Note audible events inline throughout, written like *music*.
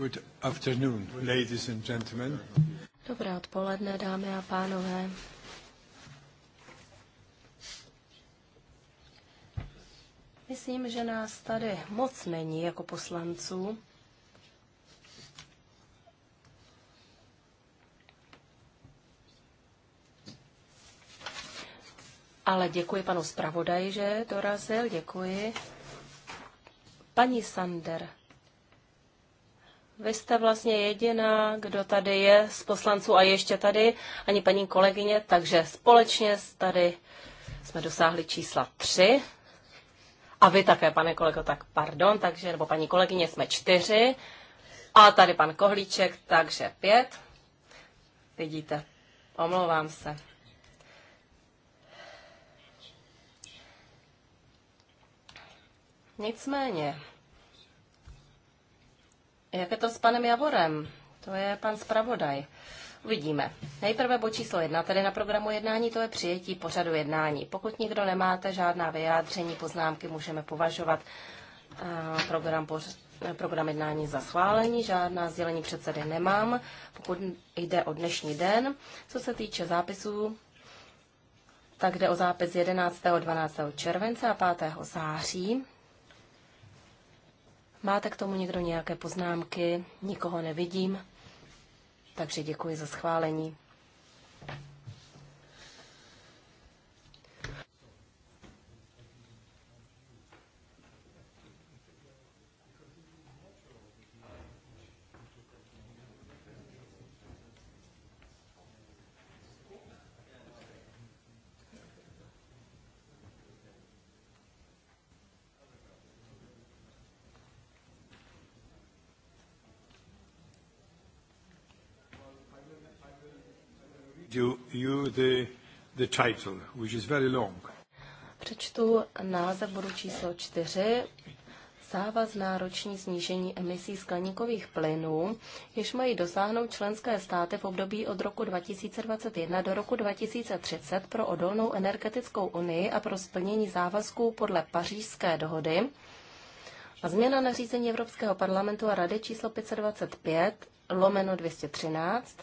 Good afternoon, ladies and gentlemen. Dobré odpoledne, dámy a pánové. Myslím, že nás tady moc není jako poslanců. Ale děkuji panu zpravodaji, že dorazil, děkuji. Paní Sander, vy jste vlastně jediná, kdo tady je z poslanců a ještě tady, ani paní kolegyně, takže společně tady jsme dosáhli čísla tři. A vy také, pane kolego, tak pardon, takže, nebo paní kolegyně, jsme čtyři. A tady pan Kohlíček, takže pět. Vidíte, omlouvám se. Nicméně, jak je to s panem Javorem? To je pan zpravodaj. Uvidíme. Nejprve bod číslo jedna, tedy na programu jednání, to je přijetí pořadu jednání. Pokud nikdo nemáte žádná vyjádření, poznámky, můžeme považovat eh, program, program jednání za schválení. Žádná sdělení předsedy nemám, pokud jde o dnešní den. Co se týče zápisů, tak jde o zápis 11. 12. července a 5. září. Máte k tomu někdo nějaké poznámky? Nikoho nevidím, takže děkuji za schválení. you, the, the title, which is very long. Přečtu název bodu číslo 4, závazná roční snížení emisí skleníkových plynů, jež mají dosáhnout členské státy v období od roku 2021 do roku 2030 pro odolnou energetickou unii a pro splnění závazků podle pařížské dohody. A změna nařízení Evropského parlamentu a Rady číslo 525 lomeno 213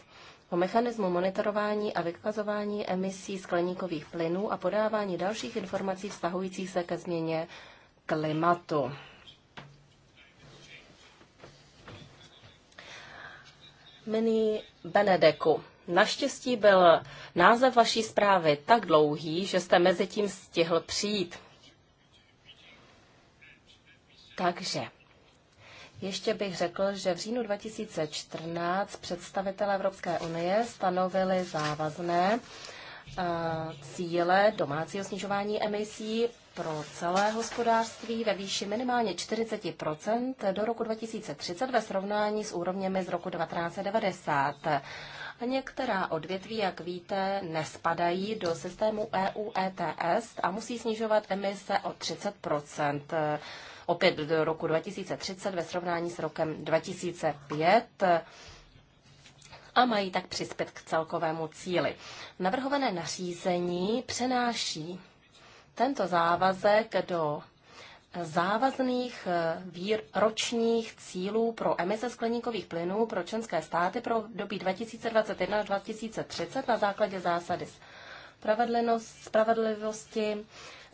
o mechanismu monitorování a vykazování emisí skleníkových plynů a podávání dalších informací vztahujících se ke změně klimatu. Mini Benedeku. Naštěstí byl název vaší zprávy tak dlouhý, že jste mezi tím stihl přijít. Takže ještě bych řekl, že v říjnu 2014 představitelé Evropské unie stanovili závazné eh, cíle domácího snižování emisí pro celé hospodářství ve výši minimálně 40 do roku 2030 ve srovnání s úrovněmi z roku 1990. Některá odvětví, jak víte, nespadají do systému EU ETS a musí snižovat emise o 30 opět do roku 2030 ve srovnání s rokem 2005 a mají tak přispět k celkovému cíli. Navrhované nařízení přenáší tento závazek do závazných eh, výr, ročních cílů pro emise skleníkových plynů pro členské státy pro dobí 2021 až 2030 na základě zásady spravedlivosti,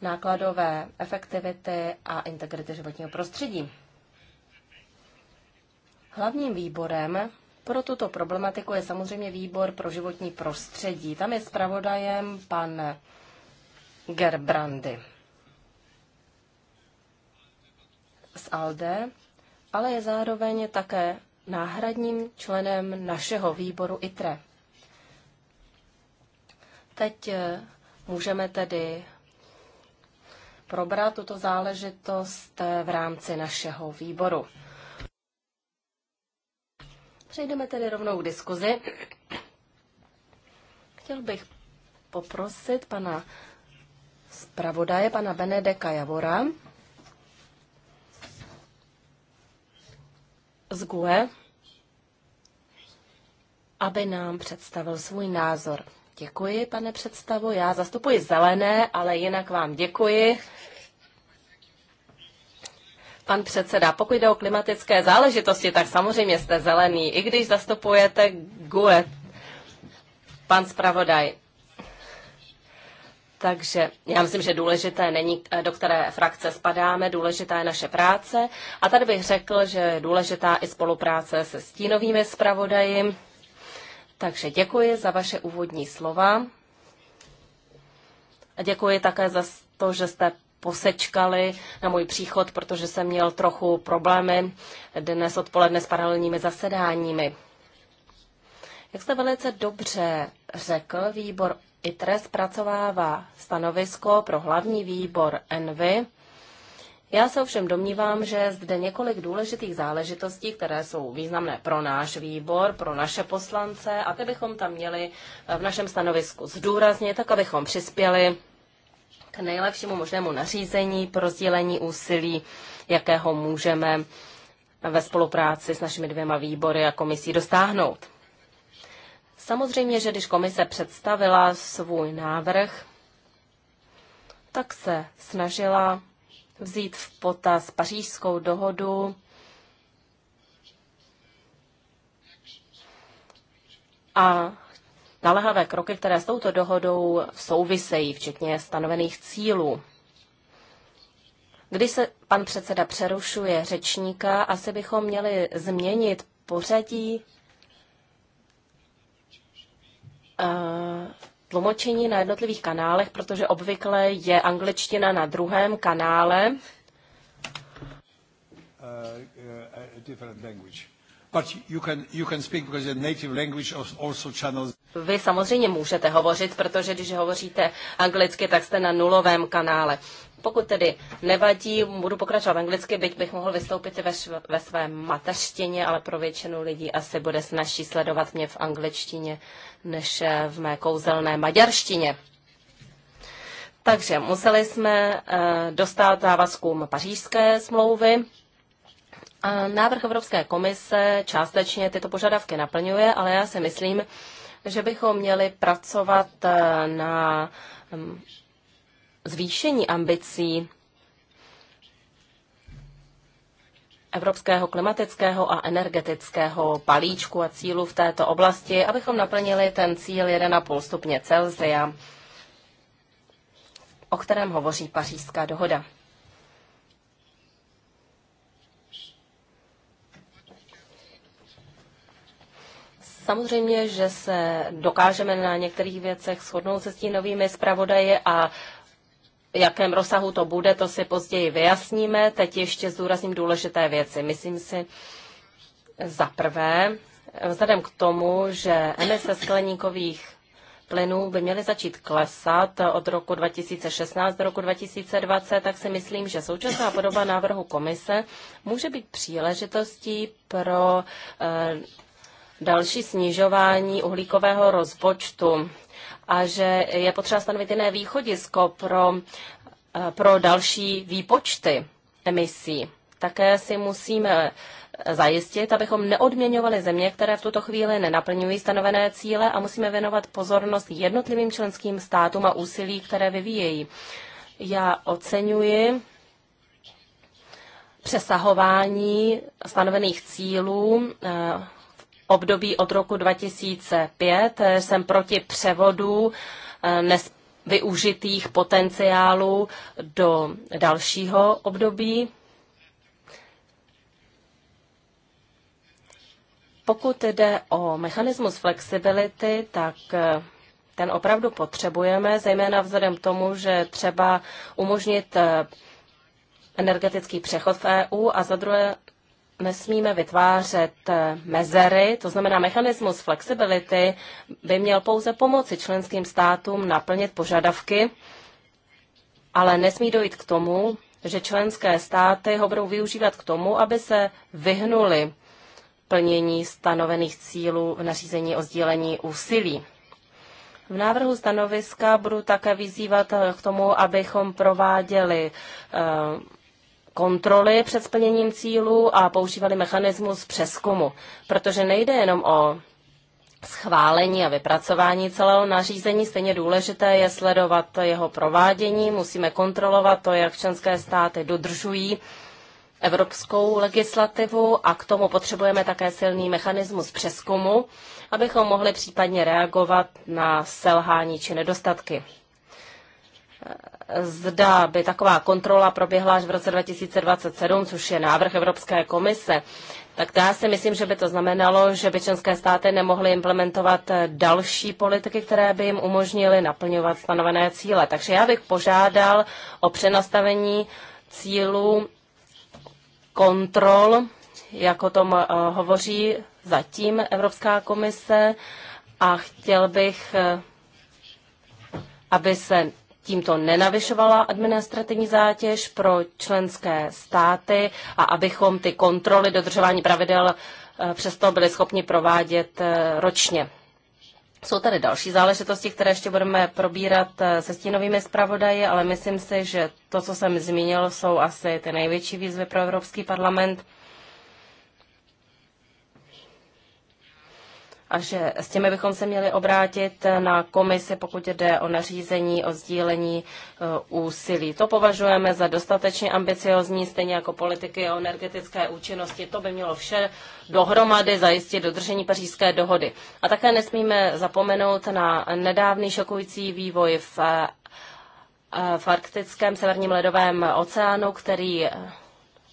nákladové efektivity a integrity životního prostředí. Hlavním výborem pro tuto problematiku je samozřejmě výbor pro životní prostředí. Tam je zpravodajem pan Gerbrandy z ALDE, ale je zároveň také náhradním členem našeho výboru ITRE. Teď eh, můžeme tedy probrat tuto záležitost v rámci našeho výboru. Přejdeme tedy rovnou k diskuzi. Chtěl bych poprosit pana zpravodaje, pana Benedeka Javora z GUE, aby nám představil svůj názor. Děkuji, pane představo. Já zastupuji zelené, ale jinak vám děkuji. Pan předseda, pokud jde o klimatické záležitosti, tak samozřejmě jste zelený, i když zastupujete GUE. Pan zpravodaj. Takže já myslím, že důležité není, do které frakce spadáme, důležitá je naše práce. A tady bych řekl, že je důležitá i spolupráce se stínovými zpravodaji. Takže děkuji za vaše úvodní slova a děkuji také za to, že jste posečkali na můj příchod, protože jsem měl trochu problémy dnes odpoledne s paralelními zasedáními. Jak jste velice dobře řekl, výbor ITRE zpracovává stanovisko pro hlavní výbor ENVY já se ovšem domnívám, že zde několik důležitých záležitostí, které jsou významné pro náš výbor, pro naše poslance a ty bychom tam měli eh, v našem stanovisku zdůraznit, tak abychom přispěli k nejlepšímu možnému nařízení pro sdílení úsilí, jakého můžeme ve spolupráci s našimi dvěma výbory a komisí dostáhnout. Samozřejmě, že když komise představila svůj návrh, tak se snažila vzít v potaz pařížskou dohodu a naléhavé kroky, které s touto dohodou souvisejí, včetně stanovených cílů. Když se pan předseda přerušuje řečníka, asi bychom měli změnit pořadí tlumočení na jednotlivých kanálech, protože obvykle je angličtina na druhém kanále. Uh, uh, Vy samozřejmě můžete hovořit, protože když hovoříte anglicky, tak jste na nulovém kanále. Pokud tedy nevadí, budu pokračovat v anglicky, byť bych mohl vystoupit i ve, ve své mateřštině, ale pro většinu lidí asi bude snažší sledovat mě v angličtině než eh, v mé kouzelné maďarštině. Takže museli jsme eh, dostat závazkům pařížské smlouvy. A návrh Evropské komise částečně tyto požadavky naplňuje, ale já si myslím, že bychom měli pracovat eh, na mm, zvýšení ambicí evropského klimatického a energetického palíčku a cílu v této oblasti, abychom naplnili ten cíl 1,5 stupně Celsia, o kterém hovoří pařížská dohoda. Samozřejmě, že se dokážeme na některých věcech shodnout se s tím novými zpravodaji a jakém rozsahu to bude, to si později vyjasníme. Teď ještě zdůrazním důležité věci. Myslím si, za prvé, vzhledem k tomu, že emise skleníkových plynů by měly začít klesat od roku 2016 do roku 2020, tak si myslím, že současná podoba návrhu komise může být příležitostí pro eh, další snižování uhlíkového rozpočtu a že je potřeba stanovit jiné východisko pro, eh, pro další výpočty emisí. Také si musíme zajistit, abychom neodměňovali země, které v tuto chvíli nenaplňují stanovené cíle a musíme věnovat pozornost jednotlivým členským státům a úsilí, které vyvíjejí. Já oceňuji přesahování stanovených cílů eh, období od roku 2005. Jsem proti převodu eh, využitých potenciálů do dalšího období. Pokud jde o mechanismus flexibility, tak eh, ten opravdu potřebujeme, zejména vzhledem k tomu, že třeba umožnit eh, energetický přechod v EU a za druhé nesmíme vytvářet eh, mezery, to znamená mechanismus flexibility by měl pouze pomoci členským státům naplnit požadavky, ale nesmí dojít k tomu, že členské státy ho budou využívat k tomu, aby se vyhnuli plnění stanovených cílů v nařízení o sdílení úsilí. V návrhu stanoviska budu také vyzývat eh, k tomu, abychom prováděli eh, kontroly před splněním cílů a používali mechanismus přeskumu, protože nejde jenom o schválení a vypracování celého nařízení. Stejně důležité je sledovat jeho provádění. Musíme kontrolovat to, jak členské státy dodržují evropskou legislativu a k tomu potřebujeme také silný mechanismus přeskumu, abychom mohli případně reagovat na selhání či nedostatky zda by taková kontrola proběhla až v roce 2027, což je návrh Evropské komise, tak já si myslím, že by to znamenalo, že by členské státy nemohly implementovat další politiky, které by jim umožnily naplňovat stanovené cíle. Takže já bych požádal o přenastavení cílů kontrol, jak o tom eh, hovoří zatím Evropská komise a chtěl bych, eh, aby se tímto nenavyšovala administrativní zátěž pro členské státy a abychom ty kontroly dodržování pravidel eh, přesto byli schopni provádět eh, ročně. Jsou tady další záležitosti, které ještě budeme probírat eh, se stínovými zpravodaji, ale myslím si, že to, co jsem zmínil, jsou asi ty největší výzvy pro Evropský parlament. a že s těmi bychom se měli obrátit na komisi, pokud jde o nařízení, o sdílení e, úsilí. To považujeme za dostatečně ambiciozní, stejně jako politiky o energetické účinnosti. To by mělo vše dohromady zajistit dodržení pařížské dohody. A také nesmíme zapomenout na nedávný šokující vývoj v, e, e, v arktickém severním ledovém oceánu, který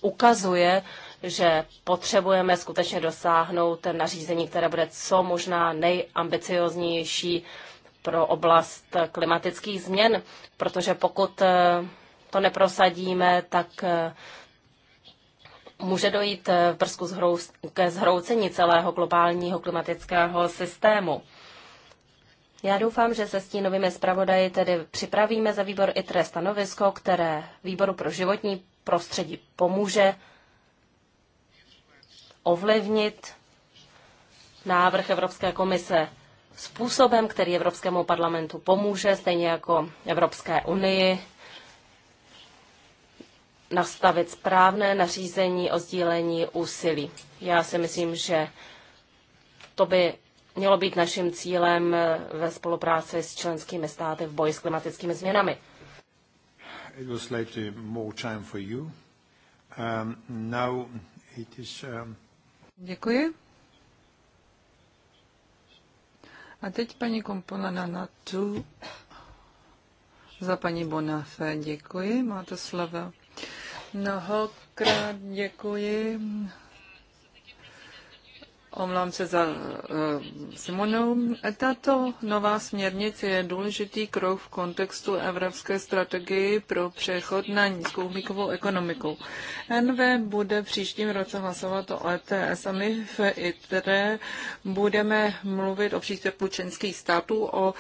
ukazuje, že potřebujeme skutečně dosáhnout nařízení, které bude co možná nejambicioznější pro oblast klimatických změn, protože pokud eh, to neprosadíme, tak eh, může dojít eh, v brzku ke zhroucení celého globálního klimatického systému. Já doufám, že se s novými zpravodaji tedy připravíme za výbor ITRE stanovisko, které výboru pro životní prostředí pomůže ovlivnit návrh Evropské komise způsobem, který Evropskému parlamentu pomůže, stejně jako Evropské unii, nastavit správné nařízení o sdílení úsilí. Já si myslím, že to by mělo být naším cílem ve spolupráci s členskými státy v boji s klimatickými změnami. It was more time for you. Um, now it is um, Děkuji. A teď paní Kompona na tu za paní Bonafé. Děkuji, máte slovo. Mnohokrát děkuji Omlám se za uh, Simonu. Tato nová směrnice je důležitý krok v kontextu evropské strategie pro přechod na nízkouhlíkovou ekonomiku. NV bude v příštím roce hlasovat o ETS a my v ITRE budeme mluvit o příspěvku členských států o uh,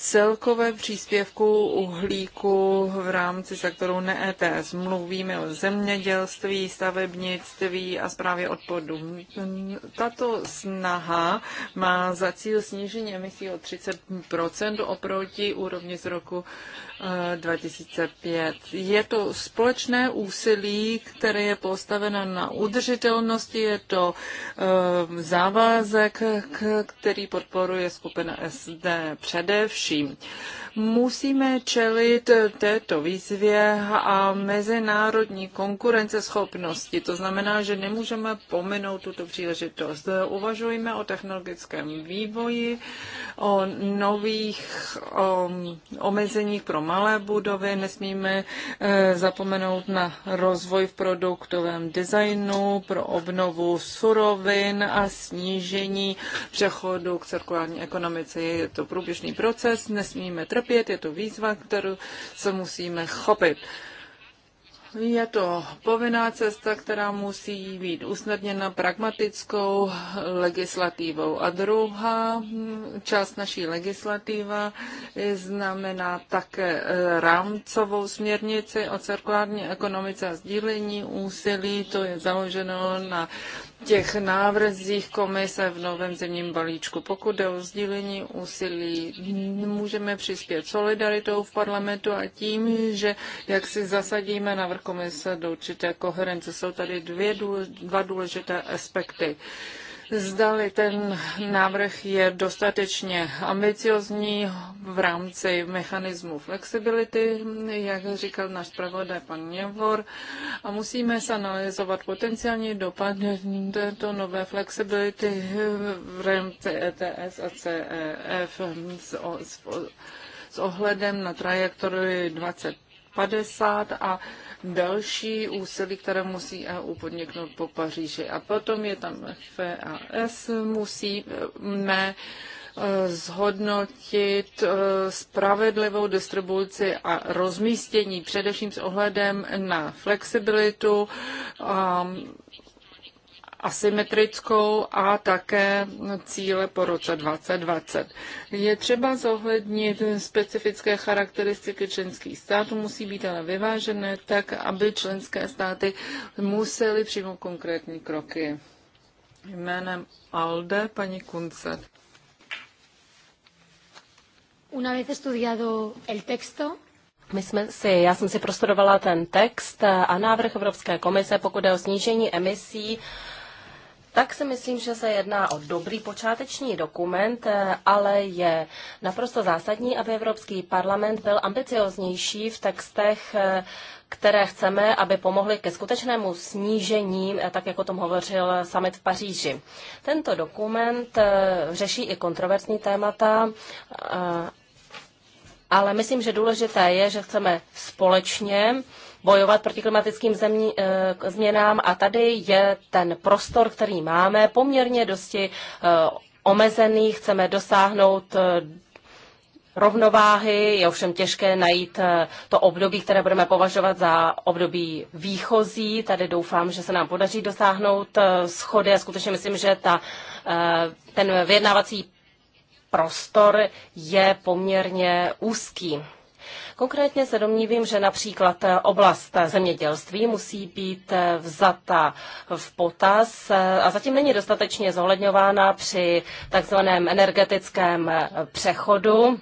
celkovém příspěvku uhlíku v rámci sektoru NETS. E Mluvíme o zemědělství, stavebnictví a zprávě odpadů. Tato snaha má za cíl snížení emisí o 30 oproti úrovni z roku 2005. Eh, je to společné úsilí, které je postaveno na udržitelnosti, je to eh, závazek, který podporuje skupina SD především lepším. Musíme čelit této výzvě a mezinárodní konkurenceschopnosti. To znamená, že nemůžeme pominout tuto příležitost. Uvažujeme o technologickém vývoji, o nových o um, omezeních pro malé budovy. Nesmíme eh, zapomenout na rozvoj v produktovém designu, pro obnovu surovin a snížení přechodu k cirkulární ekonomice. Je to průběžný proces bolest nesmíme trpět, je to výzva, kterou se musíme chopit. Je to povinná cesta, která musí být usnadněna pragmatickou legislativou. A druhá část naší legislativa znamená také rámcovou směrnici o cirkulární ekonomice a sdílení úsilí. To je založeno na těch návrzích komise v novém zemním balíčku. Pokud jde o sdílení úsilí, můžeme přispět solidaritou v parlamentu a tím, že jak si zasadíme návrh komise do určité koherence. Jsou tady dvě, dva důležité aspekty zdali ten návrh je dostatečně ambiciozní v rámci mechanismu flexibility, jak říkal náš pravodaj pan Něvor, a musíme se analyzovat potenciální dopad této nové flexibility v rámci ETS a CEF s, s, s ohledem na trajektorii 2050 a další úsilí, které musí EU podniknout po Paříži. A potom je tam FAS, musíme e, zhodnotit e, spravedlivou distribuci a rozmístění, především s ohledem na flexibilitu asymetrickou a také cíle po roce 2020. Je třeba zohlednit specifické charakteristiky členských států, musí být ale vyvážené tak, aby členské státy musely přijmout konkrétní kroky. Jménem ALDE paní Kunce. Una vez estudiado el texto, my jsme si, já jsem si prostudovala ten text a návrh Evropské komise, pokud je o snížení emisí tak si myslím, že se jedná o dobrý počáteční dokument, eh, ale je naprosto zásadní, aby Evropský parlament byl ambicioznější v textech, eh, které chceme, aby pomohly ke skutečnému snížení, eh, tak jako o tom hovořil summit v Paříži. Tento dokument řeší i kontroverzní témata, ale myslím, že důležité je, že chceme společně bojovat proti klimatickým zemí, e, změnám a tady je ten prostor, který máme, poměrně dosti e, omezený. Chceme dosáhnout e, rovnováhy, je ovšem těžké najít to období, které budeme považovat za období výchozí. Tady doufám, že se nám podaří dosáhnout schody a skutečně myslím, že ta, ten vyjednávací prostor je poměrně úzký. Konkrétně se domnívím, že například eh, oblast eh, zemědělství musí být eh, vzata v potaz a zatím není dostatečně zohledňována při takzvaném energetickém přechodu,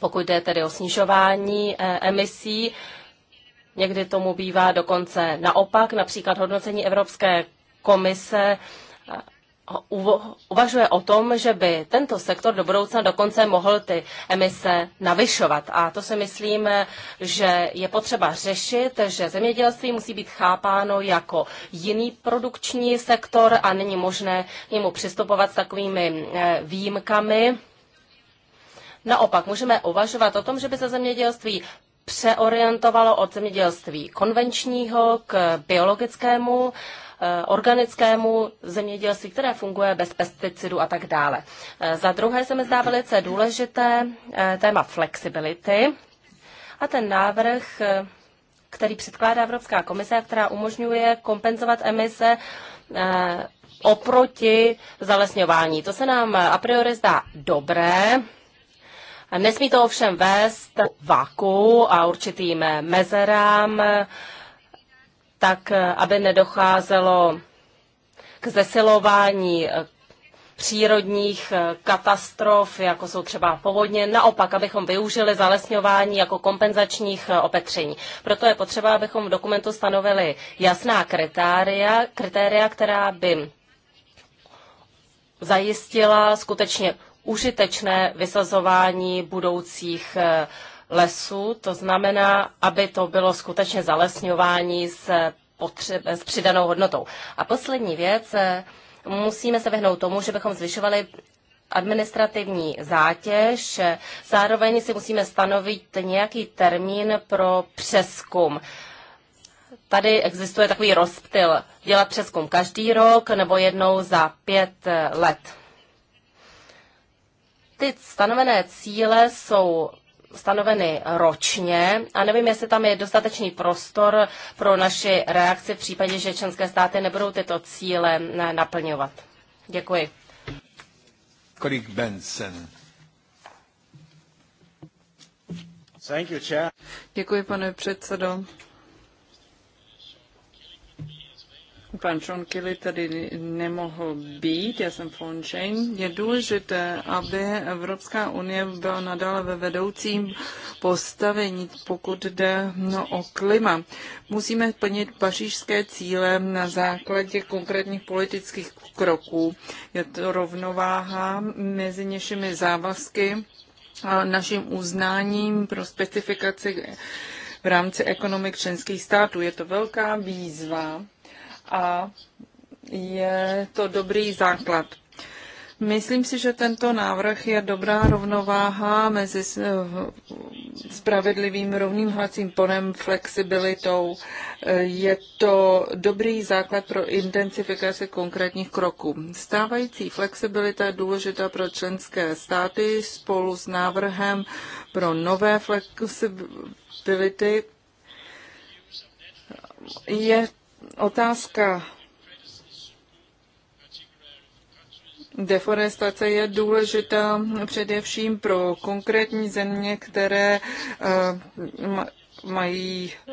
pokud jde tedy o snižování emisí. Někdy tomu bývá dokonce naopak, například hodnocení Evropské komise uvažuje o tom, že by tento sektor do budoucna dokonce mohl ty emise navyšovat. A to si myslím, že je potřeba řešit, že zemědělství musí být chápáno jako jiný produkční sektor a není možné němu přistupovat s takovými eh, výjimkami. Naopak můžeme uvažovat o tom, že by se zemědělství přeorientovalo od zemědělství konvenčního k biologickému, eh, organickému zemědělství, které funguje bez pesticidů a tak dále. Eh, za druhé se mi zdá velice důležité eh, téma flexibility a ten návrh, který předkládá Evropská komise, která umožňuje kompenzovat emise oproti zalesňování. To se nám a priori zdá dobré, Nesmí to ovšem vést váku a určitým mezerám, tak aby nedocházelo k zesilování přírodních katastrof, jako jsou třeba povodně, naopak, abychom využili zalesňování jako kompenzačních opatření. Proto je potřeba, abychom v dokumentu stanovili jasná kritéria, kritéria která by zajistila skutečně užitečné vysazování budoucích eh, lesů, to znamená, aby to bylo skutečně zalesňování s, potřeb, s přidanou hodnotou. A poslední věc, eh, musíme se vyhnout tomu, že bychom zvyšovali administrativní zátěž. Zároveň si musíme stanovit nějaký termín pro přeskum. Tady existuje takový rozptyl dělat přeskum každý rok nebo jednou za pět eh, let. Ty stanovené cíle jsou stanoveny ročně a nevím, jestli tam je dostatečný prostor pro naši reakci v případě, že členské státy nebudou tyto cíle eh, naplňovat. Děkuji. Kolik Benson. Thank you, chair. Děkuji, pane předsedo. Pan Sean Kelly tady nemohl být, já jsem von Je důležité, aby Evropská unie byla nadále ve vedoucím postavení, pokud jde no, o klima. Musíme plnit pařížské cíle na základě konkrétních politických kroků. Je to rovnováha mezi něšimi závazky a naším uznáním pro specifikaci v rámci ekonomik členských států. Je to velká výzva a je to dobrý základ. Myslím si, že tento návrh je dobrá rovnováha mezi spravedlivým rovným hlacím ponem, flexibilitou. Je to dobrý základ pro intensifikaci konkrétních kroků. Stávající flexibilita je důležitá pro členské státy spolu s návrhem pro nové flexibility je otázka Deforestace je důležitá především pro konkrétní země, které eh, mají eh,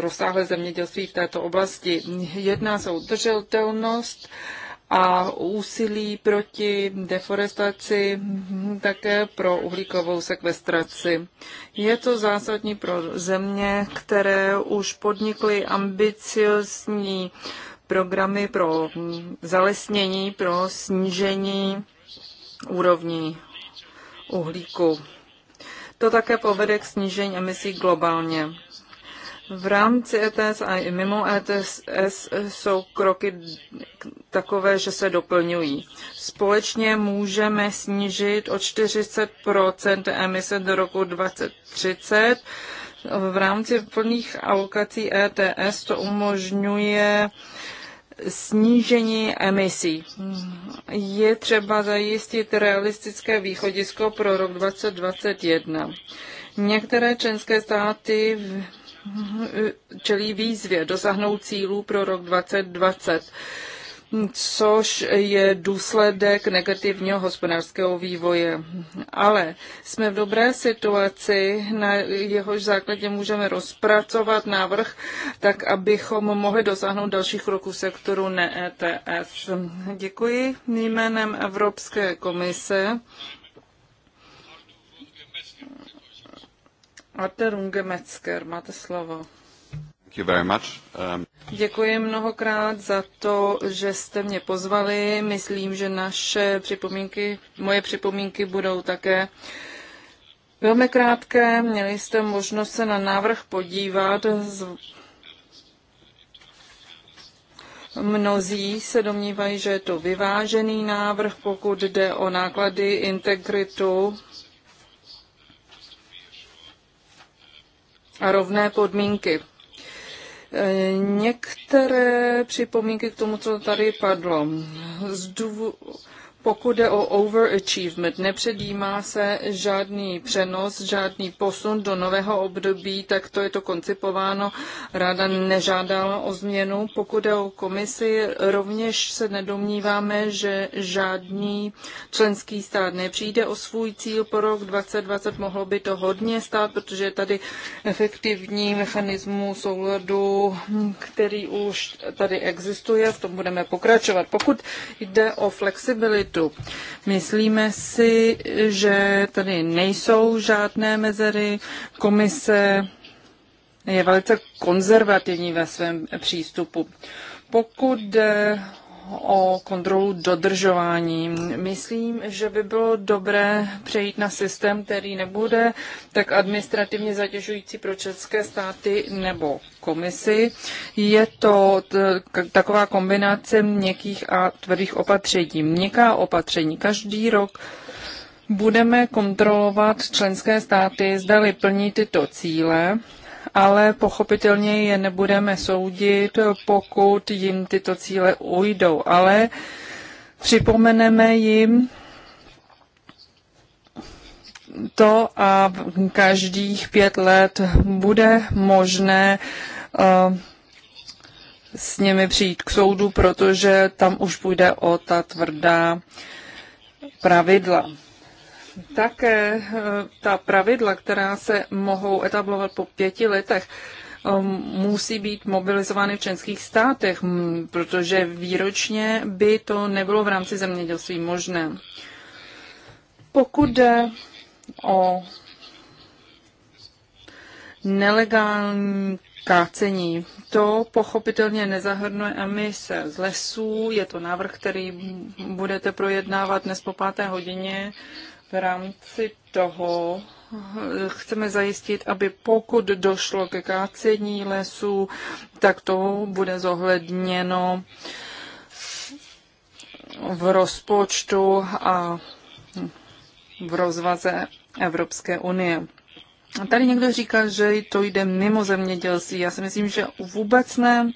rozsáhlé zemědělství v této oblasti. Jedná se o držitelnost a úsilí proti deforestaci, hm, také pro uhlíkovou sekvestraci. Je to zásadní pro země, které už podnikly ambiciozní programy pro zalesnění, pro snížení úrovní uhlíku. To také povede k snížení emisí globálně. V rámci ETS a i mimo ETS jsou kroky takové, že se doplňují. Společně můžeme snížit o 40 emise do roku 2030. V rámci plných alokací ETS to umožňuje snížení emisí. Je třeba zajistit realistické východisko pro rok 2021. Některé členské státy v čelí výzvě dosáhnout cílů pro rok 2020 což je důsledek negativního hospodářského vývoje. Ale jsme v dobré situaci, na jehož základě můžeme rozpracovat návrh, tak abychom mohli dosáhnout dalších kroků sektoru NEETS. Děkuji jménem Evropské komise. máte slovo. Um, Děkuji mnohokrát za to, že jste mě pozvali. Myslím, že naše připomínky, moje připomínky budou také velmi krátké. Měli jste možnost se na návrh podívat. Mnozí se domnívají, že je to vyvážený návrh, pokud jde o náklady, integritu a rovné podmínky. Některé připomínky k tomu, co tady padlo. Zdůvod pokud jde o overachievement, nepředjímá se žádný přenos, žádný posun do nového období, tak to je to koncipováno. Ráda nežádala o změnu. Pokud jde o komisi, rovněž se nedomníváme, že žádný členský stát nepřijde o svůj cíl po rok 2020. Mohlo by to hodně stát, protože je tady efektivní mechanismus souladu, který už tady existuje. V tom budeme pokračovat. Pokud jde o flexibilitu, rozpočtu. Myslíme si, že tady nejsou žádné mezery. Komise je velice konzervativní ve svém přístupu. Pokud o kontrolu dodržování. Myslím, že by bylo dobré přejít na systém, který nebude tak administrativně zatěžující pro české státy nebo komisi. Je to taková kombinace měkkých a tvrdých opatření. Měkká opatření. Každý rok budeme kontrolovat členské státy, zda-li plní tyto cíle ale pochopitelně je nebudeme soudit, pokud jim tyto cíle ujdou. Ale připomeneme jim, to a každých pět let bude možné uh, s nimi přijít k soudu, protože tam už půjde o ta tvrdá pravidla. Také eh, ta pravidla, která se mohou etablovat po pěti letech, um, musí být mobilizovány v členských státech, protože výročně by to nebylo v rámci zemědělství možné. Pokud jde o nelegální kácení, to pochopitelně nezahrnuje emise z lesů. Je to návrh, který budete projednávat dnes po páté hodině v rámci toho eh, chceme zajistit, aby pokud došlo ke kácení lesů, tak to bude zohledněno v rozpočtu a v rozvaze Evropské unie. Tady někdo říká, že to jde mimo zemědělství. Já si myslím, že vůbec ne. Uh,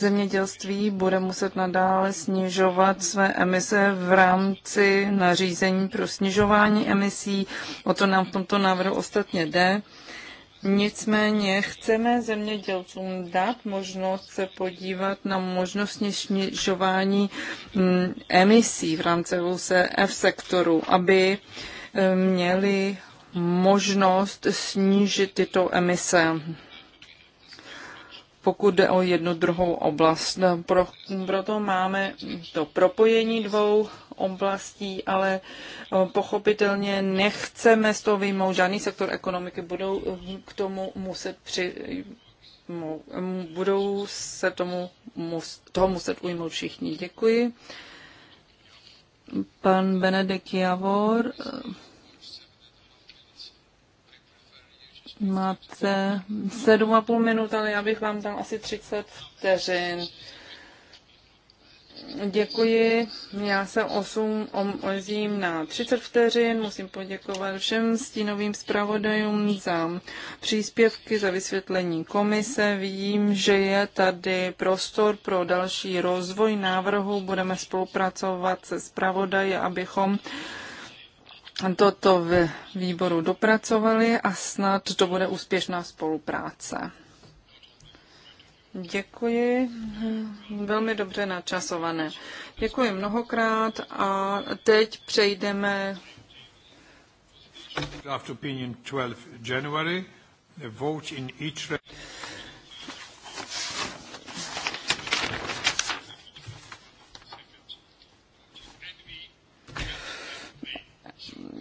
Zemědělství bude muset nadále snižovat své emise v rámci nařízení pro snižování emisí. O to nám v tomto návrhu ostatně jde. Nicméně chceme zemědělcům dát možnost se podívat na možnost snižování mm, emisí v rámci F e e sektoru, aby eh, měli možnost snížit tyto emise pokud jde o jednu druhou oblast. Pro, proto máme to propojení dvou oblastí, ale eh, pochopitelně nechceme z toho vyjmout žádný sektor ekonomiky, budou eh, k tomu muset při, budou se tomu, mus, toho muset ujmout všichni. Děkuji. Pan Benedek Javor. Eh, Máte 7,5 minut, ale já bych vám dal asi 30 vteřin. Děkuji. Já se 8 omlzím na 30 vteřin. Musím poděkovat všem stínovým zpravodajům za příspěvky, za vysvětlení komise. Vidím, že je tady prostor pro další rozvoj návrhu. Budeme spolupracovat se zpravodaji, abychom toto v výboru dopracovali a snad to bude úspěšná spolupráce. Děkuji, velmi dobře načasované. Děkuji mnohokrát a teď přejdeme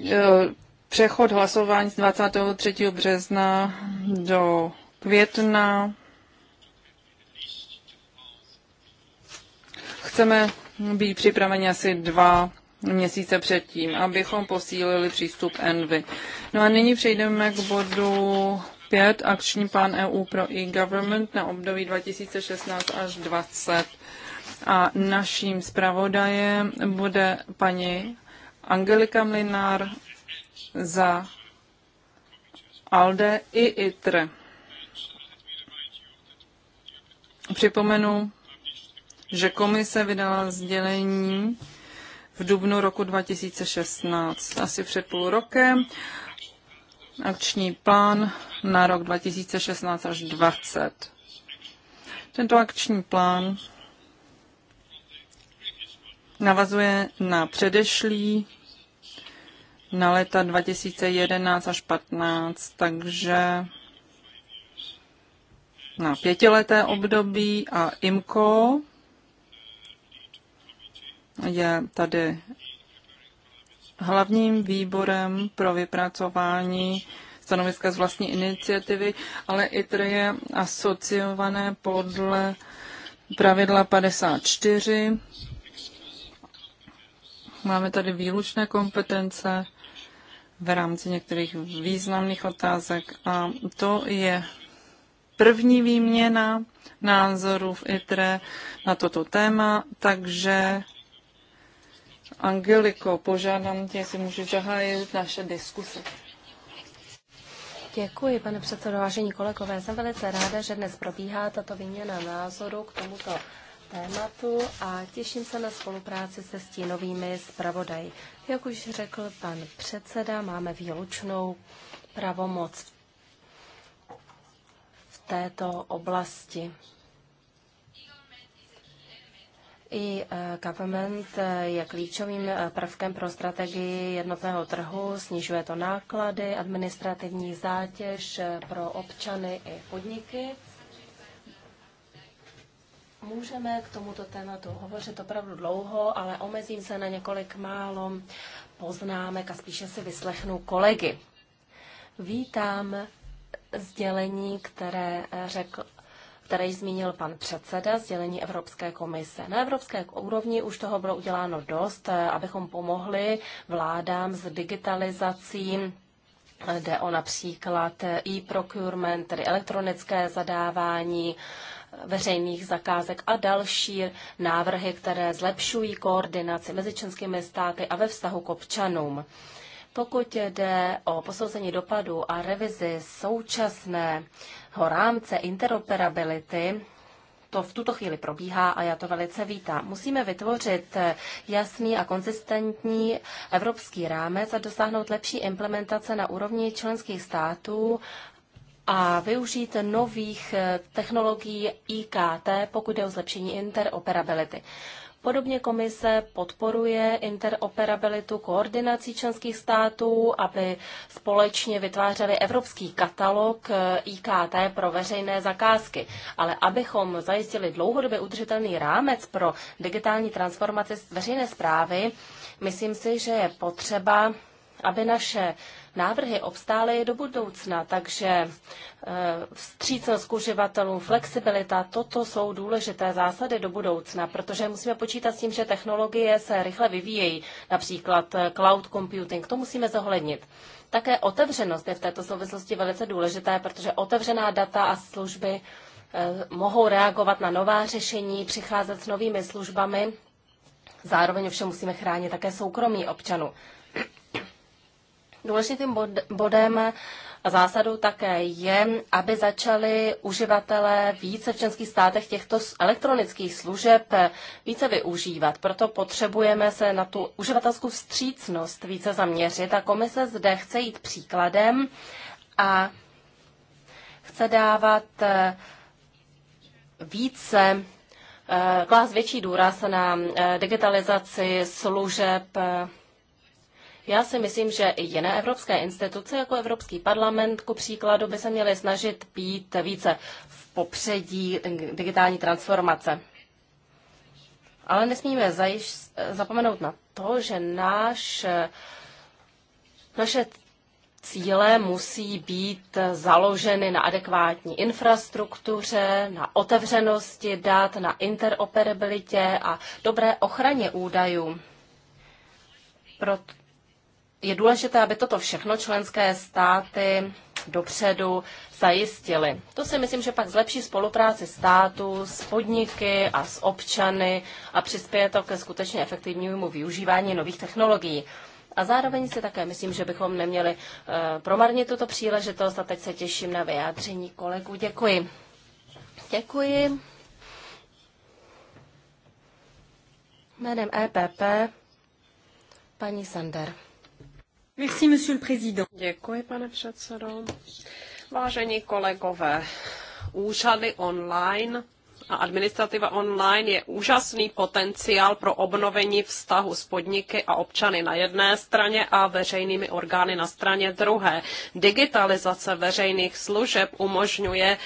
E, přechod hlasování z 23. března do května. Chceme být připraveni asi dva měsíce předtím, abychom posílili přístup Envy. No a nyní přejdeme k bodu 5, akční plán EU pro e-government na období 2016 až 2020. A naším zpravodajem bude paní Angelika Mlinár za ALDE i ITRE. Připomenu, že komise vydala sdělení v dubnu roku 2016, asi před půl rokem, akční plán na rok 2016 až 2020. Tento akční plán navazuje na předešlý na leta 2011 až 15, takže na pětileté období a IMCO je tady hlavním výborem pro vypracování stanoviska z vlastní iniciativy, ale ITR je asociované podle pravidla 54 Máme tady výlučné kompetence v rámci některých významných otázek a to je první výměna názorů v ITRE na toto téma, takže Angeliko, požádám tě, jestli můžeš zahájit naše diskuse. Děkuji, pane předsedo, vážení kolegové. Jsem velice ráda, že dnes probíhá tato výměna názoru k tomuto tématu a těším se na spolupráci se stínovými zpravodaji. Jak už řekl pan předseda, máme výlučnou pravomoc v této oblasti. I eh, government eh, je klíčovým eh, prvkem pro strategii jednotného trhu, snižuje to náklady, administrativní zátěž pro občany i podniky. Můžeme k tomuto tématu hovořit opravdu dlouho, ale omezím se na několik málo poznámek a spíše si vyslechnu kolegy. Vítám sdělení, které eh, řekl který zmínil pan předseda sdělení Evropské komise. Na evropské úrovni už toho bylo uděláno dost, eh, abychom pomohli vládám s digitalizací Jde o například eh, e-procurement, tedy elektronické zadávání, veřejných zakázek a další návrhy, které zlepšují koordinaci mezi členskými státy a ve vztahu k občanům. Pokud jde o posouzení dopadu a revizi současného rámce interoperability, to v tuto chvíli probíhá a já to velice vítám. Musíme vytvořit jasný a konzistentní evropský rámec a dosáhnout lepší implementace na úrovni členských států a využít nových eh, technologií IKT, pokud je o zlepšení interoperability. Podobně komise podporuje interoperabilitu koordinací členských států, aby společně vytvářeli evropský katalog eh, IKT pro veřejné zakázky. Ale abychom zajistili dlouhodobě udržitelný rámec pro digitální transformaci veřejné zprávy, myslím si, že je potřeba, aby naše návrhy obstály do budoucna. Takže eh, vstřícnost k uživatelům, flexibilita, toto jsou důležité zásady do budoucna, protože musíme počítat s tím, že technologie se rychle vyvíjejí, například eh, cloud computing, to musíme zohlednit. Také otevřenost je v této souvislosti velice důležité, protože otevřená data a služby eh, mohou reagovat na nová řešení, přicházet s novými službami. Zároveň ovšem musíme chránit také soukromí občanů. Důležitým bodem a zásadou také je, aby začali uživatelé více v členských státech těchto elektronických služeb více využívat. Proto potřebujeme se na tu uživatelskou vstřícnost více zaměřit a komise zde chce jít příkladem a chce dávat eh, více eh, klás větší důraz na eh, digitalizaci služeb já si myslím, že i jiné evropské instituce, jako Evropský parlament, ku příkladu, by se měly snažit být více v popředí digitální transformace. Ale nesmíme zajiš, zapomenout na to, že náš, naše cíle musí být založeny na adekvátní infrastruktuře, na otevřenosti dat, na interoperabilitě a dobré ochraně údajů. Proto je důležité, aby toto všechno členské státy dopředu zajistili. To si myslím, že pak zlepší spolupráci států s podniky a s občany a přispěje to ke skutečně efektivnímu využívání nových technologií. A zároveň si také myslím, že bychom neměli eh, promarnit tuto příležitost a teď se těším na vyjádření kolegů. Děkuji. Děkuji. Jménem EPP paní Sander. Merci, monsieur le président. Děkuji, pane předsedo. Vážení kolegové, úřady online a administrativa online je úžasný potenciál pro obnovení vztahu s podniky a občany na jedné straně a veřejnými orgány na straně druhé. Digitalizace veřejných služeb umožňuje uh,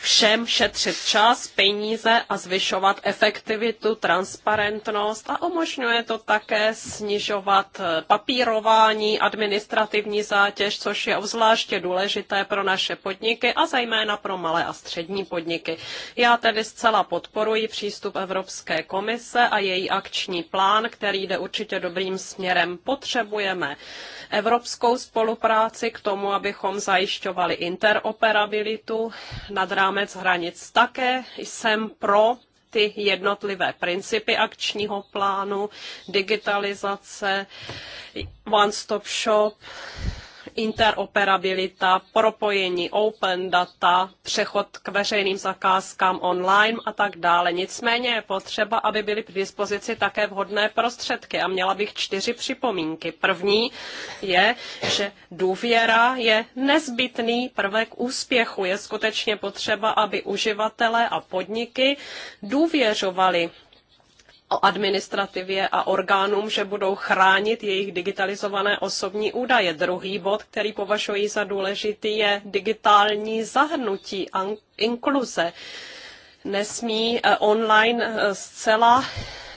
všem šetřit čas, peníze a zvyšovat efektivitu, transparentnost a umožňuje to také snižovat eh, papírování, administrativní zátěž, což je obzvláště důležité pro naše podniky a zejména pro malé a střední podniky. Já tedy zcela podporuji přístup Evropské komise a její akční plán, který jde určitě dobrým směrem. Potřebujeme evropskou spolupráci k tomu, abychom zajišťovali interoperabilitu nad rámec hranic. Také jsem pro ty jednotlivé principy akčního plánu, digitalizace, one-stop shop, interoperabilita, propojení, open data, přechod k veřejným zakázkám online a tak dále. Nicméně je potřeba, aby byly k dispozici také vhodné prostředky a měla bych čtyři připomínky. První je, že důvěra je nezbytný prvek úspěchu. Je skutečně potřeba, aby uživatelé a podniky důvěřovali o administrativě a orgánům, že budou chránit jejich digitalizované osobní údaje. Druhý bod, který považuji za důležitý, je digitální zahrnutí, inkluze. Nesmí eh, online eh, zcela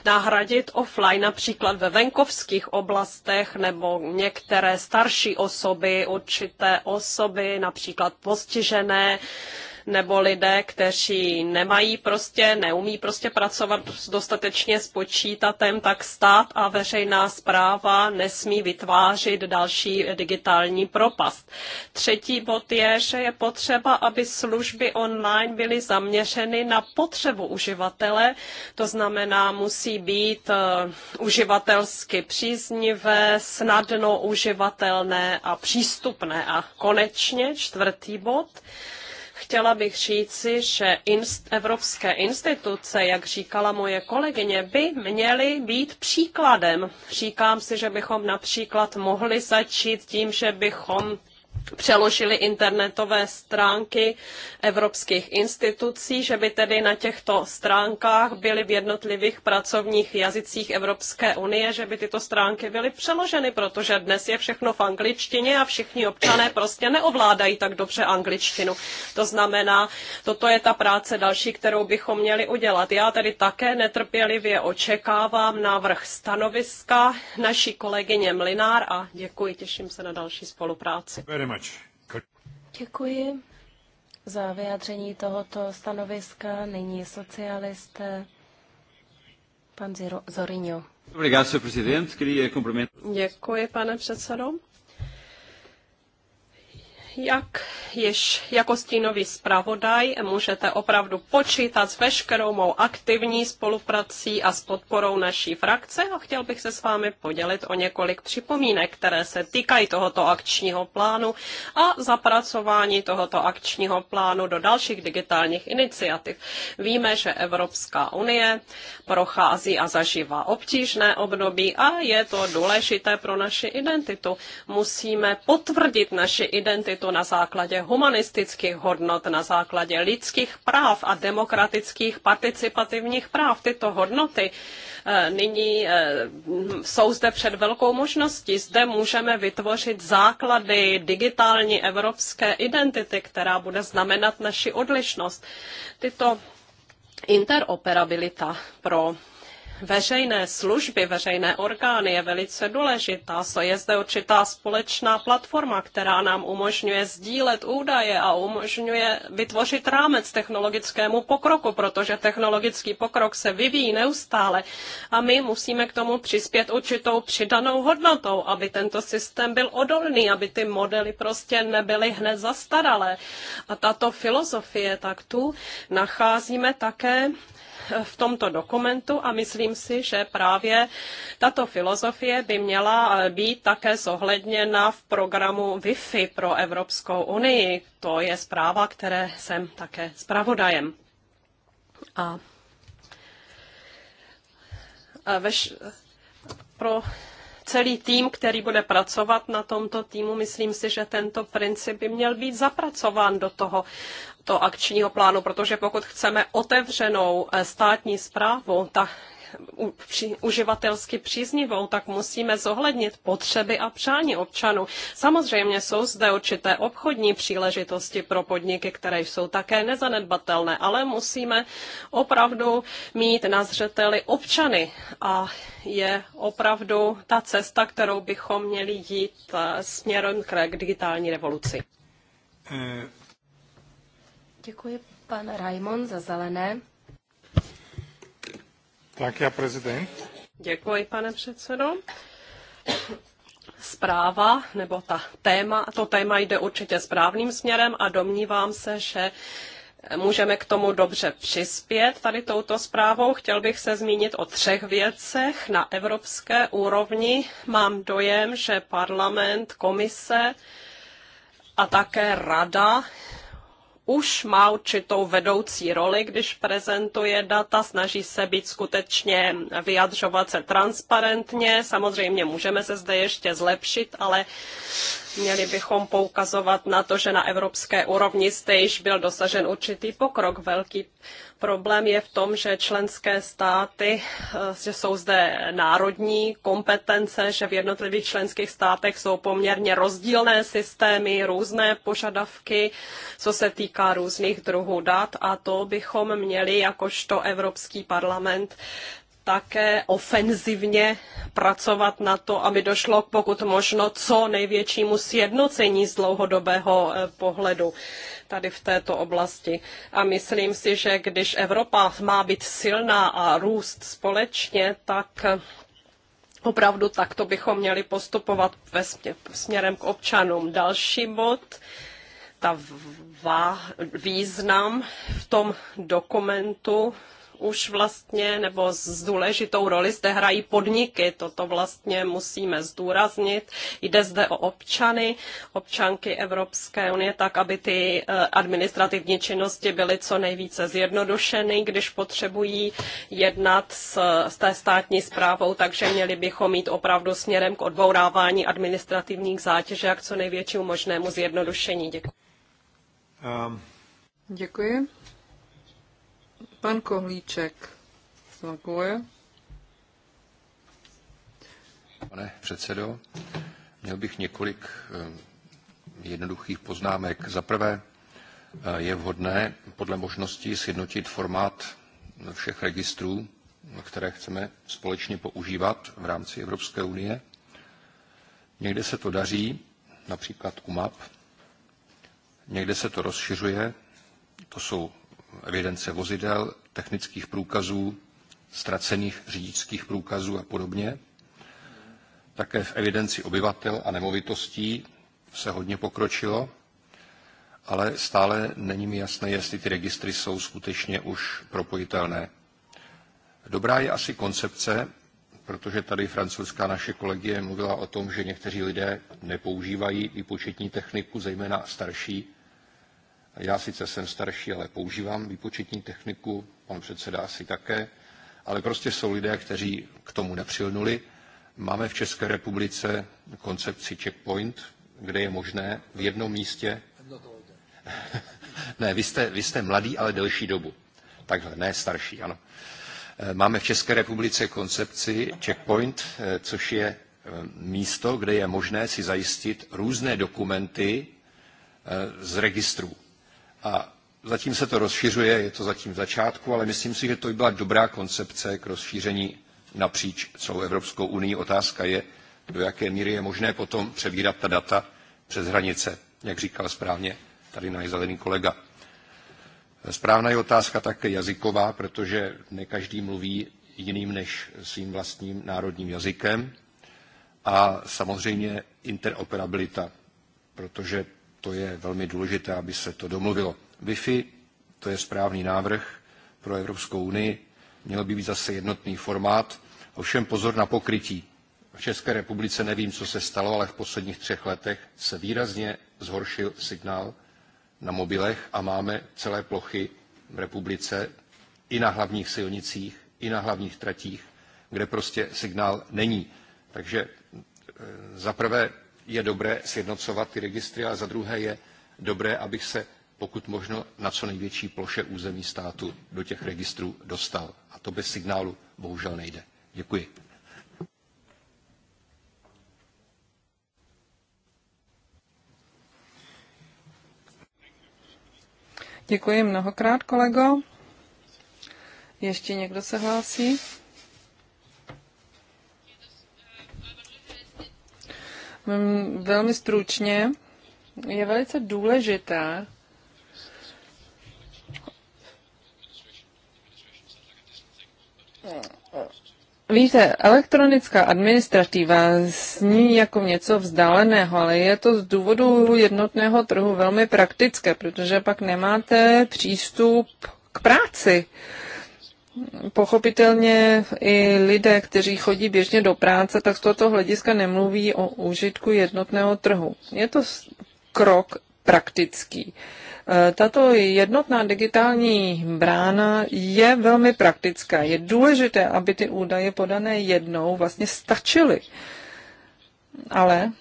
nahradit offline, například ve venkovských oblastech nebo některé starší osoby, určité osoby, například postižené, nebo lidé, kteří nemají prostě, neumí prostě pracovat dostatečně s počítatem, tak stát a veřejná zpráva nesmí vytvářet další digitální propast. Třetí bod je, že je potřeba, aby služby online byly zaměřeny na potřebu uživatele, to znamená, musí být eh, uživatelsky příznivé, snadno uživatelné a přístupné. A konečně čtvrtý bod, Chtěla bych říci, že inst, evropské instituce, jak říkala moje kolegyně, by měly být příkladem. Říkám si, že bychom například mohli začít tím, že bychom přeložili internetové stránky evropských institucí, že by tedy na těchto stránkách byly v jednotlivých pracovních jazycích Evropské unie, že by tyto stránky byly přeloženy, protože dnes je všechno v angličtině a všichni občané prostě neovládají tak dobře angličtinu. To znamená, toto je ta práce další, kterou bychom měli udělat. Já tedy také netrpělivě očekávám návrh stanoviska naší kolegyně Mlinár a děkuji, těším se na další spolupráci. Děkuji za vyjádření tohoto stanoviska. Nyní socialist pan Zorinho. Děkuji, pane předsedo jak již jako stínový zpravodaj můžete opravdu počítat s veškerou mou aktivní spoluprací a s podporou naší frakce a chtěl bych se s vámi podělit o několik připomínek, které se týkají tohoto akčního plánu a zapracování tohoto akčního plánu do dalších digitálních iniciativ. Víme, že Evropská unie prochází a zažívá obtížné období a je to důležité pro naši identitu. Musíme potvrdit naši identitu to na základě humanistických hodnot, na základě lidských práv a demokratických participativních práv. Tyto hodnoty eh, nyní eh, jsou zde před velkou možností. Zde můžeme vytvořit základy digitální evropské identity, která bude znamenat naši odlišnost. Tyto interoperabilita pro veřejné služby, veřejné orgány je velice důležitá. So je zde určitá společná platforma, která nám umožňuje sdílet údaje a umožňuje vytvořit rámec technologickému pokroku, protože technologický pokrok se vyvíjí neustále a my musíme k tomu přispět určitou přidanou hodnotou, aby tento systém byl odolný, aby ty modely prostě nebyly hned zastaralé. A tato filozofie tak tu nacházíme také v tomto dokumentu a myslím si, že právě tato filozofie by měla eh, být také zohledněna v programu Wi-Fi pro Evropskou unii. To je zpráva, které jsem také zpravodajem. A veš, pro celý tým, který bude pracovat na tomto týmu, myslím si, že tento princip by měl být zapracován do toho tohoto akčního plánu, protože pokud chceme otevřenou eh, státní zprávu, tak uživatelsky příznivou, tak musíme zohlednit potřeby a přání občanů. Samozřejmě jsou zde určité obchodní příležitosti pro podniky, které jsou také nezanedbatelné, ale musíme opravdu mít na zřeteli občany a je opravdu ta cesta, kterou bychom měli jít eh, směrem k digitální revoluci. Eh, Děkuji pan Raimond za zelené. Tak já prezident. Děkuji, pane předsedo. Zpráva nebo ta téma, to téma jde určitě správným směrem a domnívám se, že můžeme k tomu dobře přispět tady touto zprávou. Chtěl bych se zmínit o třech věcech. Na evropské úrovni mám dojem, že parlament, komise a také rada už má určitou vedoucí roli, když prezentuje data, snaží se být skutečně vyjadřovat se transparentně. Samozřejmě můžeme se zde ještě zlepšit, ale Měli bychom poukazovat na to, že na evropské úrovni zde již byl dosažen určitý pokrok. Velký problém je v tom, že členské státy, eh, že jsou zde národní kompetence, že v jednotlivých členských státech jsou poměrně rozdílné systémy, různé požadavky, co se týká různých druhů dat a to bychom měli jakožto Evropský parlament také ofenzivně pracovat na to, aby došlo pokud možno co největšímu sjednocení z dlouhodobého eh, pohledu tady v této oblasti. A myslím si, že když Evropa má být silná a růst společně, tak eh, opravdu takto bychom měli postupovat ve směrem k občanům. Další bod ta vá, význam v tom dokumentu už vlastně, nebo s důležitou roli zde hrají podniky, toto vlastně musíme zdůraznit. Jde zde o občany, občanky Evropské unie, tak aby ty eh, administrativní činnosti byly co nejvíce zjednodušeny, když potřebují jednat s, s té státní zprávou, takže měli bychom mít opravdu směrem k odbourávání administrativních zátěží a k co největšímu možnému zjednodušení. Děkuji. Um. Děkuji. Pan Kohlíček zlaguje. Pane předsedo, měl bych několik eh, jednoduchých poznámek. Za prvé, eh, je vhodné podle možností sjednotit formát všech registrů, které chceme společně používat v rámci Evropské unie. Někde se to daří, například map. někde se to rozšiřuje, to jsou evidence vozidel, technických průkazů, ztracených řidičských průkazů a podobně. Také v evidenci obyvatel a nemovitostí se hodně pokročilo, ale stále není mi jasné, jestli ty registry jsou skutečně už propojitelné. Dobrá je asi koncepce, protože tady francouzská naše kolegie mluvila o tom, že někteří lidé nepoužívají i početní techniku, zejména starší, já sice jsem starší, ale používám výpočetní techniku, pan předseda asi také, ale prostě jsou lidé, kteří k tomu nepřilnuli. Máme v České republice koncepci checkpoint, kde je možné v jednom místě... *laughs* ne, vy jste, vy jste mladý, ale delší dobu. Takhle, ne starší, ano. Eh, máme v České republice koncepci checkpoint, eh, což je eh, místo, kde je možné si zajistit různé dokumenty z registrů. A zatím se to rozšiřuje, je to zatím v začátku, ale myslím si, že to by byla dobrá koncepce k rozšíření napříč celou Evropskou unii. Otázka je, do jaké míry je možné potom přebírat ta data přes hranice, jak říkal správně tady náš zelený kolega. Správná je otázka také jazyková, protože ne každý mluví jiným než svým vlastním národním jazykem. A samozřejmě interoperabilita, protože to je velmi důležité, aby se to domluvilo. Wi-Fi, to je správný návrh pro Evropskou unii, měl by být zase jednotný formát, ovšem pozor na pokrytí. V České republice nevím, co se stalo, ale v posledních třech letech se výrazně zhoršil signál na mobilech a máme celé plochy v republice i na hlavních silnicích, i na hlavních tratích, kde prostě signál není. Takže e, za prvé je dobré sjednocovat ty registry a za druhé je dobré, abych se pokud možno na co největší ploše území státu do těch registrů dostal. A to bez signálu bohužel nejde. Děkuji. Děkuji mnohokrát, kolego. Ještě někdo se hlásí? Mm, velmi stručně, je velice důležitá. Víte, elektronická administrativa sní jako něco vzdáleného, ale je to z důvodu jednotného trhu velmi praktické, protože pak nemáte přístup k práci. Uh, pochopitelně i lidé, kteří chodí běžně do práce, tak z tohoto hlediska nemluví o užitku jednotného trhu. Je to krok praktický. E, tato jednotná digitální brána je velmi praktická. Je důležité, aby ty údaje podané jednou vlastně stačily. Ale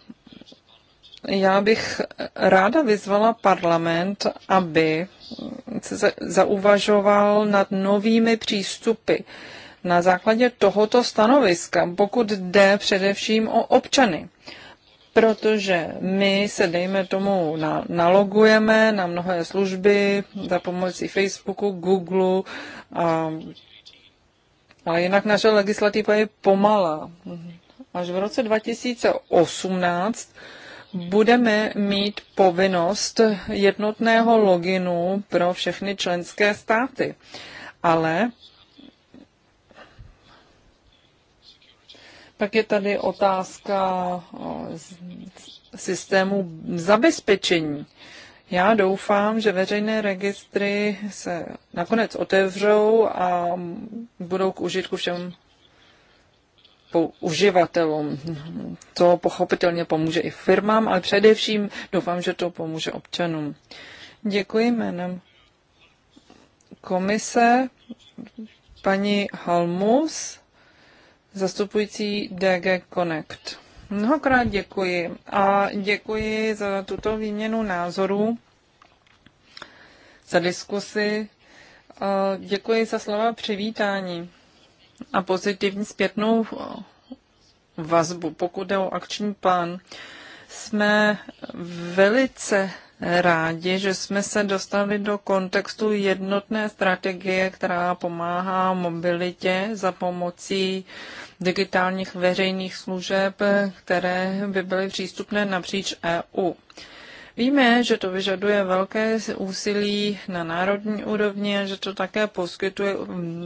já bych ráda vyzvala parlament, aby se zauvažoval nad novými přístupy na základě tohoto stanoviska, pokud jde především o občany. Protože my se, dejme tomu, na, nalogujeme na mnohé služby za pomocí Facebooku, Googleu, a, ale jinak naše legislativa je pomalá. Až v roce 2018 budeme mít povinnost jednotného loginu pro všechny členské státy. Ale pak je tady otázka systému zabezpečení. Já doufám, že veřejné registry se nakonec otevřou a budou k užitku všem uživatelům. To pochopitelně pomůže i firmám, ale především doufám, že to pomůže občanům. Děkuji jménem komise paní Halmus, zastupující DG Connect. Mnohokrát děkuji a děkuji za tuto výměnu názorů, za diskusi. Děkuji za slova přivítání a pozitivní zpětnou vazbu. Pokud jde o akční plán, jsme velice rádi, že jsme se dostali do kontextu jednotné strategie, která pomáhá mobilitě za pomocí digitálních veřejných služeb, které by byly přístupné napříč EU. Víme, že to vyžaduje velké úsilí na národní úrovni a že to také poskytuje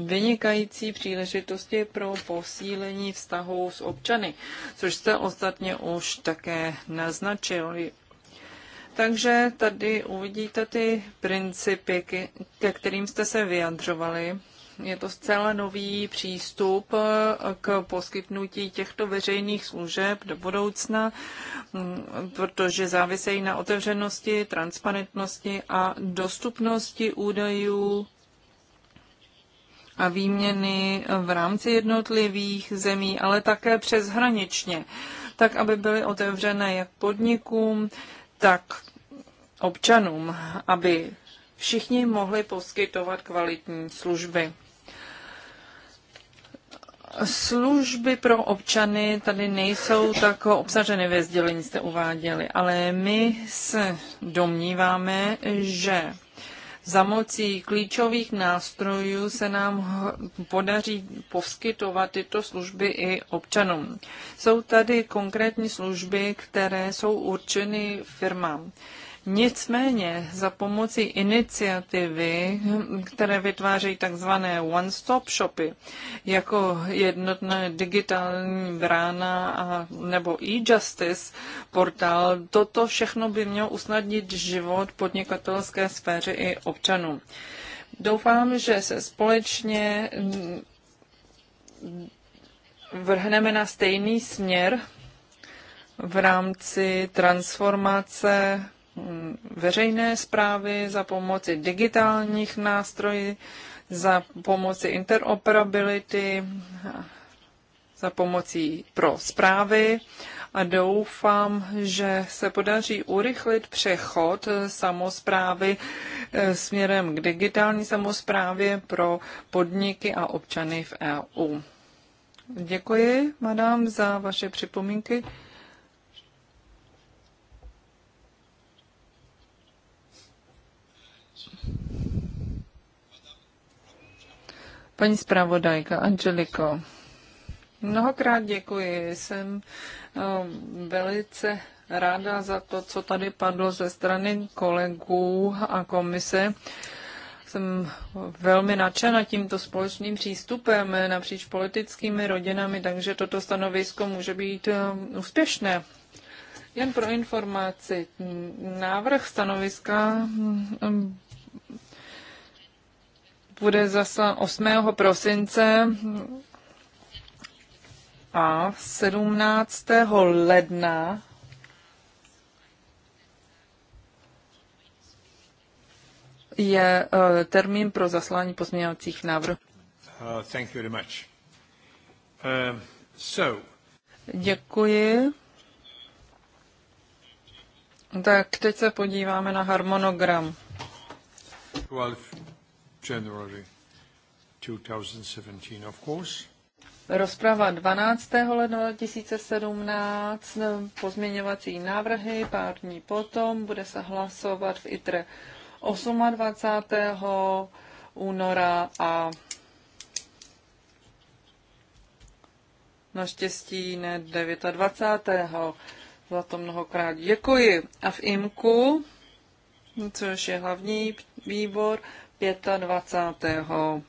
vynikající příležitosti pro posílení vztahů s občany, což jste ostatně už také naznačili. Takže tady uvidíte ty principy, ke kterým jste se vyjadřovali je to zcela nový přístup eh, k poskytnutí těchto veřejných služeb do budoucna, mm, protože závisejí na otevřenosti, transparentnosti a dostupnosti údajů a výměny v rámci jednotlivých zemí, ale také přeshraničně, tak aby byly otevřené jak podnikům, tak občanům, aby všichni mohli poskytovat kvalitní služby. Služby pro občany tady nejsou tak obsaženy ve sdělení, jste uváděli, ale my se domníváme, že za mocí klíčových nástrojů se nám podaří poskytovat tyto služby i občanům. Jsou tady konkrétní služby, které jsou určeny firmám. Nicméně za pomocí iniciativy, které vytvářejí takzvané one-stop shopy, jako jednotné digitální brána a, nebo e-justice portál, toto všechno by mělo usnadnit život podnikatelské sféře i občanům. Doufám, že se společně vrhneme na stejný směr v rámci transformace Mm, veřejné zprávy, za pomoci digitálních nástrojů, za pomoci interoperability, za pomocí pro zprávy a doufám, že se podaří urychlit přechod samozprávy eh, směrem k digitální samozprávě pro podniky a občany v EU. Děkuji, madám, za vaše připomínky. Paní zpravodajka Angeliko, mnohokrát děkuji. Jsem eh, velice ráda za to, co tady padlo ze strany kolegů a komise. Jsem velmi nadšena tímto společným přístupem eh, napříč politickými rodinami, takže toto stanovisko může být eh, úspěšné. Jen pro informaci, návrh stanoviska mm, bude zaslan 8. prosince a 17. ledna je eh, termín pro zaslání pozměňovacích návrhů. Uh, thank you very much. Uh, so. Děkuji. Tak teď se podíváme na harmonogram. 12. January 2017, of course. Rozprava 12. ledna 2017, pozměňovací návrhy, pár dní potom, bude se hlasovat v ITRE 28. února a naštěstí ne 29. Za to mnohokrát děkuji. A v IMKU, což je hlavní výbor, 25.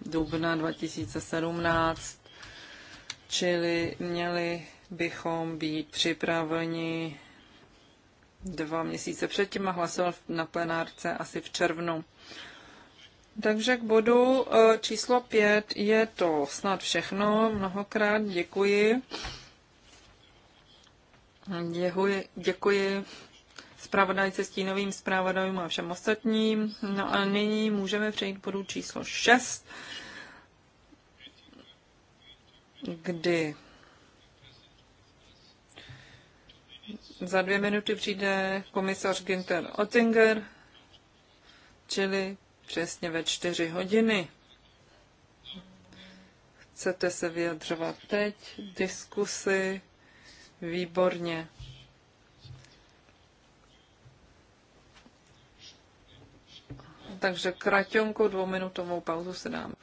dubna 2017, čili měli bychom být připraveni dva měsíce předtím a hlasoval na plenárce asi v červnu. Takže k bodu e, číslo 5 je to snad všechno. Mnohokrát děkuji. Děkuji, děkuji zpravodajce, stínovým zpravodajům a všem ostatním. No a nyní můžeme přejít k bodu číslo 6, kdy za dvě minuty přijde komisař Ginter Ottinger, čili přesně ve čtyři hodiny. Chcete se vyjadřovat teď, diskusy, výborně. takže kraťonkou dvouminutovou pauzu se dáme.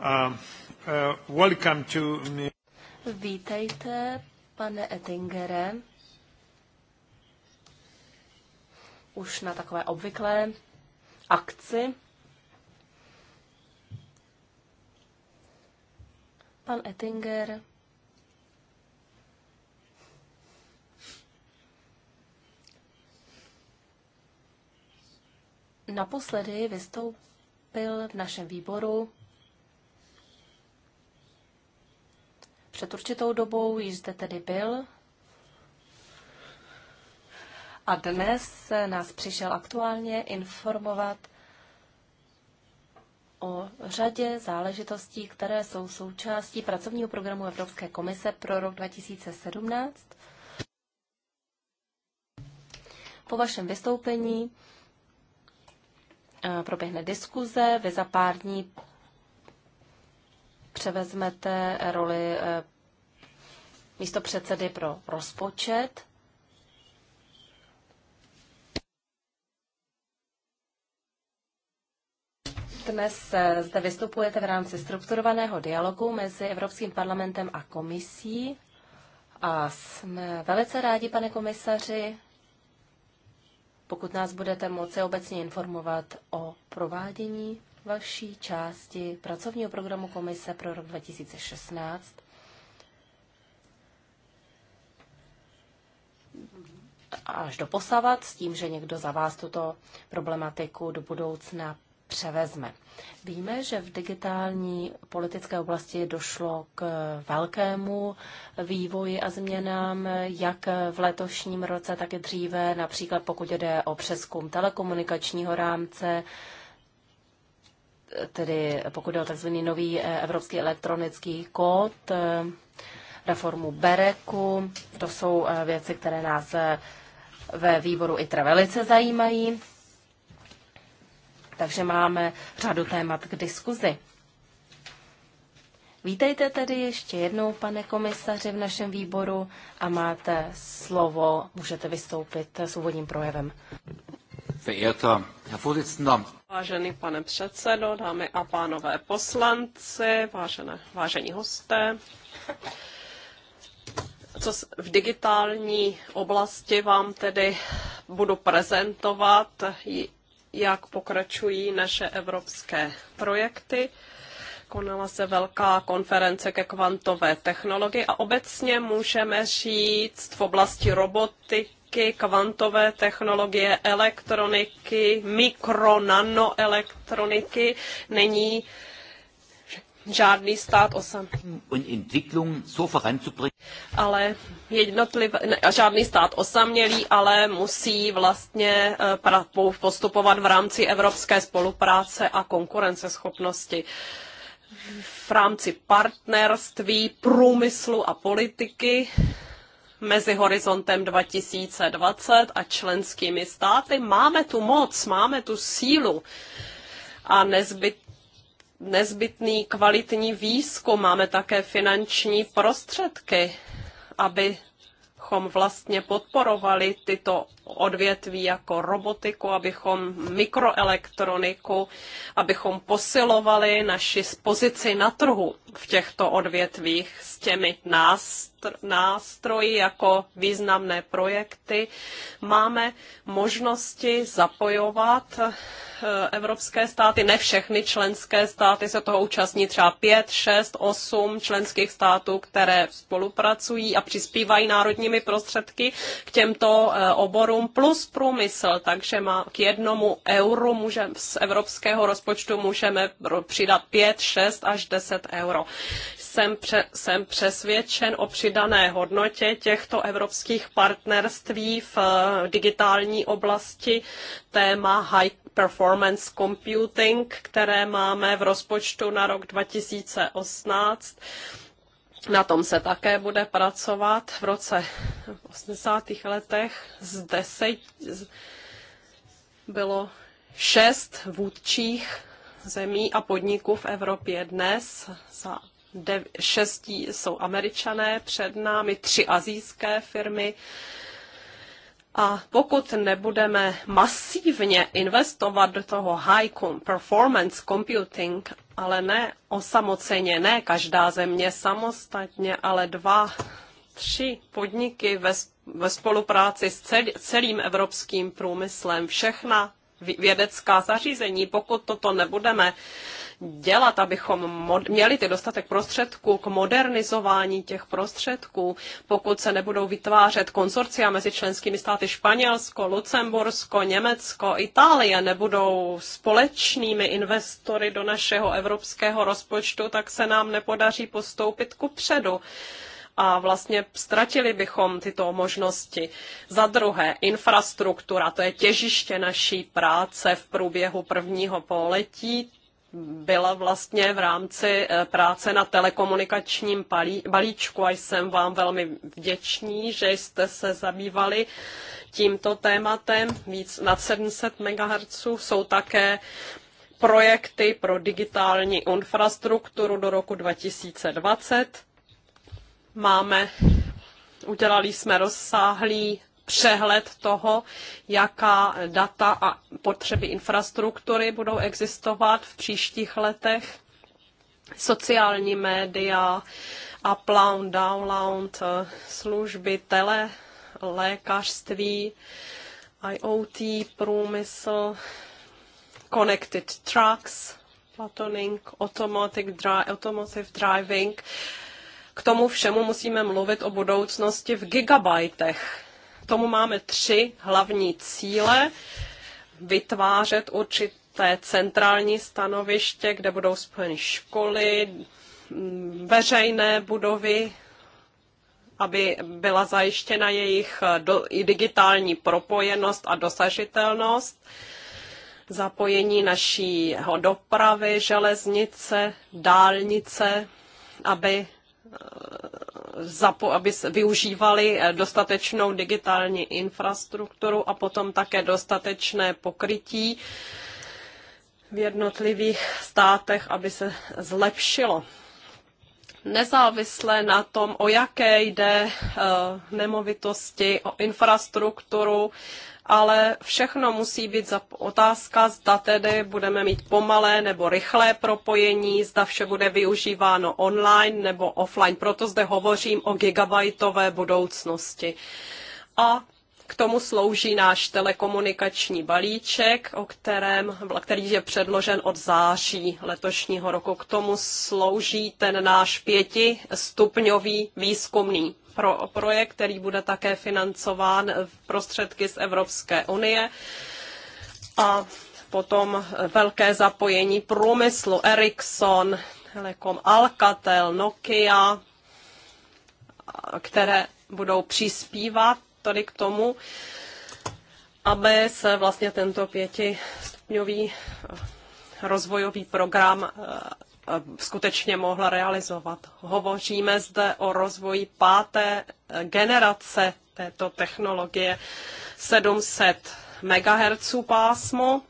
Um, uh, welcome to... Vítejte, pane Ettingere. Už na takové obvyklé akci. Pan Ettinger naposledy vystoupil v našem výboru Před určitou dobou již zde tedy byl a dnes nás přišel aktuálně informovat o řadě záležitostí, které jsou součástí pracovního programu Evropské komise pro rok 2017. Po vašem vystoupení eh, proběhne diskuze. Vy za pár dní převezmete roli eh, místo předsedy pro rozpočet. Dnes eh, zde vystupujete v rámci strukturovaného dialogu mezi Evropským parlamentem a komisí. A jsme velice rádi, pane komisaři, pokud nás budete moci obecně informovat o provádění vaší části pracovního programu Komise pro rok 2016 až do posavat s tím, že někdo za vás tuto problematiku do budoucna převezme. Víme, že v digitální politické oblasti došlo k velkému vývoji a změnám, jak v letošním roce, tak i dříve, například pokud jde o přeskum telekomunikačního rámce, tedy pokud jde o tzv. nový eh, evropský elektronický kód, eh, reformu Bereku, to jsou eh, věci, které nás ve výboru ITRA velice zajímají. Takže máme řadu témat k diskuzi. Vítejte tedy ještě jednou, pane komisaři, v našem výboru a máte slovo, můžete vystoupit s úvodním projevem verehrter Herr Vorsitzender. Vážený pane předsedo, dámy a pánové poslanci, vážené, vážení hosté, co v digitální oblasti vám tedy budu prezentovat, jak pokračují naše evropské projekty konala se velká konference ke kvantové technologii a obecně můžeme říct v oblasti roboty, optiky, kvantové technologie, elektroniky, mikro, nanoelektroniky. Není žádný stát osam. Ale jednotliv, ne, žádný stát osamělý, ale musí vlastně eh, postupovat v rámci evropské spolupráce a konkurenceschopnosti v rámci partnerství, průmyslu a politiky mezi horizontem 2020 a členskými státy. Máme tu moc, máme tu sílu a nezbyt, nezbytný kvalitní výzkum, máme také finanční prostředky, abychom vlastně podporovali tyto odvětví jako robotiku, abychom mikroelektroniku, abychom posilovali naši pozici na trhu v těchto odvětvích s těmi nástroji jako významné projekty. Máme možnosti zapojovat eh, evropské státy, ne všechny členské státy se toho účastní třeba 5, 6, 8 členských států, které spolupracují a přispívají národními prostředky k těmto eh, oborům výzkum plus průmysl, takže má k jednomu euru můžeme, z evropského rozpočtu můžeme přidat 5, 6 až 10 euro. Jsem, pře, jsem přesvědčen o přidané hodnotě těchto evropských partnerství v eh, digitální oblasti téma high performance computing, které máme v rozpočtu na rok 2018 na tom se také bude pracovat v roce 80. letech z deset bylo šest vůdčích zemí a podniků v Evropě dnes. Za dev, šestí jsou američané před námi, tři azijské firmy. A pokud nebudeme masívně investovat do toho high performance computing ale ne osamoceně, ne každá země samostatně, ale dva, tři podniky ve, ve spolupráci s cel, celým evropským průmyslem, všechna vědecká zařízení, pokud toto nebudeme dělat, abychom měli ty dostatek prostředků k modernizování těch prostředků, pokud se nebudou vytvářet konsorcia mezi členskými státy Španělsko, Lucembursko, Německo, Itálie, nebudou společnými investory do našeho evropského rozpočtu, tak se nám nepodaří postoupit ku předu a vlastně ztratili bychom tyto možnosti. Za druhé, infrastruktura, to je těžiště naší práce v průběhu prvního poletí byla vlastně v rámci eh, práce na telekomunikačním balíčku a jsem vám velmi vděčný, že jste se zabývali tímto tématem. Víc nad 700 MHz jsou také projekty pro digitální infrastrukturu do roku 2020. Máme, udělali jsme rozsáhlý přehled toho, jaká data a potřeby infrastruktury budou existovat v příštích letech. Sociální média, upload, download, služby, tele, lékařství, IoT, průmysl, connected trucks, patoning, automatic dri- automotive driving. K tomu všemu musíme mluvit o budoucnosti v gigabajtech tomu máme tři hlavní cíle. Vytvářet určité centrální stanoviště, kde budou spojeny školy, veřejné budovy, aby byla zajištěna jejich eh, do, i digitální propojenost a dosažitelnost, zapojení naší dopravy, železnice, dálnice, aby zapo- aby využívali eh, dostatečnou digitální infrastrukturu a potom také dostatečné pokrytí v jednotlivých státech, aby se zlepšilo. Nezávisle na tom, o jaké jde eh, nemovitosti, o infrastrukturu, ale všechno musí být otázka, zda tedy budeme mít pomalé nebo rychlé propojení, zda vše bude využíváno online nebo offline. Proto zde hovořím o gigabajtové budoucnosti. A k tomu slouží náš telekomunikační balíček, o kterém, který je předložen od září letošního roku. K tomu slouží ten náš pětistupňový výzkumný pro projekt, který bude také financován v prostředky z Evropské unie. A potom velké zapojení průmyslu Ericsson, Telekom Alcatel, Nokia, které budou přispívat tady k tomu, aby se vlastně tento pětistupňový rozvojový program skutečně mohla realizovat. Hovoříme zde o rozvoji páté generace této technologie 700 MHz pásmo,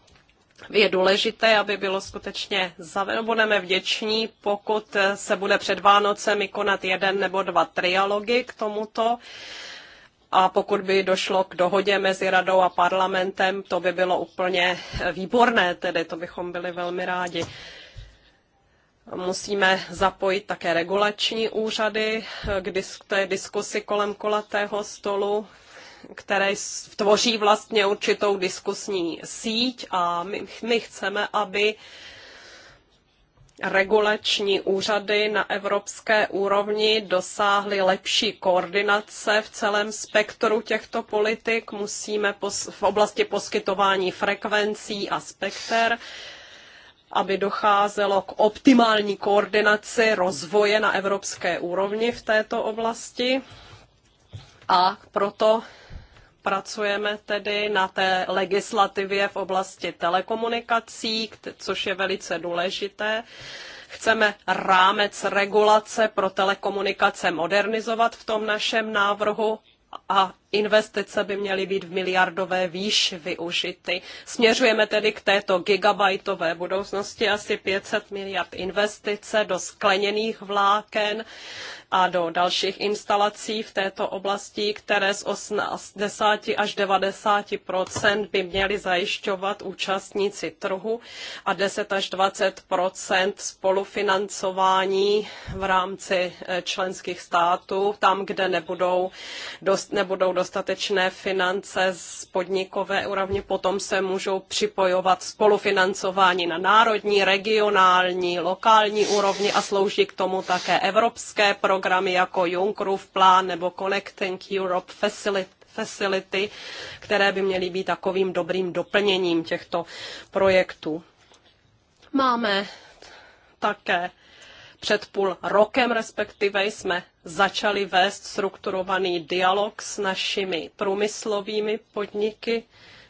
je důležité, aby bylo skutečně zavedeno. Budeme vděční, pokud se bude před Vánocemi konat jeden nebo dva trialogy k tomuto. A pokud by došlo k dohodě mezi radou a parlamentem, to by bylo úplně výborné, tedy to bychom byli velmi rádi. Musíme zapojit také regulační úřady eh, k té diskusi kolem kolatého stolu, které tvoří vlastně určitou diskusní síť a my, my chceme, aby regulační úřady na evropské úrovni dosáhly lepší koordinace v celém spektru těchto politik. Musíme v oblasti poskytování frekvencí a spekter aby docházelo k optimální koordinaci rozvoje na evropské úrovni v této oblasti. A proto pracujeme tedy na té legislativě v oblasti telekomunikací, což je velice důležité. Chceme rámec regulace pro telekomunikace modernizovat v tom našem návrhu a Investice by měly být v miliardové výši využity. Směřujeme tedy k této gigabajtové budoucnosti asi 500 miliard investice do skleněných vláken a do dalších instalací v této oblasti, které z 80 až 90 by měly zajišťovat účastníci trhu a 10 až 20 spolufinancování v rámci eh, členských států, tam, kde nebudou, dost, nebudou dostatečné finance z podnikové úrovně, potom se můžou připojovat spolufinancování na národní, regionální, lokální úrovni a slouží k tomu také evropské programy jako Junckerův plán nebo Connecting Europe Facility facility, které by měly být takovým dobrým doplněním těchto projektů. Máme také před půl rokem respektive jsme začali vést strukturovaný dialog s našimi průmyslovými podniky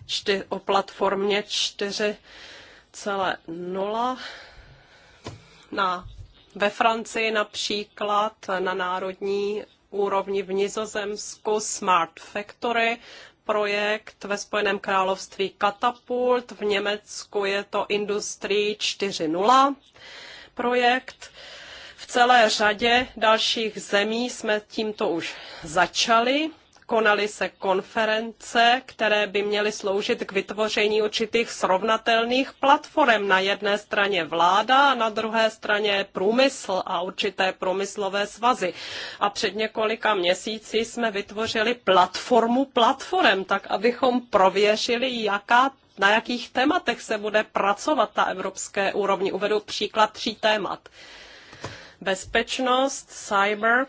čty, o platformě 4.0 na, ve Francii například na národní úrovni v Nizozemsku Smart Factory, projekt ve Spojeném království Katapult, v Německu je to Industrie 4.0 projekt celé řadě dalších zemí jsme tímto už začali. Konaly se konference, které by měly sloužit k vytvoření určitých srovnatelných platform. Na jedné straně vláda a na druhé straně průmysl a určité průmyslové svazy. A před několika měsíci jsme vytvořili platformu platform, tak abychom prověřili, jaká na jakých tématech se bude pracovat na evropské úrovni. Uvedu příklad tří témat. Bezpečnost, cyber,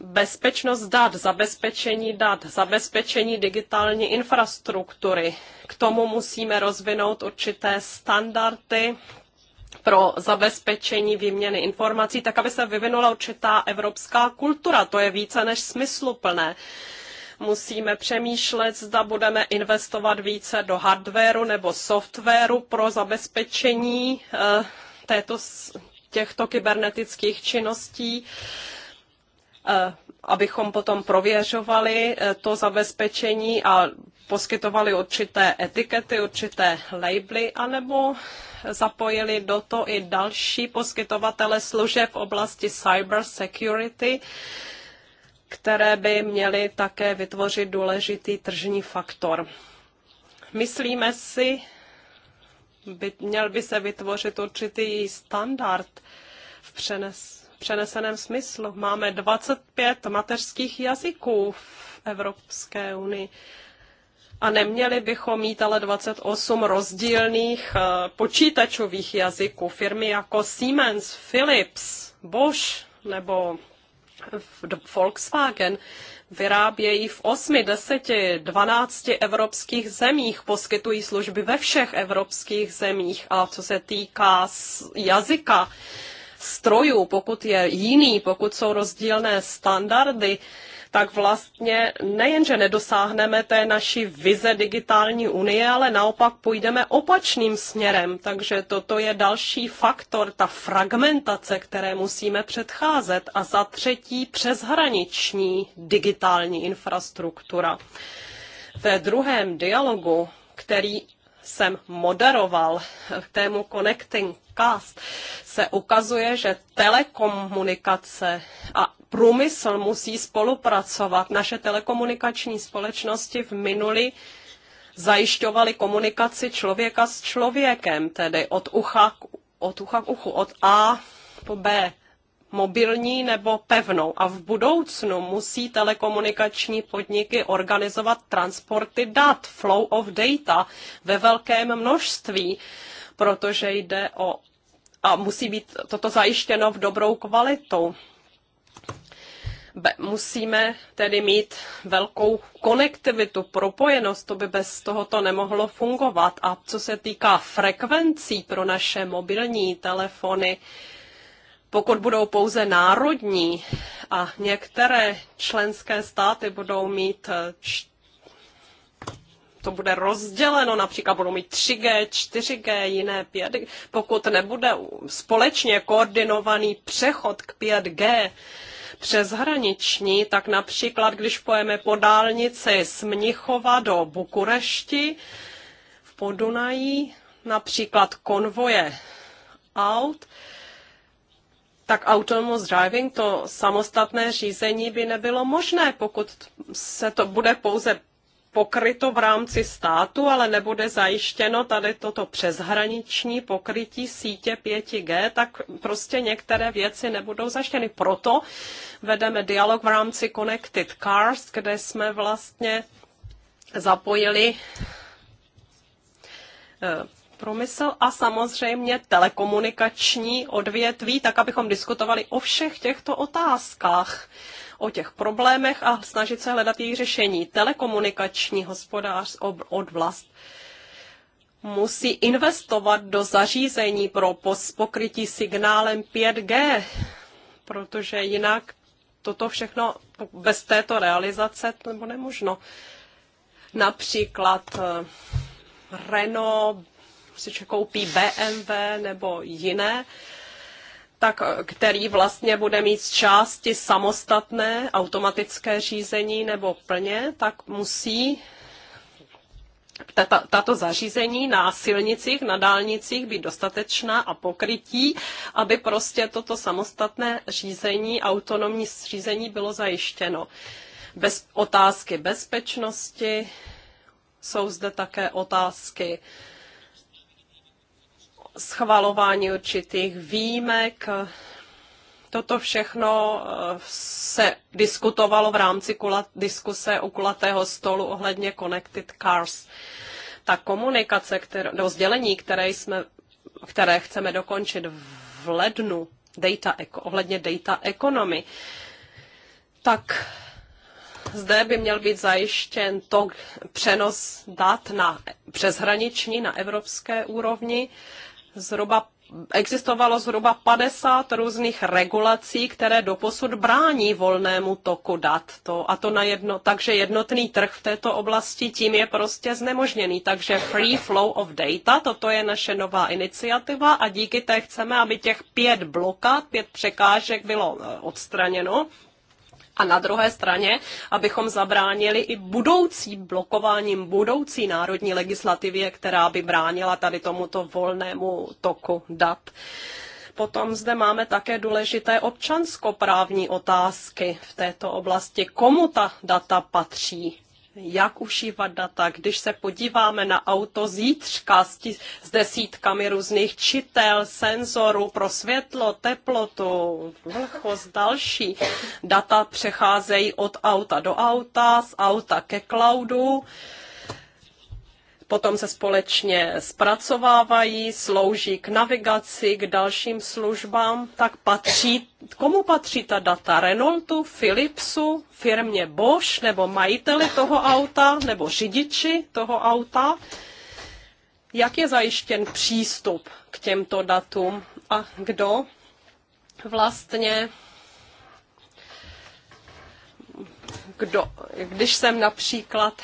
bezpečnost dat, zabezpečení dat, zabezpečení digitální infrastruktury. K tomu musíme rozvinout určité standardy pro zabezpečení výměny informací, tak aby se vyvinula určitá evropská kultura. To je více než smysluplné musíme přemýšlet, zda budeme investovat více do hardwaru nebo softwaru pro zabezpečení eh, této, těchto kybernetických činností eh, abychom potom prověřovali eh, to zabezpečení a poskytovali určité etikety, určité labely, anebo zapojili do to i další poskytovatele služeb v oblasti cyber security, které by měly také vytvořit důležitý tržní faktor. Myslíme si, by, měl by se vytvořit určitý standard v přenes, přeneseném smyslu. Máme 25 mateřských jazyků v Evropské unii. A neměli bychom mít ale 28 rozdílných eh, počítačových jazyků. Firmy jako Siemens, Philips, Bosch nebo Volkswagen vyrábějí v 8, 10, 12 evropských zemích, poskytují služby ve všech evropských zemích. A co se týká jazyka, strojů, pokud je jiný, pokud jsou rozdílné standardy, tak vlastně nejenže nedosáhneme té naší vize digitální unie, ale naopak půjdeme opačným směrem. Takže toto je další faktor, ta fragmentace, které musíme předcházet. A za třetí přeshraniční digitální infrastruktura. Ve druhém dialogu, který jsem moderoval k tému Connecting Cast, se ukazuje, že telekomunikace a průmysl musí spolupracovat. Naše telekomunikační společnosti v minuli zajišťovaly komunikaci člověka s člověkem, tedy od ucha k, od ucha k uchu, od A po B mobilní nebo pevnou. A v budoucnu musí telekomunikační podniky organizovat transporty dat, flow of data ve velkém množství, protože jde o a musí být toto zajištěno v dobrou kvalitu musíme tedy mít velkou konektivitu, propojenost, to by bez tohoto nemohlo fungovat. A co se týká frekvencí pro naše mobilní telefony, pokud budou pouze národní a některé členské státy budou mít eh, to bude rozděleno, například budou mít 3G, 4G, jiné 5G. Pokud nebude společně koordinovaný přechod k 5G, přeshraniční, tak například, když pojeme po dálnici z Mnichova do Bukurešti v Podunají, například konvoje aut, tak autonomous driving, to samostatné řízení by nebylo možné, pokud se to bude pouze pokryto v rámci státu, ale nebude zajištěno tady toto přeshraniční pokrytí sítě 5G, tak prostě některé věci nebudou zajištěny. Proto vedeme dialog v rámci Connected Cars, kde jsme vlastně zapojili eh, promysl a samozřejmě telekomunikační odvětví, tak abychom diskutovali o všech těchto otázkách o těch problémech a snažit se hledat jejich řešení. Telekomunikační hospodář vlast musí investovat do zařízení pro pokrytí signálem 5G, protože jinak toto všechno bez této realizace to nebo nemožno. Například eh, Renault si koupí BMW nebo jiné tak, který vlastně bude mít z části samostatné automatické řízení nebo plně, tak musí tato zařízení na silnicích, na dálnicích být dostatečná a pokrytí, aby prostě toto samostatné řízení, autonomní řízení bylo zajištěno. Bez otázky bezpečnosti jsou zde také otázky uh, schvalování určitých výjimek. Toto všechno eh, se diskutovalo v rámci kulat, diskuse u kulatého stolu ohledně Connected Cars. Ta komunikace, které, nebo sdělení, které, jsme, které chceme dokončit v lednu data, ohledně data economy, tak zde by měl být zajištěn to přenos dat na přeshraniční, na evropské úrovni zhruba existovalo zhruba 50 různých regulací, které doposud brání volnému toku dat. To, a to na jedno, takže jednotný trh v této oblasti tím je prostě znemožněný. Takže free flow of data, toto je naše nová iniciativa a díky té chceme, aby těch pět blokád, pět překážek bylo eh, odstraněno a na druhé straně, abychom zabránili i budoucí blokováním budoucí národní legislativě, která by bránila tady tomuto volnému toku dat. Potom zde máme také důležité občanskoprávní otázky v této oblasti. Komu ta data patří? jak užívat data. Když se podíváme na auto zítřka s, tis, s desítkami různých čitel, senzorů pro světlo, teplotu, vlhkost, další. Data přecházejí od auta do auta, z auta ke cloudu. Uh, potom se společně zpracovávají, slouží k navigaci, k dalším službám, tak patří, komu patří ta data? Renaultu, Philipsu, firmě Bosch, nebo majiteli toho auta, nebo řidiči toho auta? Jak je zajištěn přístup k těmto datům a kdo vlastně kdo, když jsem například,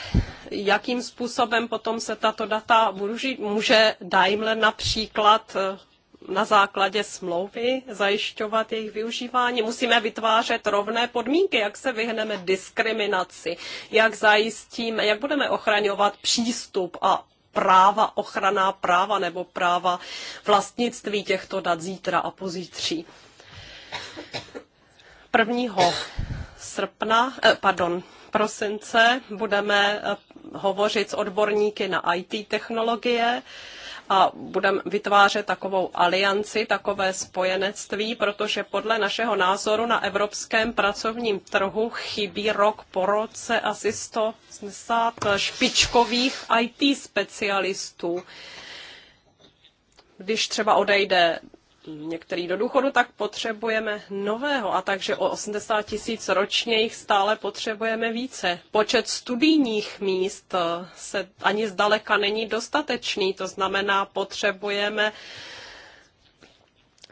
jakým způsobem potom se tato data budu žít, může Daimler například eh, na základě smlouvy zajišťovat jejich využívání. Musíme vytvářet rovné podmínky, jak se vyhneme diskriminaci, jak zajistíme, jak budeme ochraňovat přístup a práva, ochrana práva nebo práva vlastnictví těchto dat zítra a pozítří. Prvního srpna, eh, pardon, prosince budeme eh, hovořit s odborníky na IT technologie a budeme vytvářet takovou alianci, takové spojenectví, protože podle našeho názoru na evropském pracovním trhu chybí rok po roce asi 180 eh, špičkových IT specialistů. Když třeba odejde některý do důchodu, tak potřebujeme nového. A takže o 80 tisíc ročně jich stále potřebujeme více. Počet studijních míst eh, se ani zdaleka není dostatečný, to znamená, potřebujeme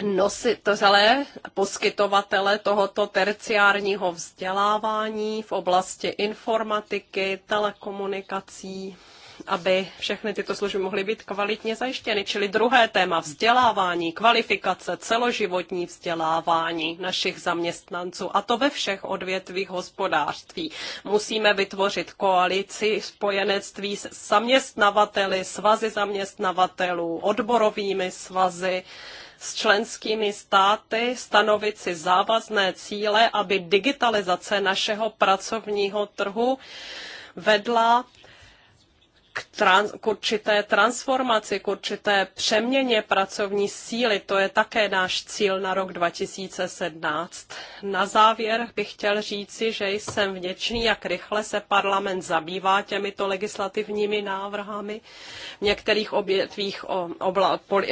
nositele, poskytovatele tohoto terciárního vzdělávání v oblasti informatiky, telekomunikací aby všechny tyto služby mohly být kvalitně zajištěny. Čili druhé téma vzdělávání, kvalifikace, celoživotní vzdělávání našich zaměstnanců a to ve všech odvětvích hospodářství. Musíme vytvořit koalici, spojenectví s zaměstnavateli, svazy zaměstnavatelů, odborovými svazy, s členskými státy stanovit si závazné cíle, aby digitalizace našeho pracovního trhu vedla k, trans, k určité transformaci, k určité přeměně pracovní síly. To je také náš cíl na rok 2017. Na závěr bych chtěl říci, že jsem vděčný, jak rychle se parlament zabývá těmito legislativními návrhami. V některých obětvích obla, poli,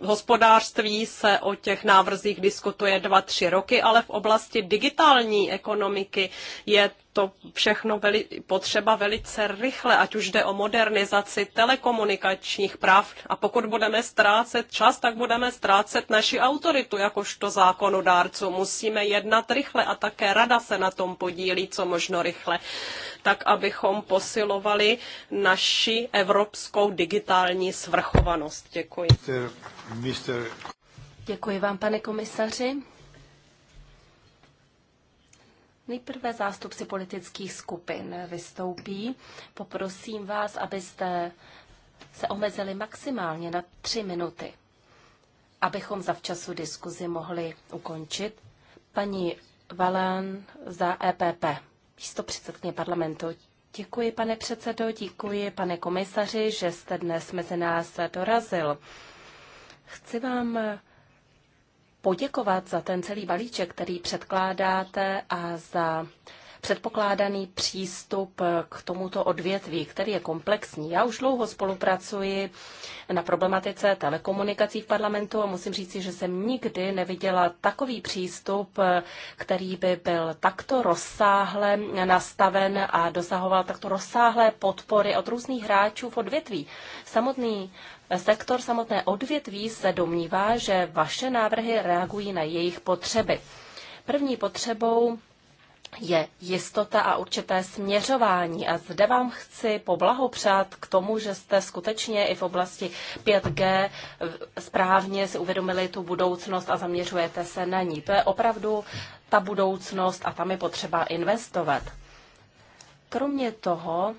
hospodářství se o těch návrzích diskutuje dva, tři roky, ale v oblasti digitální ekonomiky je to všechno veli, potřeba velice rychle, ať už jde o modernizaci telekomunikačních práv. A pokud budeme ztrácet čas, tak budeme ztrácet naši autoritu jakožto zákonodárců. Musíme jednat rychle a také rada se na tom podílí, co možno rychle, tak abychom posilovali naši evropskou digitální svrchovanost. Děkuji. Děkuji vám, pane komisaři. Nejprve zástupci politických skupin vystoupí. Poprosím vás, abyste se omezili maximálně na tři minuty, abychom za včasu diskuzi mohli ukončit. Paní Valán za EPP, místo předsedkyně parlamentu. Děkuji, pane předsedo, děkuji, pane komisaři, že jste dnes mezi nás dorazil. Chci vám poděkovat za ten celý balíček, který předkládáte a za předpokládaný přístup k tomuto odvětví, který je komplexní. Já už dlouho spolupracuji na problematice telekomunikací v parlamentu a musím říci, že jsem nikdy neviděla takový přístup, který by byl takto rozsáhle nastaven a dosahoval takto rozsáhlé podpory od různých hráčů v odvětví. Samotný sektor, samotné odvětví se domnívá, že vaše návrhy reagují na jejich potřeby. První potřebou je jistota a určité směřování. A zde vám chci poblahopřát k tomu, že jste skutečně i v oblasti 5G eh, správně si uvědomili tu budoucnost a zaměřujete se na ní. To je opravdu ta budoucnost a tam je potřeba investovat. Kromě toho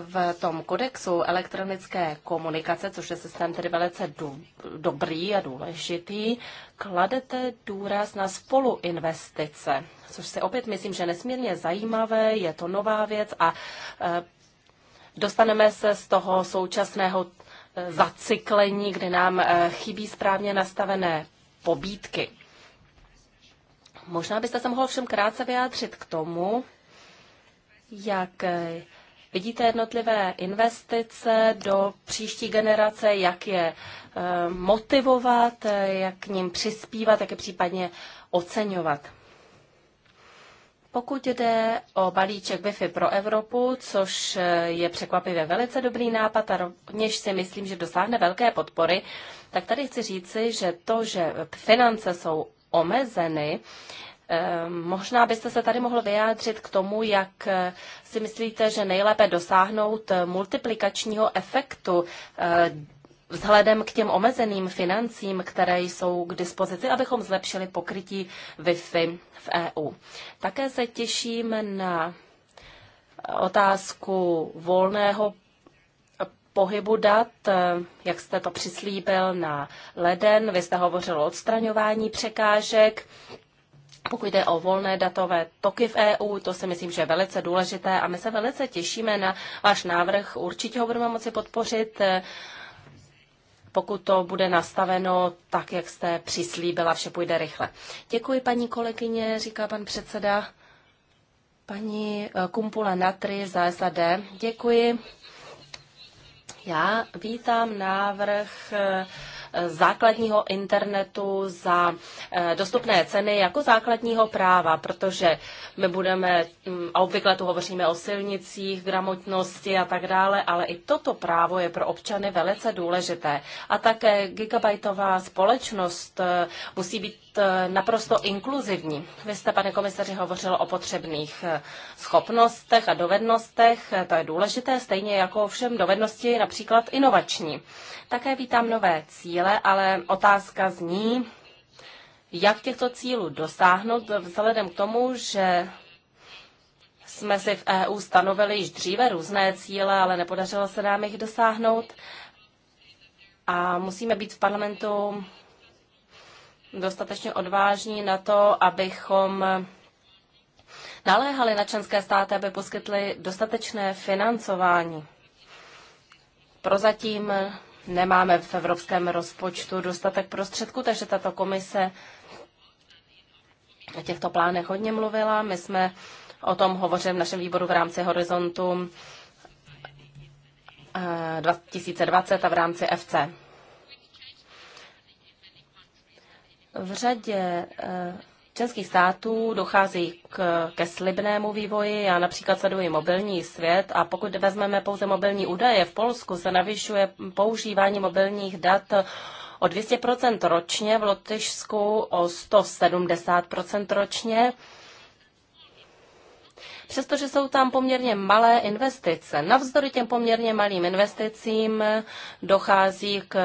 v tom kodexu elektronické komunikace, což je systém tedy velice do, dobrý a důležitý, kladete důraz na spoluinvestice, což si opět myslím, že nesmírně zajímavé, je to nová věc a e, dostaneme se z toho současného eh, zacyklení, kdy nám eh, chybí správně nastavené pobídky. Možná byste se mohl všem krátce vyjádřit k tomu, jak Vidíte jednotlivé investice do příští generace, jak je eh, motivovat, eh, jak k ním přispívat, jak je případně oceňovat. Pokud jde o balíček Wi-Fi pro Evropu, což eh, je překvapivě velice dobrý nápad a rovněž si myslím, že dosáhne velké podpory, tak tady chci říci, že to, že finance jsou omezeny, Ehm, možná byste se tady mohl vyjádřit k tomu, jak eh, si myslíte, že nejlépe dosáhnout eh, multiplikačního efektu eh, vzhledem k těm omezeným financím, které jsou k dispozici, abychom zlepšili pokrytí Wi-Fi v EU. Také se těším na otázku volného pohybu dat, jak jste to přislíbil na leden. Vy jste hovořil o odstraňování překážek. Pokud jde o volné datové toky v EU, to si myslím, že je velice důležité a my se velice těšíme na váš návrh. Určitě ho budeme moci podpořit, pokud to bude nastaveno tak, jak jste přislíbila, vše půjde rychle. Děkuji, paní kolegyně, říká pan předseda. Paní eh, Kumpula Natry za SAD, děkuji. Já vítám návrh eh, základního internetu za eh, dostupné ceny jako základního práva, protože my budeme, mm, a obvykle tu hovoříme o silnicích, gramotnosti a tak dále, ale i toto právo je pro občany velice důležité. A také gigabajtová společnost eh, musí být eh, naprosto inkluzivní. Vy jste, pane komisaři, hovořil o potřebných schopnostech a dovednostech. To je důležité, stejně jako všem dovednosti například inovační. Také vítám nové cíle cíle, ale otázka zní, jak těchto cílů dosáhnout vzhledem k tomu, že jsme si v EU stanovili již dříve různé cíle, ale nepodařilo se nám jich dosáhnout. A musíme být v parlamentu dostatečně odvážní na to, abychom naléhali na členské státy, aby poskytly dostatečné financování. Prozatím nemáme v evropském rozpočtu dostatek prostředků, takže tato komise o těchto plánech hodně mluvila. My jsme o tom hovořili v našem výboru v rámci Horizontu 2020 eh, a v rámci FC. V řadě eh, členských států dochází k, ke slibnému vývoji. Já například sleduji mobilní svět a pokud vezmeme pouze mobilní údaje, v Polsku se navyšuje používání mobilních dat o 200% ročně, v Lotyšsku o 170% ročně. Přestože jsou tam poměrně malé investice, navzdory těm poměrně malým investicím dochází k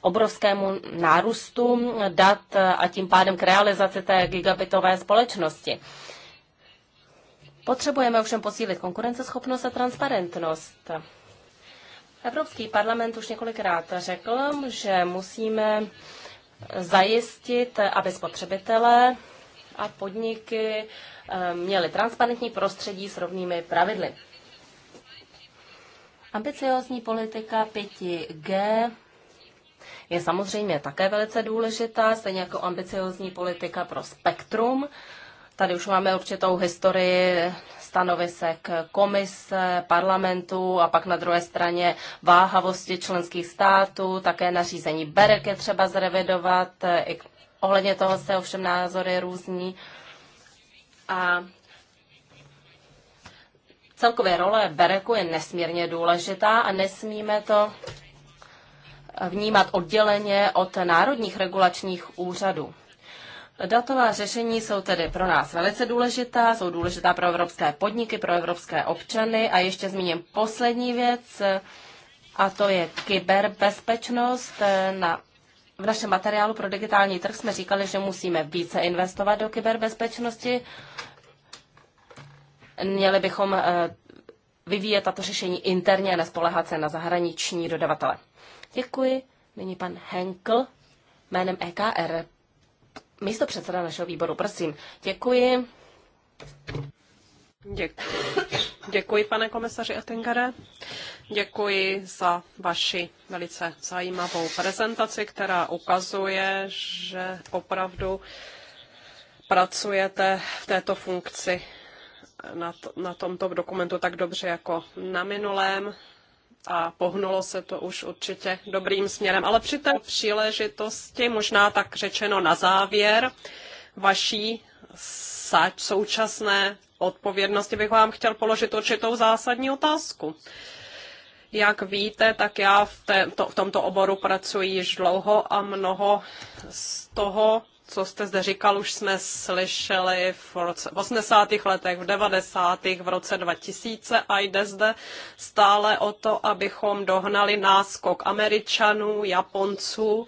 obrovskému nárůstu dat a tím pádem k realizaci té gigabitové společnosti. Potřebujeme ovšem posílit konkurenceschopnost a transparentnost. Evropský parlament už několikrát řekl, že musíme zajistit, aby spotřebitelé a podniky eh, měli transparentní prostředí s rovnými pravidly. Ambiciozní politika 5G je samozřejmě také velice důležitá, stejně jako ambiciozní politika pro spektrum. Tady už máme určitou historii stanovisek komise, parlamentu a pak na druhé straně váhavosti členských států, také nařízení BEREK je třeba zrevidovat, i ohledně toho se ovšem názory různí. A celkově role Bereku je nesmírně důležitá a nesmíme to vnímat odděleně od národních regulačních úřadů. Datová řešení jsou tedy pro nás velice důležitá, jsou důležitá pro evropské podniky, pro evropské občany a ještě zmíním poslední věc, a to je kyberbezpečnost. Na, v našem materiálu pro digitální trh jsme říkali, že musíme více investovat do kyberbezpečnosti. Měli bychom eh, vyvíjet tato řešení interně a nespolehat se na zahraniční dodavatele. Děkuji. Nyní pan Henkel jménem EKR. Místo předseda našeho výboru, prosím. Děkuji. Děkuji. Děkuji, pane komisaři Ettingere. Děkuji za vaši velice zajímavou prezentaci, která ukazuje, že opravdu pracujete v této funkci na, to, na tomto dokumentu tak dobře jako na minulém a pohnulo se to už určitě dobrým směrem. Ale při té příležitosti, možná tak řečeno na závěr, vaší současné odpovědnosti bych vám chtěl položit určitou zásadní otázku. Jak víte, tak já v, té, to, v tomto oboru pracuji již dlouho a mnoho z toho, co jste zde říkal, už jsme slyšeli v, roce, v 80. letech, v 90. v roce 2000 a jde zde stále o to, abychom dohnali náskok Američanů, Japonců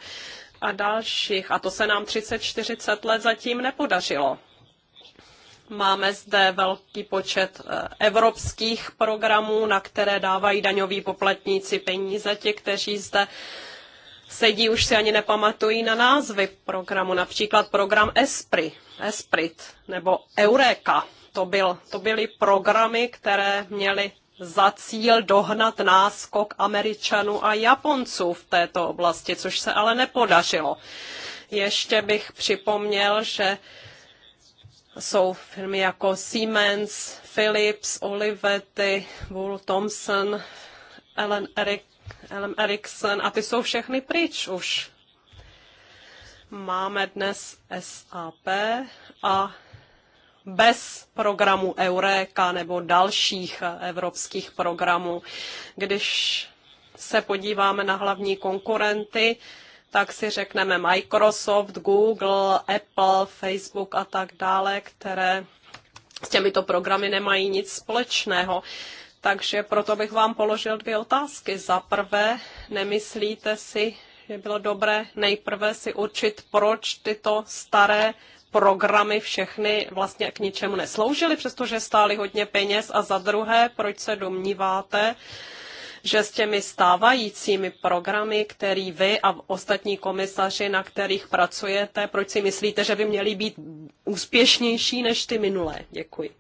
a dalších. A to se nám 30-40 let zatím nepodařilo. Máme zde velký počet eh, evropských programů, na které dávají daňoví poplatníci peníze, ti, kteří zde sedí, už si ani nepamatují na názvy programu, například program ESPRI, ESPRIT nebo Eureka. To, byl, to byly programy, které měly za cíl dohnat náskok Američanů a Japonců v této oblasti, což se ale nepodařilo. Ještě bych připomněl, že jsou firmy jako Siemens, Philips, Olivetti, Wool Thompson, Ellen Eric Ellen Erickson a ty jsou všechny pryč už. Máme dnes SAP a bez programu Eureka nebo dalších evropských programů. Když se podíváme na hlavní konkurenty, tak si řekneme Microsoft, Google, Apple, Facebook a tak dále, které s těmito programy nemají nic společného. Uh, takže proto bych vám položil dvě otázky. Za prvé, nemyslíte si, že bylo dobré nejprve si určit, proč tyto staré programy všechny vlastně k ničemu nesloužily, přestože stály hodně peněz a za druhé, proč se domníváte, že s těmi stávajícími programy, který vy a ostatní komisaři, na kterých pracujete, proč si myslíte, že by měly být úspěšnější než ty minulé? Děkuji.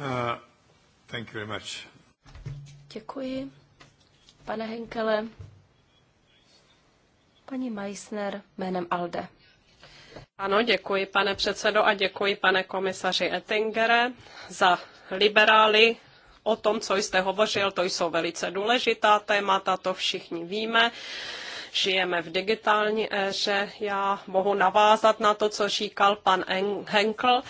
Uh... Thank you very much. Děkuji. Pane Henkele, paní Meissner jménem ALDE. Ano, děkuji pane předsedo a děkuji pane komisaři Ettingere za liberály o tom, co jste hovořil, to jsou velice důležitá témata, to všichni víme. Žijeme v digitální éře. Já mohu navázat na to, co říkal pan Henkel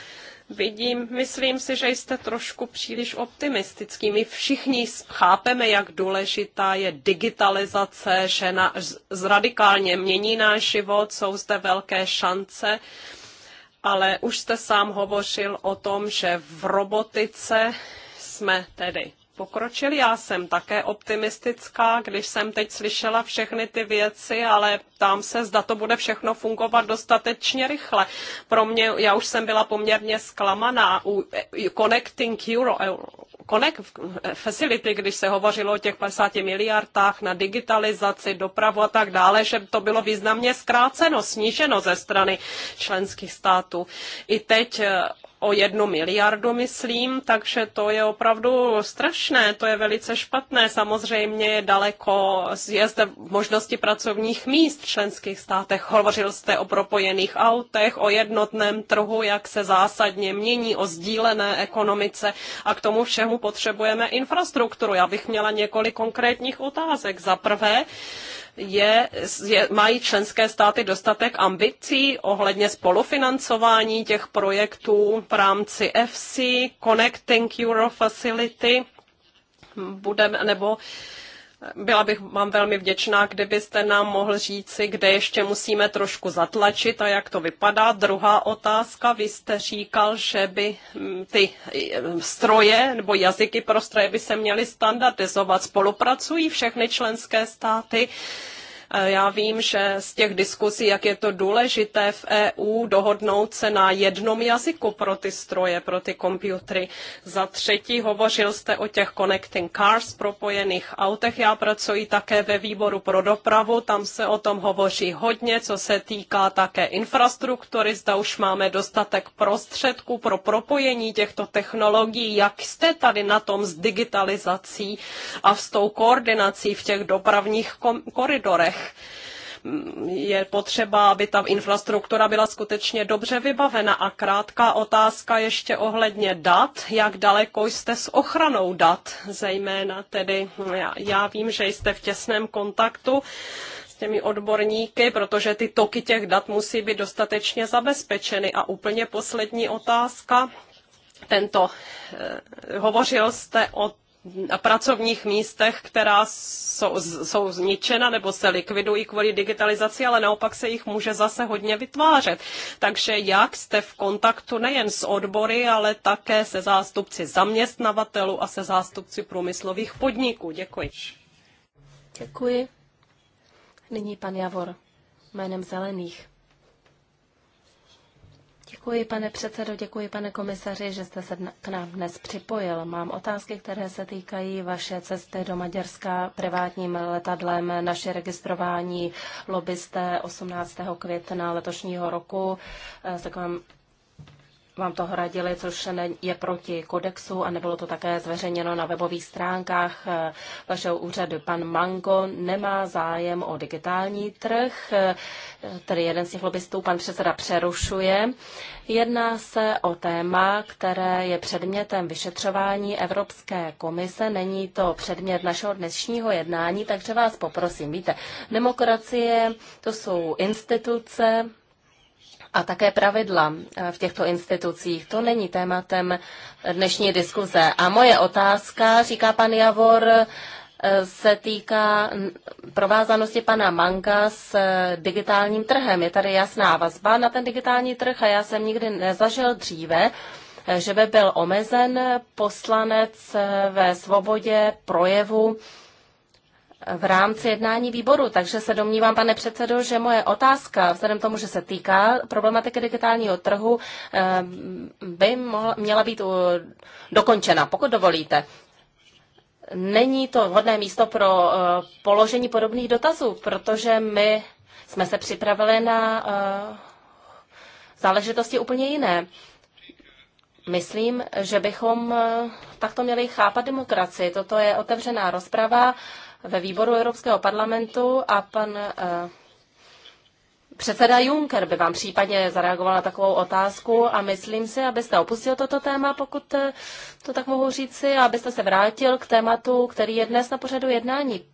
vidím, myslím si, že jste trošku příliš optimistický. My všichni chápeme, jak důležitá je digitalizace, že na, z radikálně mění náš život, jsou zde velké šance, ale už jste sám hovořil o tom, že v robotice jsme tedy Pokročil Já jsem také optimistická, když jsem teď slyšela všechny ty věci, ale ptám se, zda to bude všechno fungovat dostatečně rychle. Pro mě, já už jsem byla poměrně zklamaná u Connecting Euro, eh, Connect Facility, když se hovořilo o těch 50 miliardách na digitalizaci, dopravu a tak dále, že to bylo významně zkráceno, sníženo ze strany členských států. I teď eh, o jednu miliardu, myslím, takže to je opravdu strašné, to je velice špatné. Samozřejmě je daleko, zjezd možnosti pracovních míst v členských státech. Hovořil jste o propojených autech, o jednotném trhu, jak se zásadně mění, o sdílené ekonomice a k tomu všemu potřebujeme infrastrukturu. Já bych měla několik konkrétních otázek. Za prvé, je, je, mají členské státy dostatek ambicí ohledně spolufinancování těch projektů v rámci FC, Connecting Euro Facility, budeme, nebo uh, byla bych vám velmi vděčná, kdybyste nám mohl říci, kde ještě musíme trošku zatlačit a jak to vypadá. Druhá otázka, vy jste říkal, že by mm, ty eh, stroje nebo jazyky pro stroje by se měly standardizovat. Spolupracují všechny členské státy Eh, já vím, že z těch diskusí, jak je to důležité v EU dohodnout se na jednom jazyku pro ty stroje, pro ty počítače. Za třetí hovořil jste o těch connecting cars, propojených autech. Já pracuji také ve výboru pro dopravu, tam se o tom hovoří hodně, co se týká také infrastruktury. Zda už máme dostatek prostředků pro propojení těchto technologií. Jak jste tady na tom s digitalizací a s tou koordinací v těch dopravních koridorech? je potřeba, aby ta infrastruktura byla skutečně dobře vybavena. A krátká otázka ještě ohledně dat. Jak daleko jste s ochranou dat, zejména tedy, já, já vím, že jste v těsném kontaktu s těmi odborníky, protože ty toky těch dat musí být dostatečně zabezpečeny. A úplně poslední otázka. Tento, eh, hovořil jste o na pracovních místech, která jsou, jsou zničena nebo se likvidují kvůli digitalizaci, ale naopak se jich může zase hodně vytvářet. Takže jak jste v kontaktu nejen s odbory, ale také se zástupci zaměstnavatelů a se zástupci průmyslových podniků? Děkuji. Děkuji. Nyní pan Javor jménem Zelených. Děkuji, pane předsedo, děkuji, pane komisaři, že jste se k nám dnes připojil. Mám otázky, které se týkají vaše cesty do Maďarska privátním letadlem, naše registrování lobbyste 18. května letošního roku eh, k vám vám toho radili, což je proti kodexu a nebylo to také zveřejněno na webových stránkách eh, vašeho úřadu. Pan Mango nemá zájem o digitální trh, eh, tedy jeden z těch lobbystů pan předseda přerušuje. Jedná se o téma, které je předmětem vyšetřování Evropské komise. Není to předmět našeho dnešního jednání, takže vás poprosím. Víte, demokracie to jsou instituce, a také pravidla eh, v těchto institucích. To není tématem dnešní diskuze. A moje otázka, říká pan Javor, eh, se týká provázanosti pana Manga s eh, digitálním trhem. Je tady jasná vazba na ten digitální trh a já jsem nikdy nezažil dříve, že by byl omezen poslanec ve svobodě projevu v rámci jednání výboru, takže se domnívám, pane předsedo, že moje otázka, vzhledem tomu, že se týká problematiky digitálního trhu, eh, by mohla, měla být dokončena, pokud dovolíte. Není to vhodné místo pro eh, položení podobných dotazů, protože my jsme se připravili na eh, záležitosti úplně jiné. Myslím, že bychom takto měli chápat demokracii. Toto je otevřená rozprava ve výboru Evropského parlamentu a pan eh, Předseda Juncker by vám případně zareagoval na takovou otázku a myslím si, abyste opustil toto téma, pokud eh, to tak mohu říci, a abyste se vrátil k tématu, který je dnes na pořadu jednání.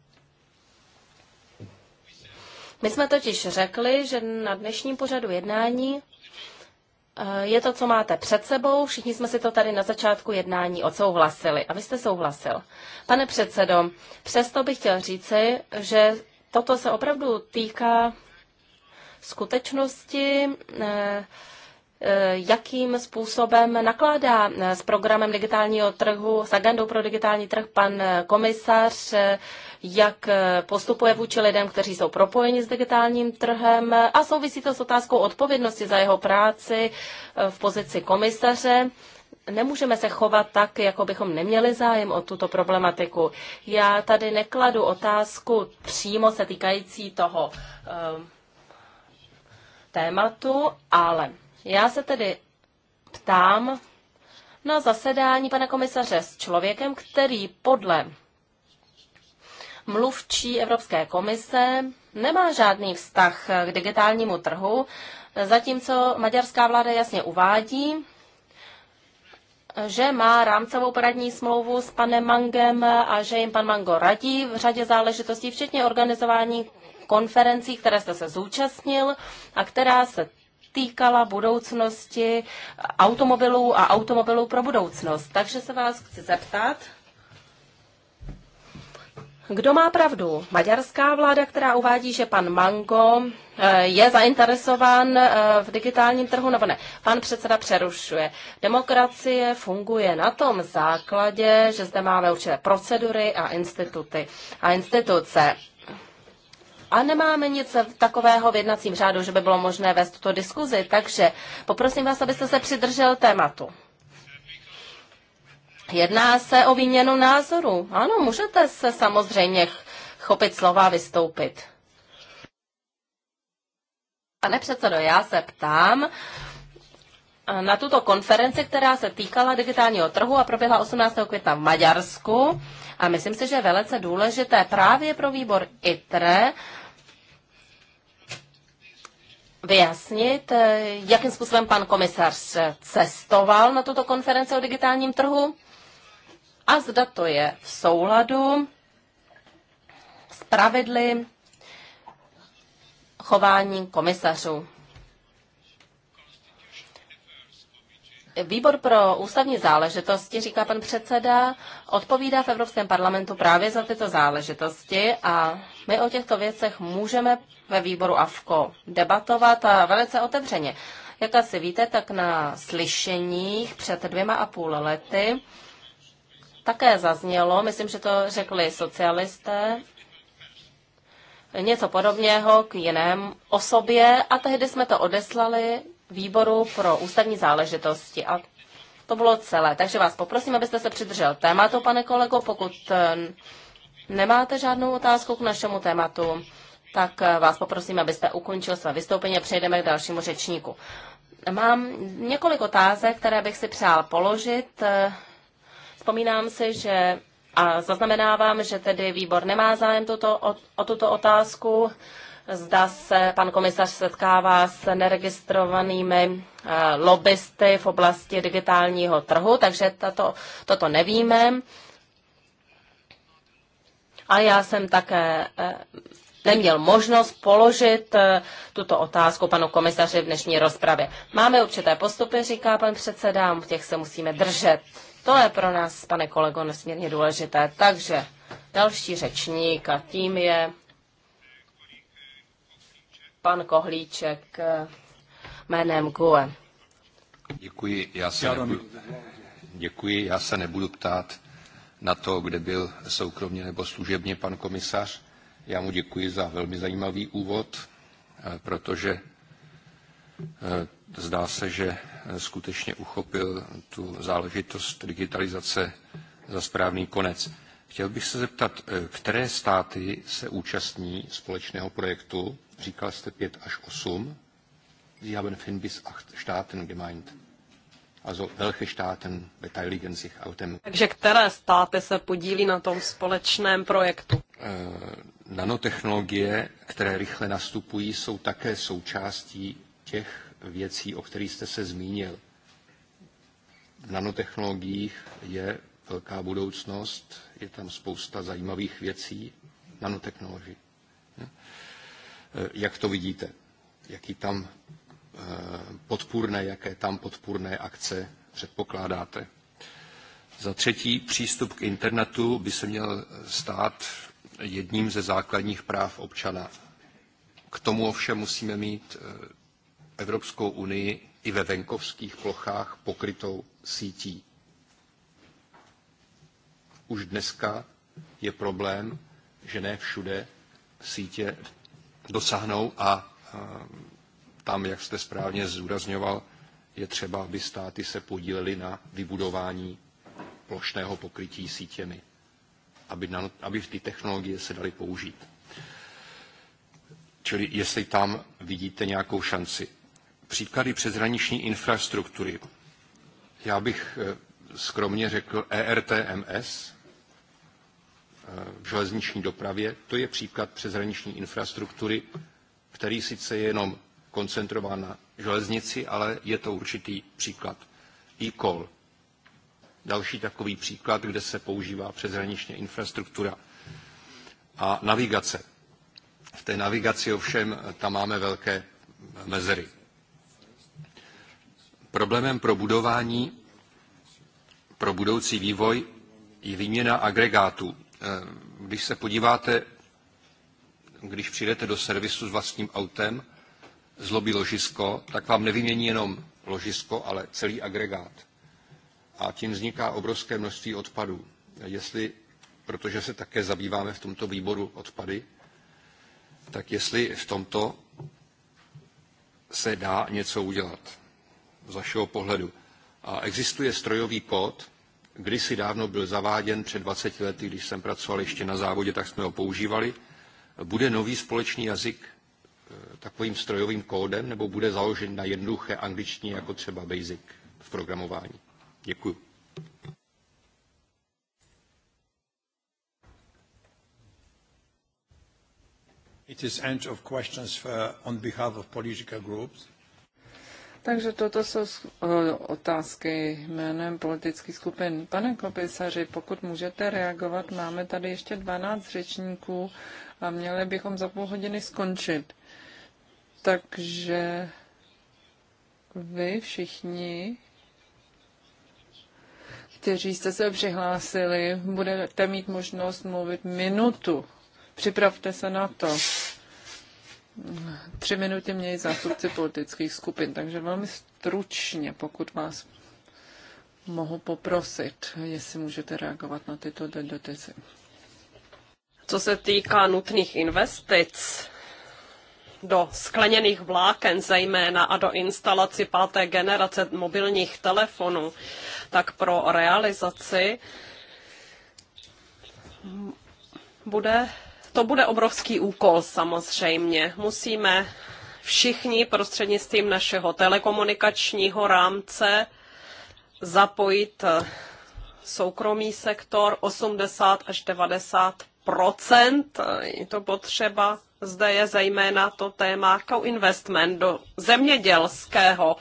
My jsme totiž řekli, že na dnešním pořadu jednání Eh, je to, co máte před sebou. Všichni jsme si to tady na začátku jednání odsouhlasili. A vy jste souhlasil. Pane předsedo, přesto bych chtěl říci, že toto se opravdu týká skutečnosti, eh, Eh, jakým způsobem nakládá eh, s programem digitálního trhu, s agendou pro digitální trh pan eh, komisař, jak postupuje vůči lidem, kteří jsou propojeni s digitálním trhem a souvisí to s otázkou odpovědnosti za jeho práci v pozici komisaře nemůžeme se chovat tak, jako bychom neměli zájem o tuto problematiku. Já tady nekladu otázku přímo se týkající toho tématu, ale já se tedy ptám na zasedání pana komisaře s člověkem, který podle mluvčí Evropské komise nemá žádný vztah k digitálnímu trhu, zatímco maďarská vláda jasně uvádí, že má rámcovou poradní smlouvu s panem Mangem a že jim pan Mango radí v řadě záležitostí, včetně organizování konferencí, které jste se zúčastnil a která se týkala budoucnosti automobilů a automobilů pro budoucnost. Takže se vás chci zeptat, kdo má pravdu? Maďarská vláda, která uvádí, že pan Mango eh, je zainteresován eh, v digitálním trhu, nebo ne? Pan předseda přerušuje. Demokracie funguje na tom základě, že zde máme určité procedury a instituty a instituce. A nemáme nic takového v jednacím řádu, že by bylo možné vést tuto diskuzi, takže poprosím vás, abyste se přidržel tématu. Jedná se o výměnu názoru. Ano, můžete se samozřejmě chopit slova a vystoupit. Pane předsedo, já se ptám eh, na tuto konferenci, která se týkala digitálního trhu a proběhla 18. května v Maďarsku. A myslím si, že je velice důležité právě pro výbor ITRE, vyjasnit, eh, jakým způsobem pan komisař cestoval na tuto konferenci o digitálním trhu a zda to je v souladu s pravidly chování komisařů. Výbor pro ústavní záležitosti, říká pan předseda, odpovídá v Evropském parlamentu právě za tyto záležitosti a my o těchto věcech můžeme ve výboru AFKO debatovat a velice otevřeně. Jak asi víte, tak na slyšeních před dvěma a půl lety také zaznělo, myslím, že to řekli socialisté, něco podobného k jiném osobě a tehdy jsme to odeslali výboru pro ústavní záležitosti a to bylo celé. Takže vás poprosím, abyste se přidržel tématu, pane kolego, pokud eh, nemáte žádnou otázku k našemu tématu, tak eh, vás poprosím, abyste ukončil své vystoupení a přejdeme k dalšímu řečníku. Mám několik otázek, které bych si přál položit. Eh, vzpomínám si, že a zaznamenávám, že tedy výbor nemá zájem tuto, o, o tuto otázku. Zda se pan komisař setkává s neregistrovanými eh, lobbysty v oblasti digitálního trhu, takže tato, toto nevíme a já jsem také eh, neměl možnost položit eh, tuto otázku panu komisaři v dnešní rozpravě. Máme určité postupy, říká pan předseda, v těch se musíme držet. To je pro nás, pane kolego, nesmírně důležité. Takže další řečník a tím je pan Kohlíček eh, jménem GUE. Děkuji, já se děkuji, já se nebudu ptát na to, kde byl soukromně nebo služebně pan komisař. Já mu děkuji za velmi zajímavý úvod, eh, protože eh, zdá se, že eh, skutečně uchopil tu záležitost digitalizace za správný konec. Chtěl bych se zeptat, které státy se účastní společného projektu? Říkal jste pět až osm. Sie haben Finbis bis acht Staaten gemeint. Also welche Staaten beteiligen sich auf dem... Takže které státy se podílí na tom společném projektu? Uh, nanotechnologie, které rychle nastupují, jsou také součástí těch věcí, o kterých jste se zmínil. V nanotechnologiích je velká budoucnost, je tam spousta zajímavých věcí, nanotechnologií. Eh, jak to vidíte? Jaký tam Eh, podpůrné, jaké tam podpůrné akce předpokládáte. Za třetí, přístup k internetu by se měl stát jedním ze základních práv občana. K tomu ovšem musíme mít eh, Evropskou unii i ve venkovských plochách pokrytou sítí. Už dneska je problém, že ne všude sítě dosáhnou a eh, tam, jak jste správně zdůrazňoval, je třeba, aby státy se podílely na vybudování plošného pokrytí sítěmi, aby, na, aby ty technologie se daly použít. Čili jestli tam vidíte nějakou šanci. Příklady přeshraniční infrastruktury. Já bych eh, skromně řekl ERTMS eh, v železniční dopravě. To je příklad přeshraniční infrastruktury, který sice je jenom koncentrován na železnici, ale je to určitý příklad. E-call. Další takový příklad, kde se používá přeshraničně infrastruktura a navigace. V té navigaci ovšem eh, tam máme velké mezery. Problémem pro budování, pro budoucí vývoj je výměna agregátů. Eh, když se podíváte, když přijdete do servisu s vlastním autem, zlobí ložisko, tak vám nevymění jenom ložisko, ale celý agregát. A tím vzniká obrovské množství odpadů. Jestli, protože se také zabýváme v tomto výboru odpady, tak jestli v tomto se dá něco udělat z vašeho pohledu. A existuje strojový kód, kdysi dávno byl zaváděn před 20 lety, když jsem pracoval ještě na závodě, tak jsme ho používali. Bude nový společný jazyk Eh, takovým strojovým kódem, nebo bude založen na jednoduché angličtině, jako třeba BASIC v programování? Děkuji. It is end of questions for, on behalf of political groups. Takže toto jsou eh, otázky jménem politických skupin. Pane komisaři, pokud můžete reagovat, máme tady ještě 12 řečníků a měli bychom za půl hodiny skončit. Takže vy všichni, kteří jste se přihlásili, budete mít možnost mluvit minutu. Připravte se na to. Tři minuty mějí zástupci politických skupin, takže velmi stručně, pokud vás mohu poprosit, jestli můžete reagovat na tyto dotazy. Co se týká nutných investic, do skleněných vláken zejména a do instalaci páté generace mobilních telefonů, tak pro realizaci bude, to bude obrovský úkol samozřejmě. Musíme všichni prostřednictvím našeho telekomunikačního rámce zapojit eh, soukromý sektor 80 až 90 eh, je to potřeba zde je zejména to téma co-investment do zemědělského,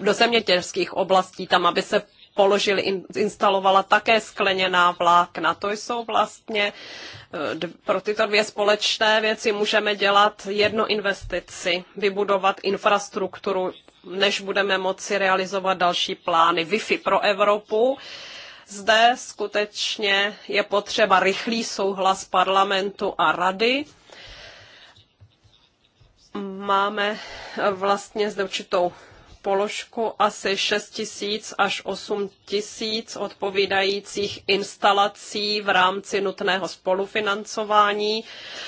do zemědělských oblastí, tam, aby se položili, instalovala také skleněná vlákna. To jsou vlastně eh, pro tyto dvě společné věci můžeme dělat jedno investici, vybudovat infrastrukturu, než budeme moci realizovat další plány. Wi-Fi pro Evropu. Zde skutečně je potřeba rychlý souhlas parlamentu a rady máme eh, vlastně zde určitou položku asi 6 tisíc až 8 tisíc odpovídajících instalací v rámci nutného spolufinancování.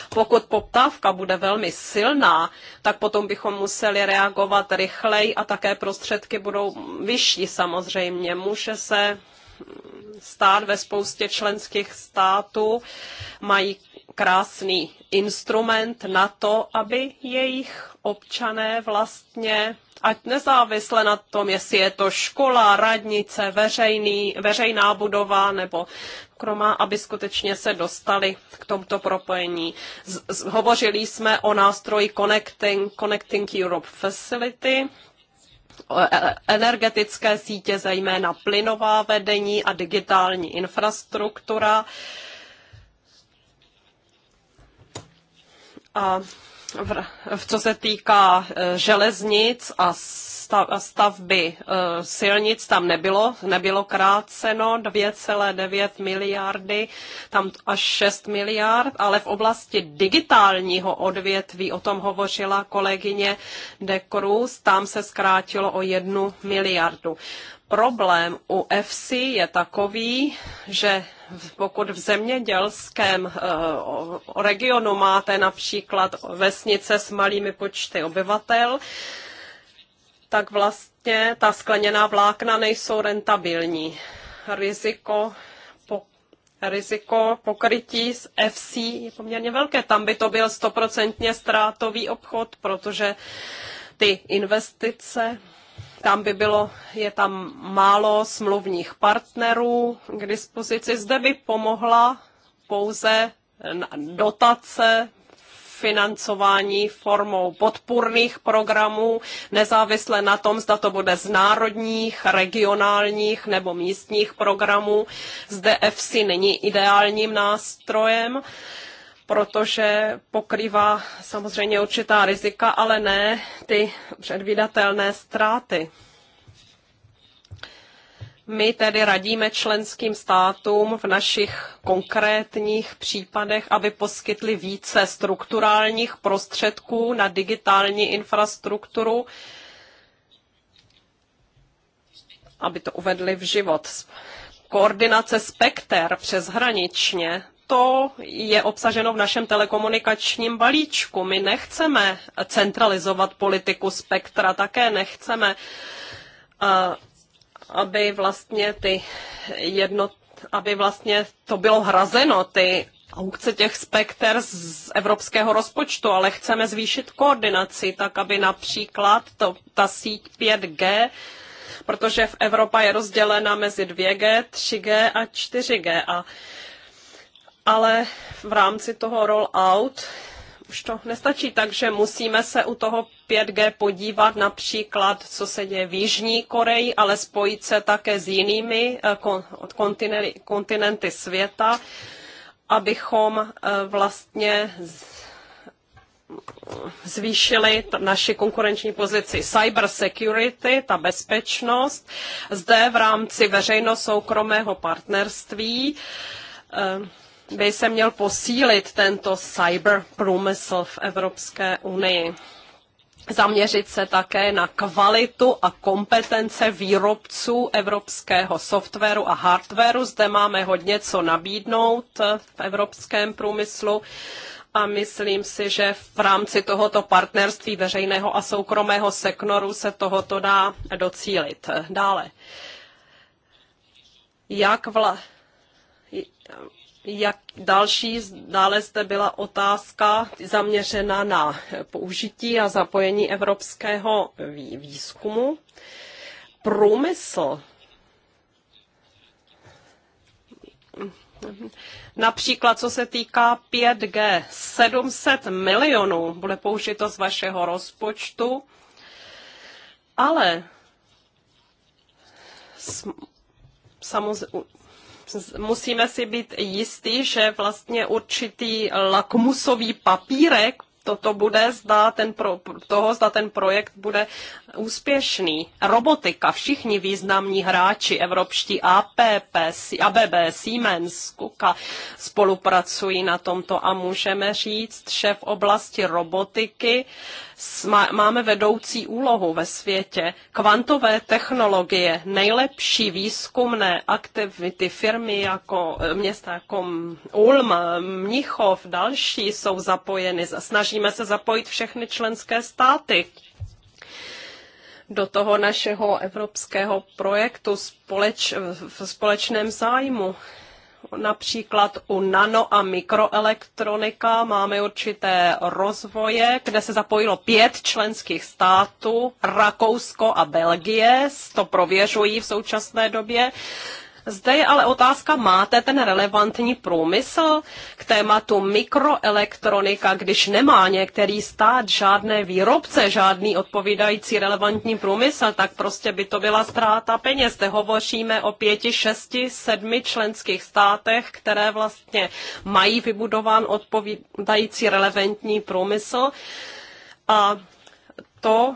Pokud poptávka bude velmi silná, tak potom bychom museli reagovat rychleji a také prostředky budou vyšší samozřejmě. Může se stát ve spoustě členských států, mají krásný instrument na to, aby jejich občané vlastně, ať nezávisle na tom, jestli je to škola, radnice, veřejný, veřejná budova nebo kromá, aby skutečně se dostali k tomto propojení. Z, z, hovořili jsme o nástroji Connecting, Connecting Europe Facility, e, energetické sítě, zejména plynová vedení a digitální infrastruktura. Uh, A v, co se týká e, železnic a stavby e, silnic, tam nebylo, nebylo kráceno 2,9 miliardy, tam až 6 miliard, ale v oblasti digitálního odvětví, o tom hovořila kolegyně De Cruz, tam se zkrátilo o jednu miliardu. Problém u FC je takový, že pokud v zemědělském eh, regionu máte například vesnice s malými počty obyvatel, tak vlastně ta skleněná vlákna nejsou rentabilní. Riziko riziko pokrytí z FC je poměrně velké. Tam by to byl stoprocentně ztrátový obchod, protože ty investice tam by bylo, je tam málo smluvních partnerů k dispozici. Zde by pomohla pouze dotace financování formou podpůrných programů, nezávisle na tom, zda to bude z národních, regionálních nebo místních programů. Zde EFSI není ideálním nástrojem protože pokrývá samozřejmě určitá rizika, ale ne ty předvídatelné ztráty. My tedy radíme členským státům v našich konkrétních případech, aby poskytli více strukturálních prostředků na digitální infrastrukturu, aby to uvedli v život. Koordinace spekter přeshraničně to je obsaženo v našem telekomunikačním balíčku. My nechceme centralizovat politiku spektra, také nechceme, aby vlastně ty jednot, aby vlastně to bylo hrazeno, ty aukce těch spekter z evropského rozpočtu, ale chceme zvýšit koordinaci, tak aby například to, ta síť 5G protože v Evropa je rozdělena mezi 2G, 3G a 4G a ale v rámci toho roll-out už to nestačí, takže musíme se u toho 5G podívat například, co se děje v Jižní Koreji, ale spojit se také s jinými eh, kontinenty světa, abychom eh, vlastně zvýšili naši konkurenční pozici cyber security, ta bezpečnost, zde v rámci veřejno-soukromého partnerství eh, by se měl posílit tento cyber průmysl v Evropské unii. Zaměřit se také na kvalitu a kompetence výrobců evropského softwaru a hardwaru. Zde máme hodně co nabídnout v evropském průmyslu a myslím si, že v rámci tohoto partnerství veřejného a soukromého sektoru se tohoto dá docílit. Dále. Jak vla... Jak další, dále zde byla otázka zaměřena na použití a zapojení evropského výzkumu. Průmysl Například co se týká 5G, 700 milionů bude použito z vašeho rozpočtu, ale samozřejmě musíme si být jistí, že vlastně určitý lakmusový papírek toto bude, zda ten pro, toho, zda ten projekt bude úspěšný. Robotika, všichni významní hráči, evropští APP, ABB, Siemens, Kuka, spolupracují na tomto a můžeme říct, že v oblasti robotiky uh, máme vedoucí úlohu ve světě. Kvantové technologie, nejlepší výzkumné aktivity firmy jako e, města jako Ulm, Mnichov, další jsou zapojeny. Snažíme se zapojit všechny členské státy do toho našeho evropského projektu společ, v společném zájmu. Například u nano a mikroelektronika máme určité rozvoje, kde se zapojilo pět členských států, Rakousko a Belgie, to prověřují v současné době. Zde je ale otázka, máte ten relevantní průmysl k tématu mikroelektronika, když nemá některý stát žádné výrobce, žádný odpovídající relevantní průmysl, tak prostě by to byla ztráta peněz. Zde hovoříme o pěti, šesti, sedmi členských státech, které vlastně mají vybudován odpovídající relevantní průmysl. A to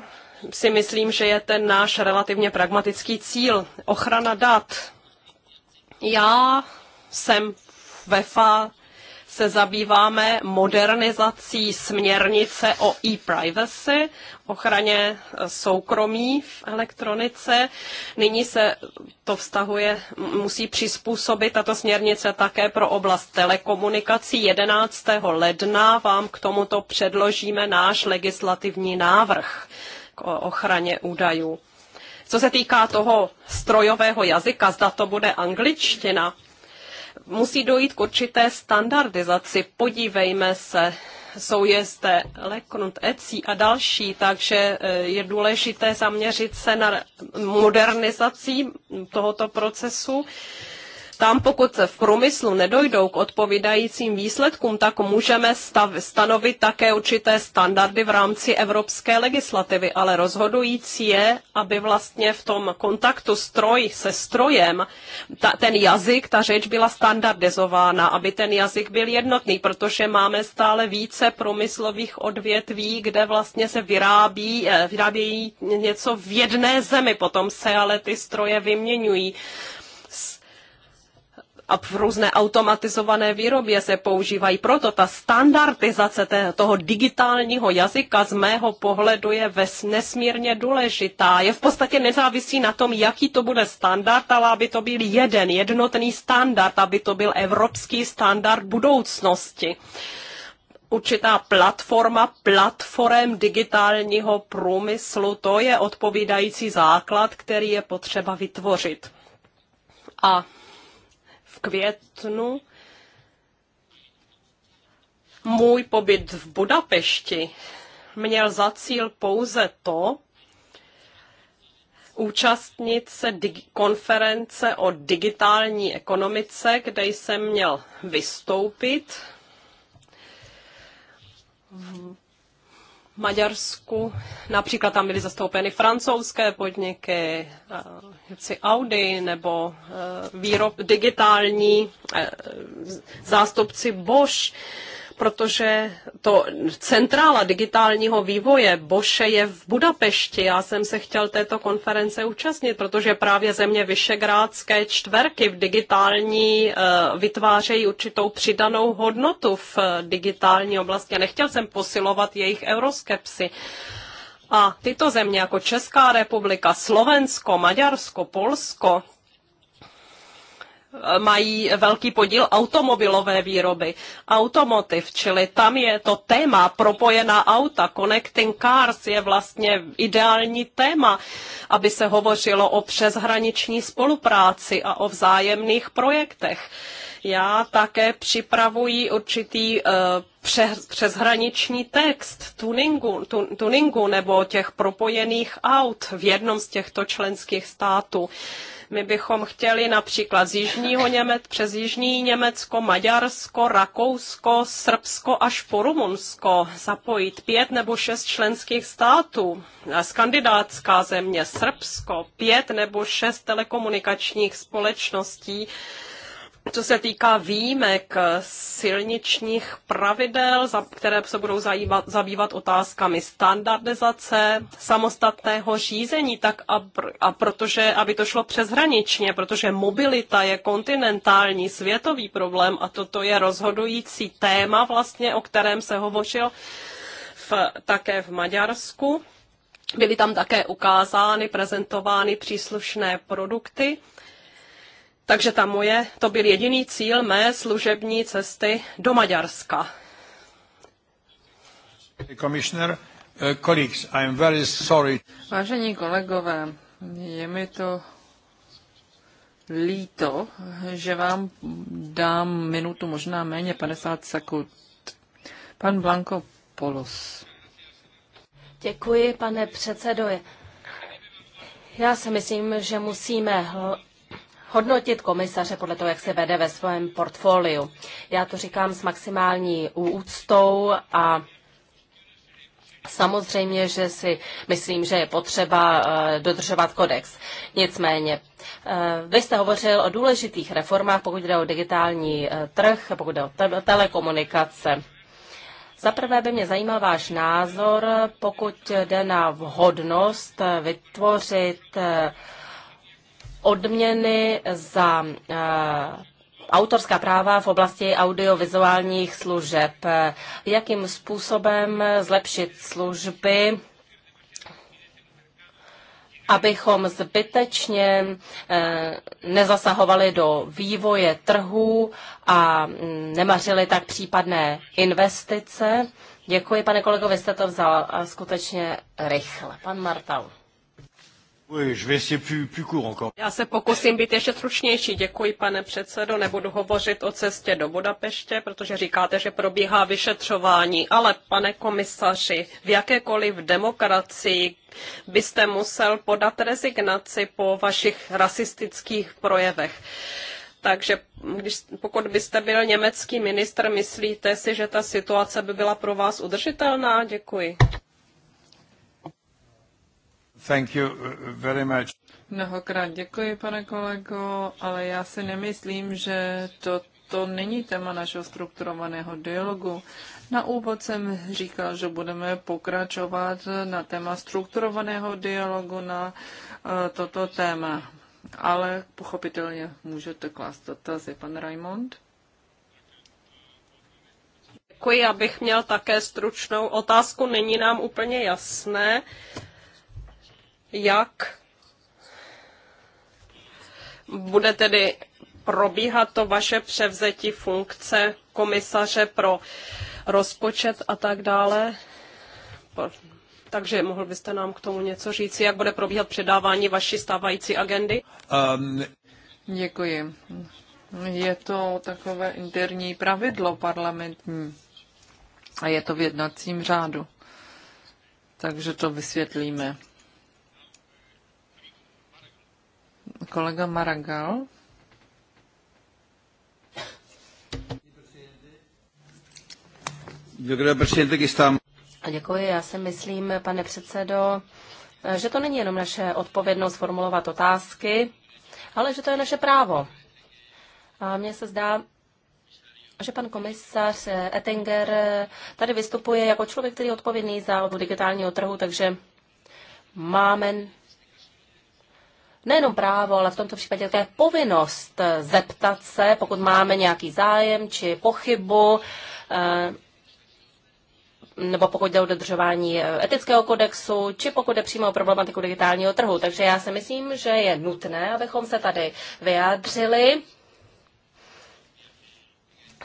si myslím, že je ten náš relativně pragmatický cíl. Ochrana dat já jsem ve FA se zabýváme modernizací směrnice o e-privacy, ochraně soukromí v elektronice. Nyní se to vztahuje, musí přizpůsobit tato směrnice také pro oblast telekomunikací. 11. ledna vám k tomuto předložíme náš legislativní návrh k ochraně údajů. Co se týká toho strojového jazyka, zda to bude angličtina, musí dojít k určité standardizaci. Podívejme se, jsou jezde Leknut, Etsy a další, takže e, je důležité zaměřit se na modernizaci tohoto procesu. Tam, pokud v průmyslu nedojdou k odpovídajícím výsledkům, tak můžeme stav, stanovit také určité standardy v rámci evropské legislativy, ale rozhodující je, aby vlastně v tom kontaktu stroj se strojem ta, ten jazyk, ta řeč byla standardizována, aby ten jazyk byl jednotný, protože máme stále více průmyslových odvětví, kde vlastně se vyrábí, eh, vyrábějí něco v jedné zemi, potom se ale ty stroje vyměňují a v různé automatizované výrobě se používají. Proto ta standardizace toho digitálního jazyka z mého pohledu je nesmírně důležitá. Je v podstatě nezávisí na tom, jaký to bude standard, ale aby to byl jeden, jednotný standard, aby to byl evropský standard budoucnosti určitá platforma platform digitálního průmyslu, to je odpovídající základ, který je potřeba vytvořit. A květnu můj pobyt v Budapešti měl za cíl pouze to, účastnit se konference o digitální ekonomice, kde jsem měl vystoupit. Maďarsku. Například tam byly zastoupeny francouzské podniky, eh, si Audi nebo eh, výrob digitální eh, zástupci Bosch protože to centrála digitálního vývoje Boše je v Budapešti. Já jsem se chtěl této konference účastnit, protože právě země Vyšegrádské čtverky v digitální eh, vytvářejí určitou přidanou hodnotu v eh, digitální oblasti. Nechtěl jsem posilovat jejich euroskepsy. A tyto země jako Česká republika, Slovensko, Maďarsko, Polsko, mají velký podíl automobilové výroby, automotiv, čili tam je to téma propojená auta. Connecting Cars je vlastně ideální téma, aby se hovořilo o přeshraniční spolupráci a o vzájemných projektech. Já také připravuji určitý uh, přeshraniční text tuningu, tu, tuningu nebo těch propojených aut v jednom z těchto členských států. Uh, my bychom chtěli například z jižního Němec, přes jižní Německo, Maďarsko, Rakousko, Srbsko až po Rumunsko zapojit pět nebo šest členských států. Skandidátská země, Srbsko, pět nebo šest telekomunikačních společností co se týká výjimek silničních pravidel, za, které se budou zajívat, zabývat otázkami standardizace, samostatného řízení, tak a, a protože, aby to šlo přeshraničně, protože mobilita je kontinentální světový problém a toto je rozhodující téma vlastně, o kterém se hovořil v, také v Maďarsku. Byly tam také ukázány, prezentovány příslušné produkty takže ta moje, to byl jediný cíl mé služební cesty do Maďarska. Commissioner, uh, colleagues, I very sorry. Vážení kolegové, je mi to líto, že vám dám minutu, možná méně, 50 sekund. Pan Blanko Polos. Děkuji, pane předsedo. Já si myslím, že musíme hodnotit komisaře podle toho, jak se vede ve svém portfoliu. Já to říkám s maximální úctou a Samozřejmě, že si myslím, že je potřeba eh, dodržovat kodex. Nicméně, eh, vy jste hovořil o důležitých reformách, pokud jde o digitální eh, trh, pokud jde o te- telekomunikace. Za prvé by mě zajímal váš názor, pokud jde na vhodnost vytvořit odměny za eh, autorská práva v oblasti audiovizuálních služeb. Jakým způsobem zlepšit služby, abychom zbytečně eh, nezasahovali do vývoje trhů a nemařili tak případné investice. Děkuji, pane kolego, vy jste to vzal eh, skutečně rychle. Pan Martal. Já se pokusím být ještě stručnější. Děkuji, pane předsedo. Nebudu hovořit o cestě do Budapeště, protože říkáte, že probíhá vyšetřování. Ale, pane komisaři, v jakékoliv demokracii byste musel podat rezignaci po vašich rasistických projevech. Takže když, pokud byste byl německý ministr, myslíte si, že ta situace by byla pro vás udržitelná? Děkuji. Thank you uh, very much. Mnohokrát děkuji, pane kolego, ale já si nemyslím, že to, to není téma našeho strukturovaného dialogu. Na úvod jsem říkal, že budeme pokračovat na téma strukturovaného dialogu na uh, toto téma. Ale pochopitelně můžete klást dotazy, pan Raimond. Děkuji, abych měl také stručnou otázku. Není nám úplně jasné, uh, jak bude tedy probíhat to vaše převzetí funkce komisaře pro rozpočet a tak dále. Takže mohl byste nám k tomu něco říct, jak bude probíhat předávání vaší stávající agendy? Um... Děkuji. Je to takové interní pravidlo parlamentní a je to v jednacím řádu. Takže to vysvětlíme. Kolega Maragal. Děkuji, já si myslím, pane předsedo, že to není jenom naše odpovědnost formulovat otázky, ale že to je naše právo. A mně se zdá, že pan komisař Ettinger tady vystupuje jako člověk, který je odpovědný za digitálního trhu, takže máme nejenom právo, ale v tomto případě také povinnost zeptat se, pokud máme nějaký zájem či pochybu, eh, nebo pokud jde o dodržování eh, etického kodexu, či pokud jde přímo o problematiku digitálního trhu. Takže já si myslím, že je nutné, abychom se tady vyjádřili.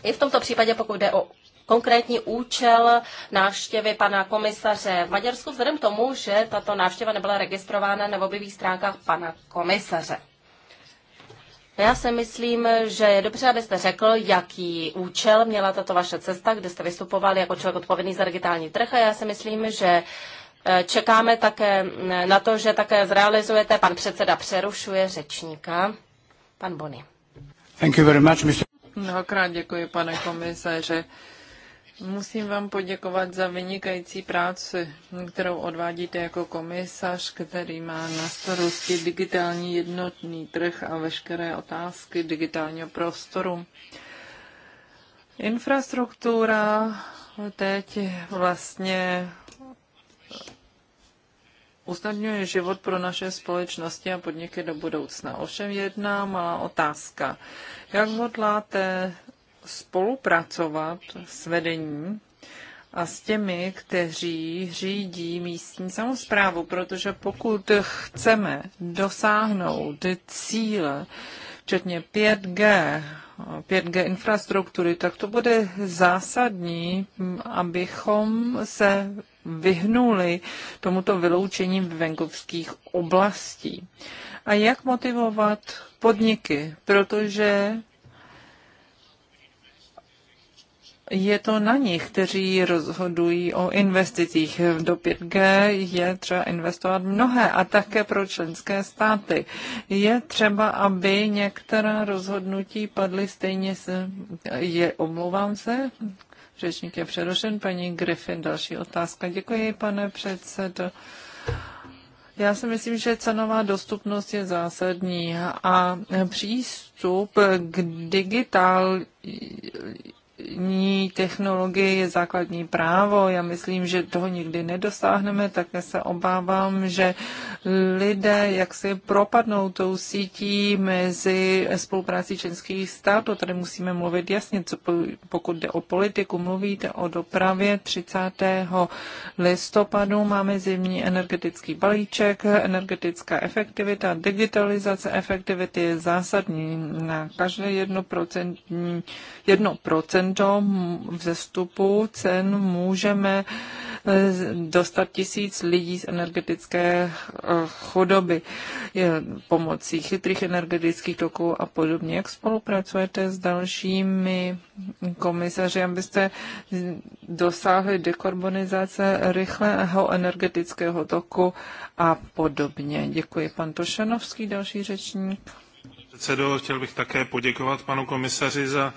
I v tomto případě, pokud jde o konkrétní účel návštěvy pana komisaře v Maďarsku, vzhledem k tomu, že tato návštěva nebyla registrována na webových stránkách pana komisaře. Já si myslím, že je dobře, abyste řekl, jaký účel měla tato vaše cesta, kde jste vystupoval jako člověk odpovědný za digitální trh a já si myslím, že eh, čekáme také na to, že také zrealizujete, pan předseda přerušuje řečníka, pan Bony. Thank you very much, Mr. Mnohokrát děkuji, pane komisaře. Musím vám poděkovat za vynikající práci, kterou odvádíte jako komisař, který má na starosti digitální jednotný trh a veškeré otázky digitálního prostoru. Infrastruktura teď vlastně usnadňuje život pro naše společnosti a podniky do budoucna. Ovšem jedna malá otázka. Jak hodláte spolupracovat s vedením a s těmi, kteří řídí místní samozprávu, protože pokud chceme dosáhnout cíle, včetně 5G, 5G infrastruktury, tak to bude zásadní, abychom se vyhnuli tomuto vyloučení venkovských oblastí. A jak motivovat podniky? Protože je to na nich, kteří rozhodují o investicích. Do 5G je třeba investovat mnohé a také pro členské státy. Je třeba, aby některá rozhodnutí padly stejně se, je, omlouvám se, řečník je přerušen, paní Griffin, další otázka. Děkuji, pane předsedo. Já si myslím, že cenová dostupnost je zásadní a přístup k digitální ní technologie je základní právo. Já myslím, že toho nikdy nedosáhneme, také se obávám, že lidé jak si propadnou tou sítí mezi spolupráci českých států. Tady musíme mluvit jasně, co pokud jde o politiku, mluvíte o dopravě 30. listopadu máme zimní energetický balíček, energetická efektivita, digitalizace efektivity je zásadní na každé jedno procentní, jedno procent random vzestupu cen můžeme eh, dostat tisíc lidí z energetické eh, chudoby pomocí chytrých energetických toků a podobně. Jak spolupracujete s dalšími komisaři, abyste dosáhli dekarbonizace rychlého energetického toku a podobně? Děkuji. Pan Tošanovský, další řečník. Předsedo, chtěl bych také poděkovat panu komisaři za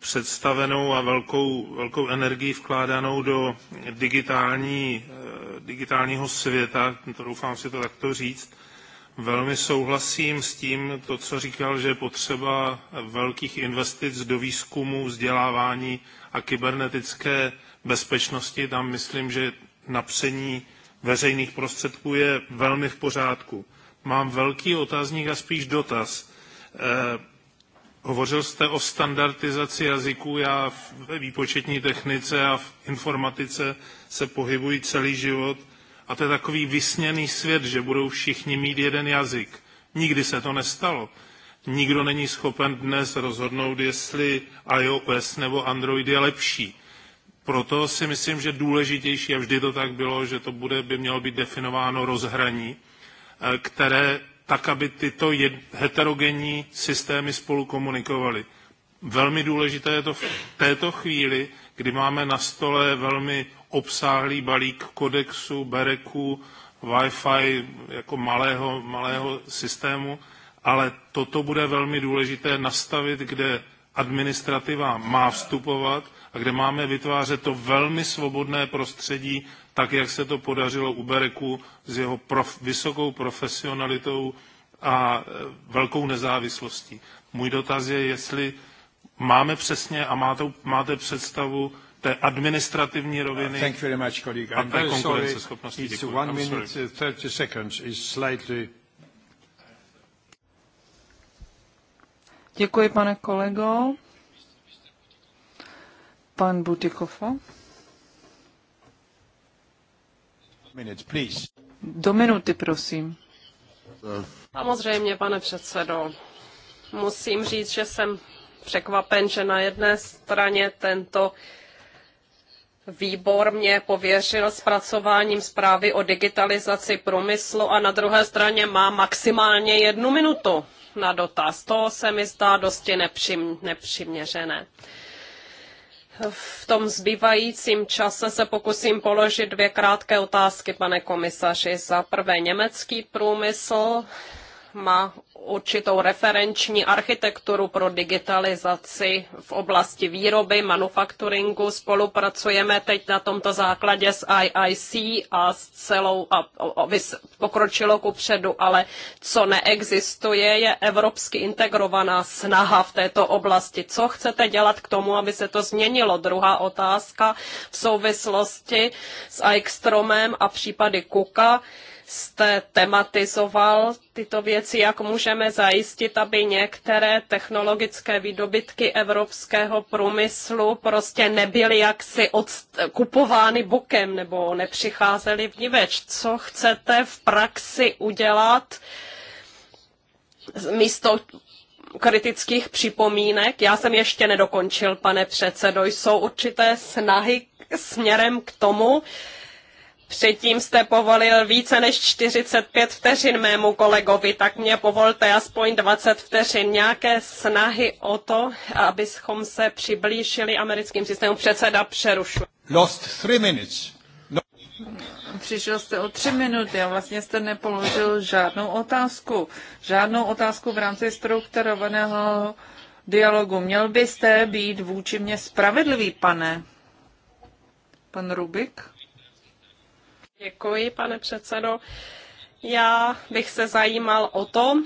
představenou a velkou, velkou energii vkládanou do digitální, eh, digitálního světa, to doufám si to takto říct. Velmi souhlasím s tím, to, co říkal, že je potřeba velkých investic do výzkumu, vzdělávání a kybernetické bezpečnosti. Tam myslím, že napření veřejných prostředků je velmi v pořádku. Mám velký otázník a spíš dotaz. Eh, Hovořil jste o standardizaci jazyků. Já v výpočetní technice a v informatice se pohybuji celý život. A to je takový vysněný svět, že budou všichni mít jeden jazyk. Nikdy se to nestalo. Nikdo není schopen dnes rozhodnout, jestli iOS nebo Android je lepší. Proto si myslím, že důležitější, a vždy to tak bylo, že to bude, by mělo být definováno rozhraní, eh, které tak, aby tyto heterogenní systémy spolu komunikovaly. Velmi důležité je to v této chvíli, kdy máme na stole velmi obsáhlý balík kodexu, bereku, Wi-Fi jako malého, malého systému, ale toto bude velmi důležité nastavit, kde administrativa má vstupovat a kde máme vytvářet to velmi svobodné prostředí tak jak se to podařilo Bereku s jeho prof, vysokou profesionalitou a e, velkou nezávislostí. Můj dotaz je, jestli máme přesně a máte, máte představu té administrativní uh, roviny Thank you very much, colleague. a té konkurenceschopnosti. It's one minute, 30 uh, seconds is slightly... Děkuji, pane kolego. Pan Butikofa. Do minuty, prosím. Samozřejmě, pane předsedo. Musím říct, že jsem překvapen, že na jedné straně tento výbor mě pověřil zpracováním zprávy o digitalizaci průmyslu a na druhé straně má maximálně jednu minutu na dotaz. To se mi zdá dosti nepřim, nepřiměřené v tom zbývajícím čase se pokusím položit dvě krátké otázky, pane komisaři. Za prvé německý průmysl má určitou referenční architekturu pro digitalizaci v oblasti výroby, manufakturingu. Spolupracujeme teď na tomto základě s IIC a s celou a, a, a pokročilo ku předu, ale co neexistuje, je evropsky integrovaná snaha v této oblasti. Co chcete dělat k tomu, aby se to změnilo? Druhá otázka v souvislosti s iXtromem a případy Kuka jste tematizoval tyto věci, jak můžeme zajistit, aby některé technologické výdobytky evropského průmyslu prostě nebyly jaksi odst- kupovány bokem nebo nepřicházely niveč. Co chcete v praxi udělat místo kritických připomínek. Já jsem ještě nedokončil, pane předsedo. Jsou určité snahy směrem k tomu, Předtím jste povolil více než 45 vteřin mému kolegovi, tak mě povolte aspoň 20 vteřin. Nějaké snahy o to, abychom se přiblížili americkým systému předseda přerušuje. Lost three minutes. No. Přišel jste o tři minuty a vlastně jste nepoložil žádnou otázku. Žádnou otázku v rámci strukturovaného dialogu. Měl byste být vůči mě spravedlivý, pane. Pan Rubik? Děkuji, pane předsedo. Já bych se zajímal o to,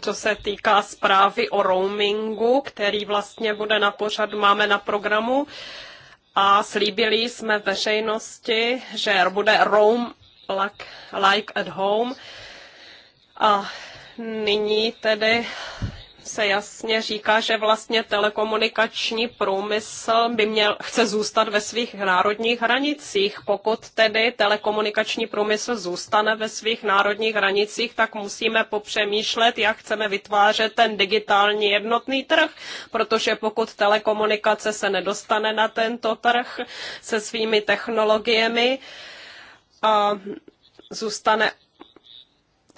co se týká zprávy o roamingu, který vlastně bude na pořadu, máme na programu a slíbili jsme veřejnosti, že bude roam like, like at home. A nyní tedy se jasně říká, že vlastně telekomunikační průmysl by měl, chce zůstat ve svých národních hranicích. Pokud tedy telekomunikační průmysl zůstane ve svých národních hranicích, tak musíme popřemýšlet, jak chceme vytvářet ten digitální jednotný trh, protože pokud telekomunikace se nedostane na tento trh se svými technologiemi, a zůstane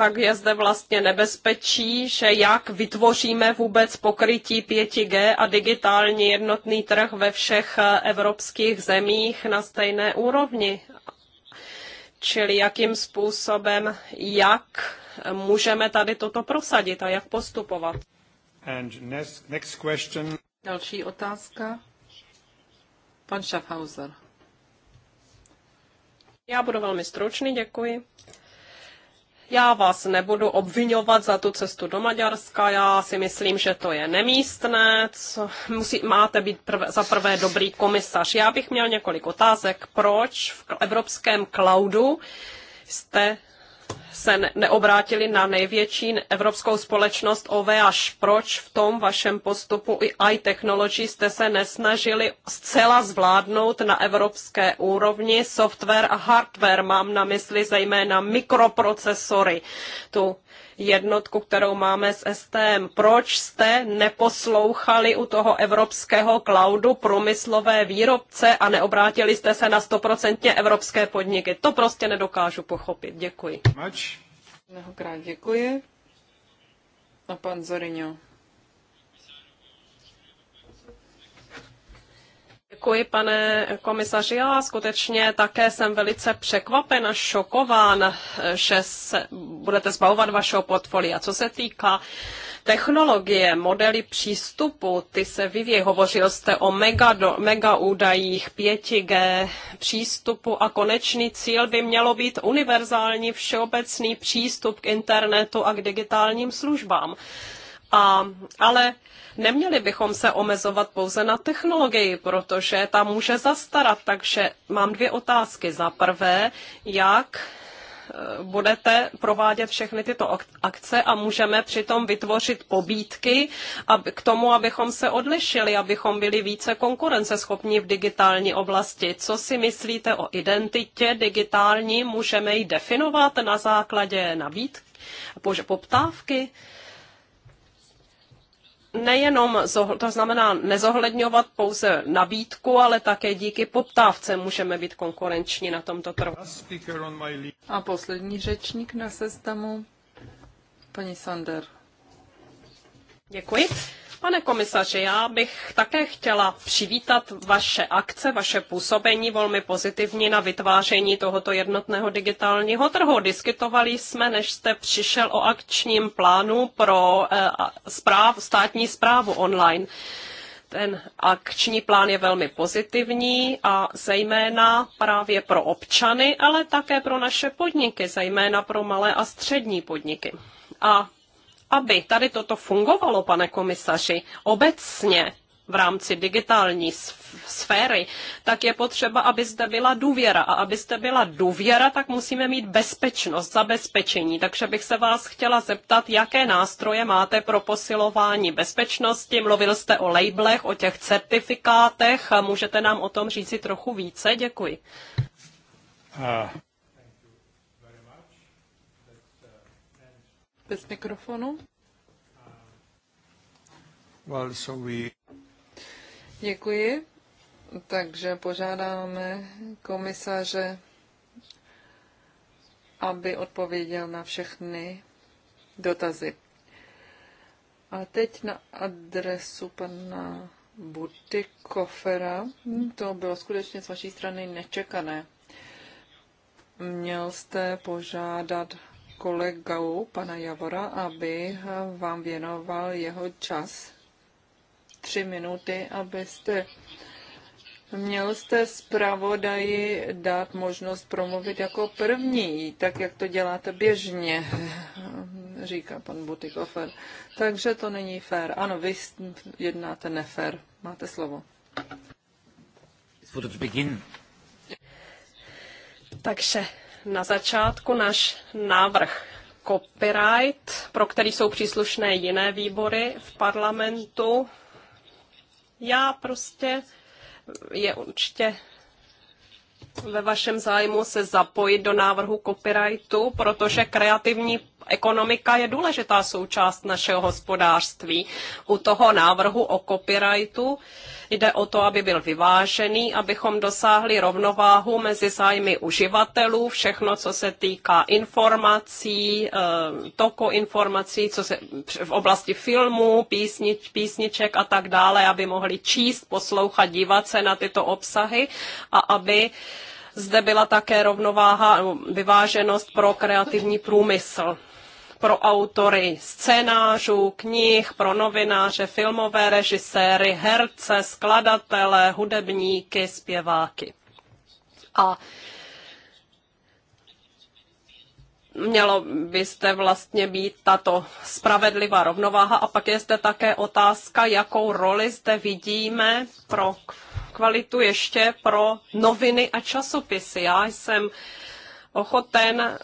tak je zde vlastně nebezpečí, že jak vytvoříme vůbec pokrytí 5G a digitální jednotný trh ve všech eh, evropských zemích na stejné úrovni. Čili jakým způsobem, jak eh, můžeme tady toto prosadit a jak postupovat. And next, next question. Další otázka. Pan Schaffhauser. Já budu velmi stručný, děkuji. Já vás nebudu obvinovat za tu cestu do Maďarska, já si myslím, že to je nemístné, co musí, máte být prv, za prvé dobrý komisař. Já bych měl několik otázek, proč v evropském cloudu jste se neobrátili na největší evropskou společnost OVH. Proč v tom vašem postupu i i technology jste se nesnažili zcela zvládnout na evropské úrovni software a hardware? Mám na mysli zejména mikroprocesory, tu jednotku, kterou máme s STM. Proč jste neposlouchali u toho evropského cloudu průmyslové výrobce a neobrátili jste se na stoprocentně evropské podniky? To prostě nedokážu pochopit. Děkuji. Much. Mnohokrát děkuji. A pan Zorino. děkuji, pane komisaři. Já skutečně také jsem velice překvapen a šokován, že se budete zbavovat vašeho portfolia. Co se týká technologie, modely přístupu, ty se vyvíjí. Hovořil jste o mega, do, mega údajích, 5G přístupu a konečný cíl by mělo být univerzální všeobecný přístup k internetu a k digitálním službám. A, ale neměli bychom se omezovat pouze na technologii, protože ta může zastarat. Takže mám dvě otázky. Za prvé, jak eh, budete provádět všechny tyto akce a můžeme přitom vytvořit pobídky k tomu, abychom se odlišili, abychom byli více konkurenceschopní v digitální oblasti. Co si myslíte o identitě digitální? Můžeme ji definovat na základě nabídky, poptávky? nejenom, to znamená nezohledňovat pouze nabídku, ale také díky poptávce můžeme být konkurenční na tomto trhu. A poslední řečník na seznamu, paní Sander. Děkuji. Pane komisaři, já bych také chtěla přivítat vaše akce, vaše působení velmi pozitivní na vytváření tohoto jednotného digitálního trhu. Diskutovali jsme, než jste přišel o akčním plánu pro zpráv, eh, státní zprávu online ten akční plán je velmi pozitivní a zejména právě pro občany, ale také pro naše podniky, zejména pro malé a střední podniky. A aby tady toto fungovalo, pane komisaři, obecně v rámci digitální sféry, tak je potřeba, aby zde byla důvěra. A aby zde byla důvěra, tak musíme mít bezpečnost, zabezpečení. Takže bych se vás chtěla zeptat, jaké nástroje máte pro posilování bezpečnosti. Mluvil jste o labelech, o těch certifikátech. Můžete nám o tom říci trochu více? Děkuji. Uh. bez mikrofonu. Well, so we... Děkuji. Takže požádáme komisaře, aby odpověděl na všechny dotazy. A teď na adresu pana Butikofera. To bylo skutečně z vaší strany nečekané. Měl jste požádat kolegou, pana Javora, aby vám věnoval jeho čas. Tři minuty, abyste Měl jste zpravodaji dát možnost promluvit jako první, tak jak to děláte běžně, říká pan Butikofer. Takže to není fér. Ano, vy jednáte nefér. Máte slovo. Takže na začátku náš návrh copyright, pro který jsou příslušné jiné výbory v parlamentu. Já prostě je určitě ve vašem zájmu se zapojit do návrhu copyrightu, protože kreativní ekonomika je důležitá součást našeho hospodářství. U toho návrhu o copyrightu jde o to, aby byl vyvážený, abychom dosáhli rovnováhu mezi zájmy uživatelů, všechno, co se týká informací, eh, toko informací, co se v oblasti filmů, písnič, písniček a tak dále, aby mohli číst, poslouchat, dívat se na tyto obsahy a aby zde byla také rovnováha, vyváženost pro kreativní průmysl pro autory scénářů, knih, pro novináře, filmové režiséry, herce, skladatele, hudebníky, zpěváky. A mělo byste vlastně být tato spravedlivá rovnováha. A pak je zde také otázka, jakou roli zde vidíme pro kvalitu ještě pro noviny a časopisy. Já jsem ochoten,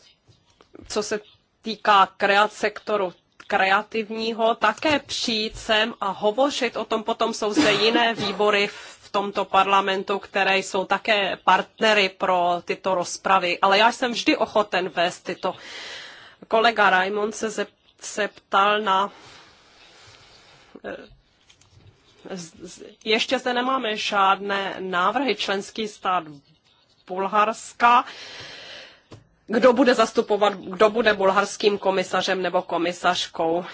co se týká kreat sektoru kreativního, také přijít sem a hovořit o tom. Potom jsou zde jiné výbory v tomto parlamentu, které jsou také partnery pro tyto rozpravy. Ale já jsem vždy ochoten vést tyto. Kolega Raimond se, zep, se ptal na eh, ještě zde nemáme žádné návrhy. Členský stát Bulharska kdo bude zastupovat, kdo bude bulharským komisařem nebo komisařkou.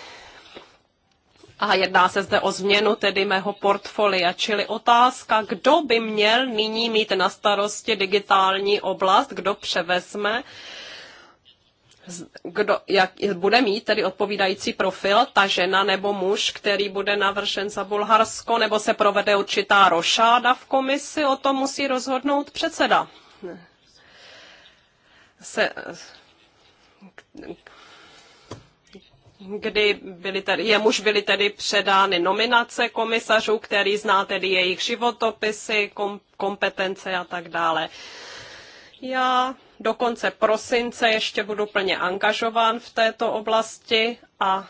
A jedná se zde o změnu tedy mého portfolia, čili otázka, kdo by měl nyní mít na starosti digitální oblast, kdo převezme, kdo, jak, bude mít tedy odpovídající profil ta žena nebo muž, který bude navržen za Bulharsko, nebo se provede určitá rošáda v komisi, o tom musí rozhodnout předseda. Ne se kdy byly tady, jemuž byly tedy předány nominace komisařů, který zná tedy jejich životopisy, kom, kompetence a tak dále. Já do konce prosince ještě budu plně angažován v této oblasti a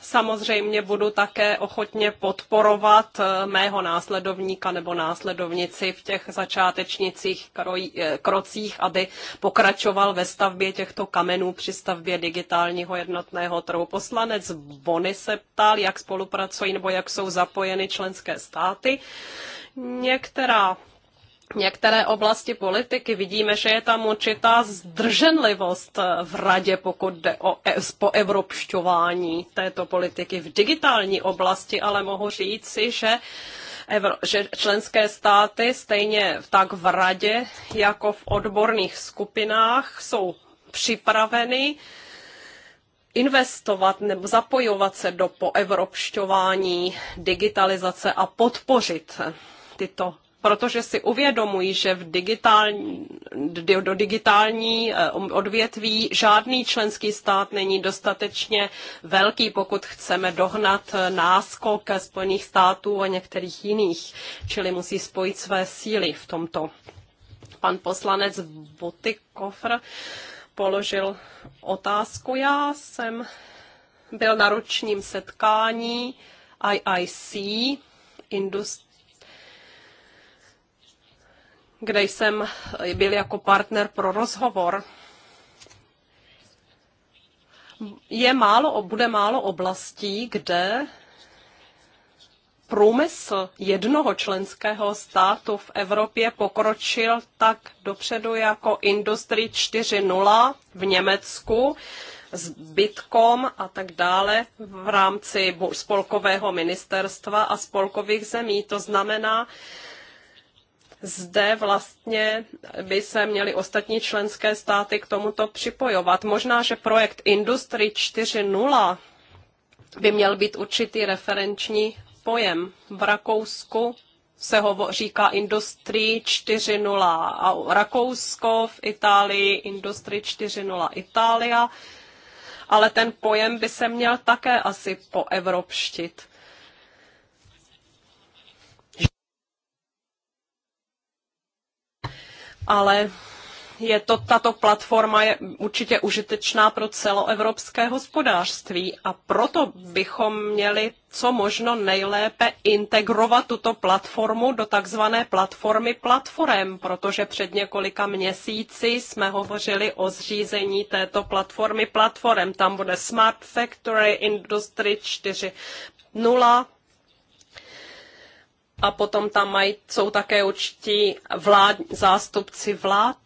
Samozřejmě budu také ochotně podporovat eh, mého následovníka nebo následovnici v těch začátečnicích eh, krocích, aby pokračoval ve stavbě těchto kamenů při stavbě digitálního jednotného trhu. Poslanec Bony se ptal, jak spolupracují nebo jak jsou zapojeny členské státy. Některá některé oblasti politiky vidíme, že je tam určitá zdrženlivost v radě, pokud jde o e- poevropšťování této politiky v digitální oblasti, ale mohu říct si, že že členské státy stejně tak v radě jako v odborných skupinách jsou připraveny investovat nebo zapojovat se do poevropšťování, digitalizace a podpořit tyto protože si uvědomují, že v digitální, do digitální eh, um, odvětví žádný členský stát není dostatečně velký, pokud chceme dohnat eh, náskok Spojených států a některých jiných, čili musí spojit své síly v tomto. Pan poslanec Butikofr položil otázku. Já jsem byl na ročním setkání IIC, Industry kde jsem byl jako partner pro rozhovor, je málo, bude málo oblastí, kde průmysl jednoho členského státu v Evropě pokročil tak dopředu jako Industry 4.0 v Německu s bytkom a tak dále v rámci spolkového ministerstva a spolkových zemí. To znamená, zde vlastně by se měly ostatní členské státy k tomuto připojovat. Možná, že projekt Industry 4.0 by měl být určitý referenční pojem. V Rakousku se ho říká Industry 4.0 a Rakousko, v Itálii Industry 4.0 Itália, ale ten pojem by se měl také asi poevropštit. ale je to, tato platforma je určitě užitečná pro celoevropské hospodářství a proto bychom měli co možno nejlépe integrovat tuto platformu do takzvané platformy platform, protože před několika měsíci jsme hovořili o zřízení této platformy platform. Tam bude Smart Factory, Industry 4.0, a potom tam mají, jsou také určití vlád, zástupci vlád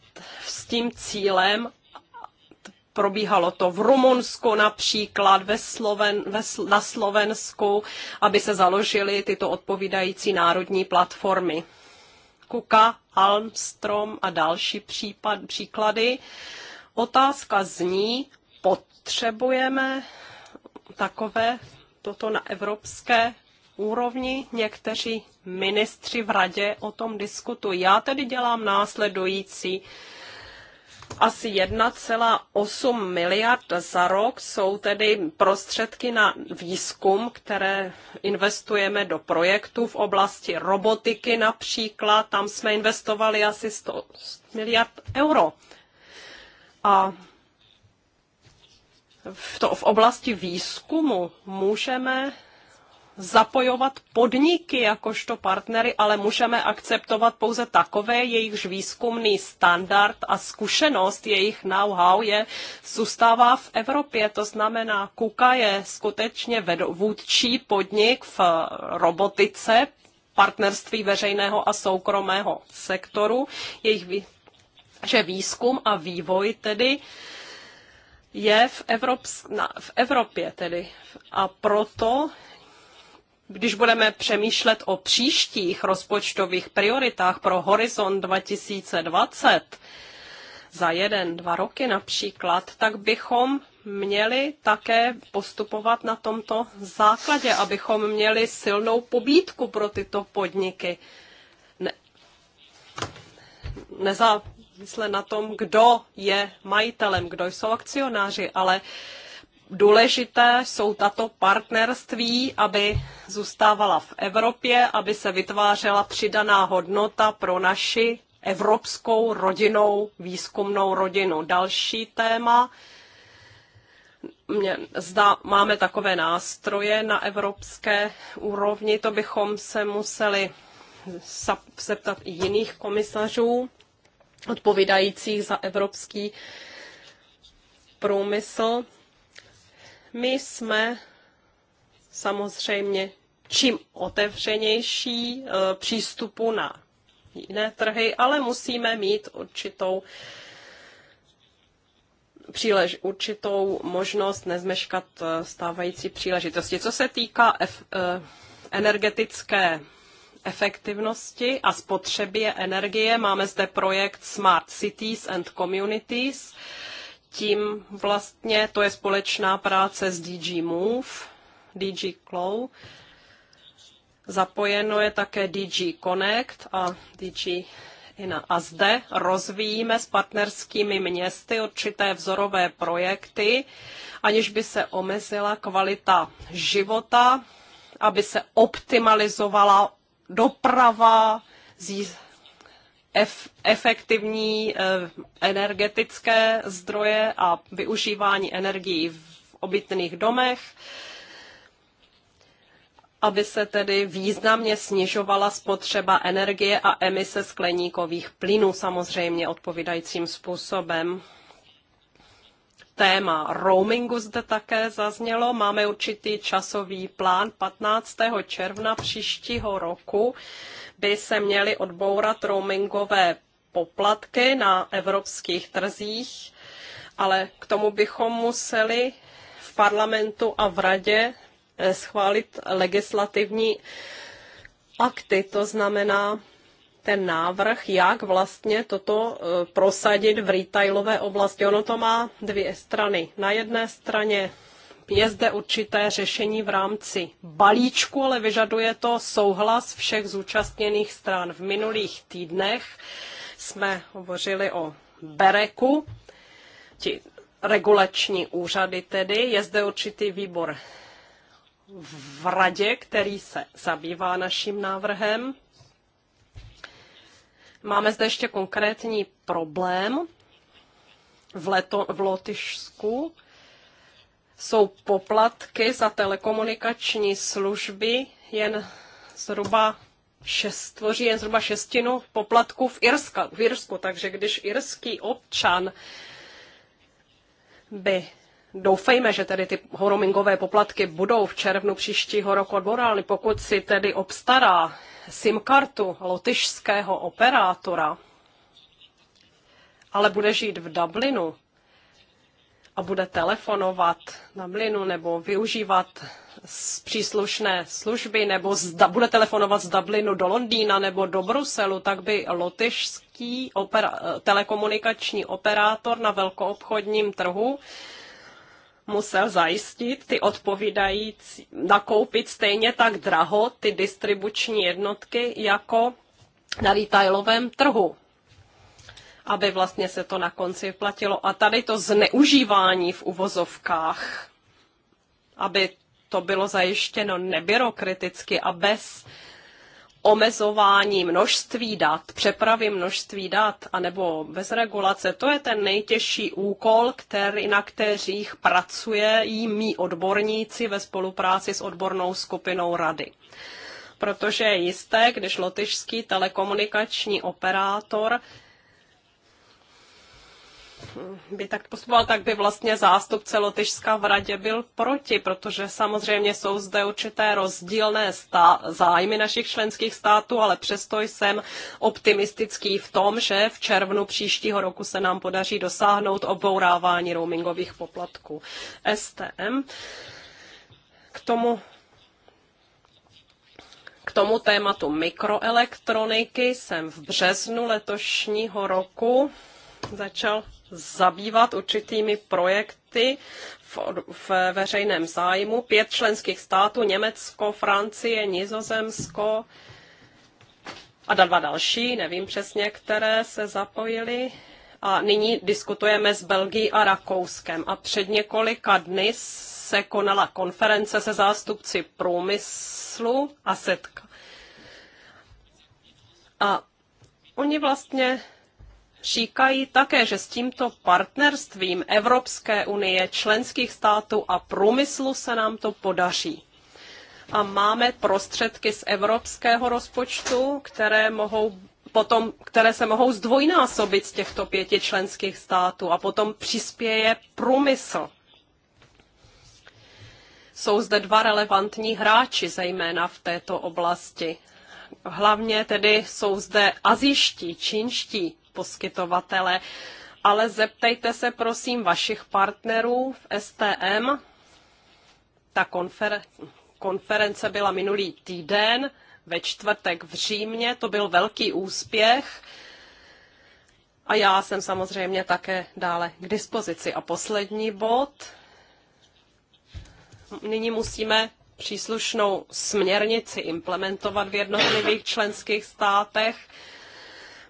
s tím cílem, probíhalo to v Rumunsku například, ve Sloven, ve, na Slovensku, aby se založily tyto odpovídající národní platformy. Kuka, Almstrom a další případ, příklady. Otázka zní, potřebujeme takové toto na evropské úrovni někteří ministři v radě o tom diskutují. Já tedy dělám následující. Asi 1,8 miliard za rok jsou tedy prostředky na výzkum, které investujeme do projektů v oblasti robotiky například. Tam jsme investovali asi 100 miliard euro. A v, to, v oblasti výzkumu můžeme zapojovat podniky jakožto partnery, ale můžeme akceptovat pouze takové, jejichž výzkumný standard a zkušenost, jejich know-how je, zůstává v Evropě. To znamená, Kuka je skutečně vůdčí podnik v robotice, partnerství veřejného a soukromého sektoru, jejich že výzkum a vývoj tedy je v, Evrops, na, v Evropě tedy. A proto když budeme přemýšlet o příštích rozpočtových prioritách pro Horizon 2020, za jeden, dva roky například, tak bychom měli také postupovat na tomto základě, abychom měli silnou pobídku pro tyto podniky. Ne, nezávisle na tom, kdo je majitelem, kdo jsou akcionáři, ale uh, důležité jsou tato partnerství, aby zůstávala v Evropě, aby se vytvářela přidaná hodnota pro naši evropskou rodinou, výzkumnou rodinu. Další téma. Mě zda máme takové nástroje na evropské úrovni, to bychom se museli zeptat i jiných komisařů odpovídajících za evropský průmysl. My jsme samozřejmě čím otevřenější eh, přístupu na jiné trhy, ale musíme mít určitou přílež, určitou možnost nezmeškat eh, stávající příležitosti. Co se týká ef, eh, energetické efektivnosti a spotřeby energie, máme zde projekt Smart Cities and Communities, tím vlastně to je společná práce s DG Move, DG Clow. Zapojeno je také DG Connect a DG Ina. A zde rozvíjíme s partnerskými městy určité vzorové projekty, aniž by se omezila kvalita života, aby se optimalizovala doprava, ef- efektivní eh, energetické zdroje a využívání energií v obytných domech, aby se tedy významně snižovala spotřeba energie a emise skleníkových plynů samozřejmě odpovídajícím způsobem téma roamingu zde také zaznělo. Máme určitý časový plán 15. června příštího roku by se měly odbourat roamingové poplatky na evropských trzích, ale k tomu bychom museli v parlamentu a v radě eh, schválit legislativní akty, to znamená ten návrh, jak vlastně toto eh, prosadit v retailové oblasti. Ono to má dvě strany. Na jedné straně je zde určité řešení v rámci balíčku, ale vyžaduje to souhlas všech zúčastněných stran. V minulých týdnech jsme hovořili o Bereku, ti regulační úřady tedy. Je zde určitý výbor v radě, který se zabývá naším návrhem. Máme zde ještě konkrétní problém v, leto, v Lotyšsku jsou poplatky za telekomunikační služby jen zhruba šest, tvoří jen zhruba šestinu poplatků v, Irska, v Irsku. Takže když irský občan by Doufejme, že tedy ty roamingové poplatky budou v červnu příštího roku odborány. Pokud si tedy obstará SIM kartu lotyšského operátora, ale bude žít v Dublinu, a bude telefonovat na mlinu nebo využívat z příslušné služby nebo zda, bude telefonovat z Dublinu do Londýna nebo do Bruselu, tak by lotyšský opera, telekomunikační operátor na velkoobchodním trhu musel zajistit ty odpovídající, nakoupit stejně tak draho ty distribuční jednotky jako na retailovém trhu aby vlastně se to na konci platilo. A tady to zneužívání v uvozovkách, aby to bylo zajištěno nebyrokriticky a bez omezování množství dat, přepravy množství dat, anebo bez regulace, to je ten nejtěžší úkol, který, na kterých pracuje jí mý odborníci ve spolupráci s odbornou skupinou rady. Protože je jisté, když lotyšský telekomunikační operátor by tak postupoval, tak by vlastně zástupce Lotyšska v radě byl proti, protože samozřejmě jsou zde určité rozdílné zájmy našich členských států, ale přesto jsem optimistický v tom, že v červnu příštího roku se nám podaří dosáhnout obourávání roamingových poplatků. STM. K tomu k tomu tématu mikroelektroniky jsem v březnu letošního roku začal zabývat určitými projekty v, v veřejném zájmu. Pět členských států, Německo, Francie, Nizozemsko a dva další, nevím přesně, které se zapojily. A nyní diskutujeme s Belgií a Rakouskem. A před několika dny se konala konference se zástupci průmyslu a setka. A oni vlastně říkají také, že s tímto partnerstvím Evropské unie, členských států a průmyslu se nám to podaří. A máme prostředky z evropského rozpočtu, které mohou potom, které se mohou zdvojnásobit z těchto pěti členských států a potom přispěje průmysl. Jsou zde dva relevantní hráči, zejména v této oblasti. Hlavně tedy jsou zde azijští, čínští poskytovatele. Ale zeptejte se prosím vašich partnerů v STM. Ta konfer- konference byla minulý týden ve čtvrtek v Římě. To byl velký úspěch. A já jsem samozřejmě také dále k dispozici. A poslední bod. Nyní musíme příslušnou směrnici implementovat v jednotlivých členských státech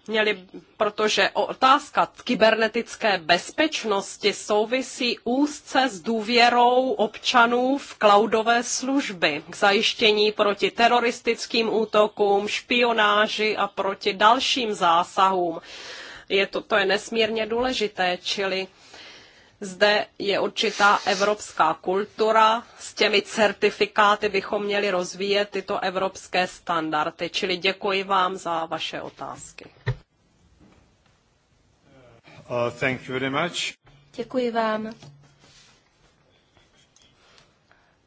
měli, protože otázka kybernetické bezpečnosti souvisí úzce s důvěrou občanů v cloudové služby k zajištění proti teroristickým útokům, špionáži a proti dalším zásahům. Je to, to je nesmírně důležité, čili zde je určitá evropská kultura, s těmi certifikáty bychom měli rozvíjet tyto evropské standardy. Čili děkuji vám za vaše otázky. Uh, thank you very much. Děkuji vám.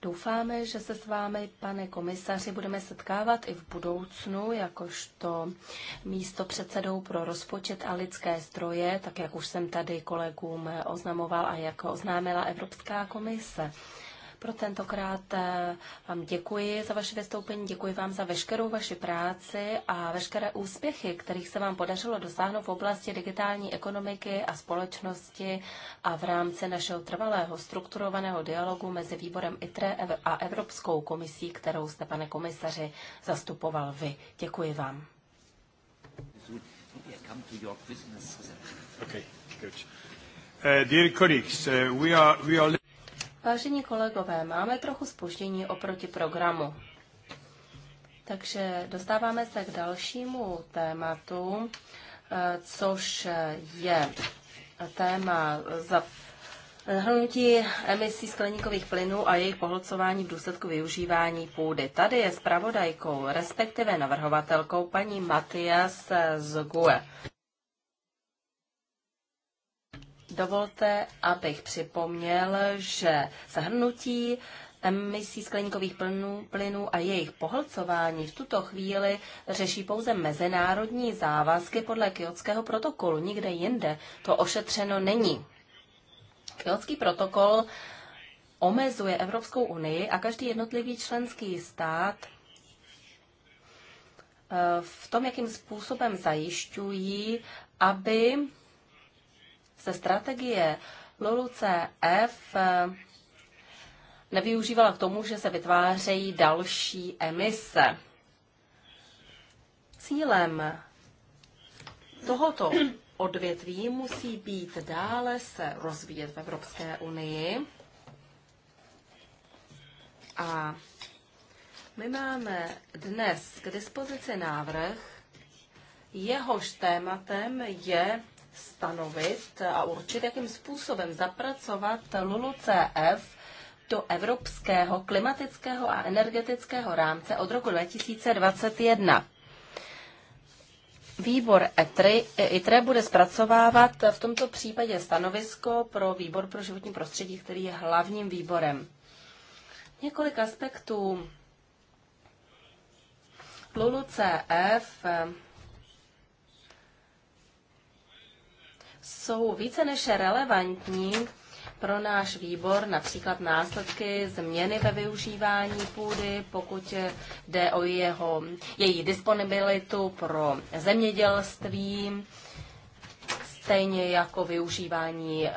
Doufáme, že se s vámi, pane komisaři, budeme setkávat i v budoucnu, jakožto místo předsedou pro rozpočet a lidské zdroje, tak jak už jsem tady kolegům oznamoval a jak oznámila Evropská komise. Pro tentokrát eh, vám děkuji za vaše vystoupení, děkuji vám za veškerou vaši práci a veškeré úspěchy, kterých se vám podařilo dosáhnout v oblasti digitální ekonomiky a společnosti a v rámci našeho trvalého strukturovaného dialogu mezi výborem ITRE a Evropskou komisí, kterou jste, pane komisaři, zastupoval vy. Děkuji vám. Okay, good. Uh, dear colleagues, uh, we are, we are... Vážení kolegové, máme trochu spoždění oproti programu. Takže dostáváme se k dalšímu tématu, eh, což je téma za Hrnutí emisí skleníkových plynů a jejich pohlcování v důsledku využívání půdy. Tady je zpravodajkou, respektive navrhovatelkou paní Matias z GUE. Dovolte, abych připomněl, že zahrnutí emisí skleníkových plnů, plynů a jejich pohlcování v tuto chvíli řeší pouze mezinárodní závazky podle Kyotského protokolu. Nikde jinde to ošetřeno není. Kyotský protokol omezuje Evropskou unii a každý jednotlivý členský stát eh, v tom, jakým způsobem zajišťují, aby se strategie LULUCF eh, nevyužívala k tomu, že se vytvářejí další emise. Cílem tohoto odvětví musí být dále se rozvíjet v Evropské unii. A my máme dnes k dispozici návrh, jehož tématem je stanovit a určit, jakým způsobem zapracovat LULUCF do evropského klimatického a energetického rámce od roku 2021. Výbor ETRI, ITRE bude zpracovávat v tomto případě stanovisko pro výbor pro životní prostředí, který je hlavním výborem. Několik aspektů LULUCF jsou více než relevantní pro náš výbor, například následky změny ve využívání půdy, pokud jde o jeho, její disponibilitu pro zemědělství, stejně jako využívání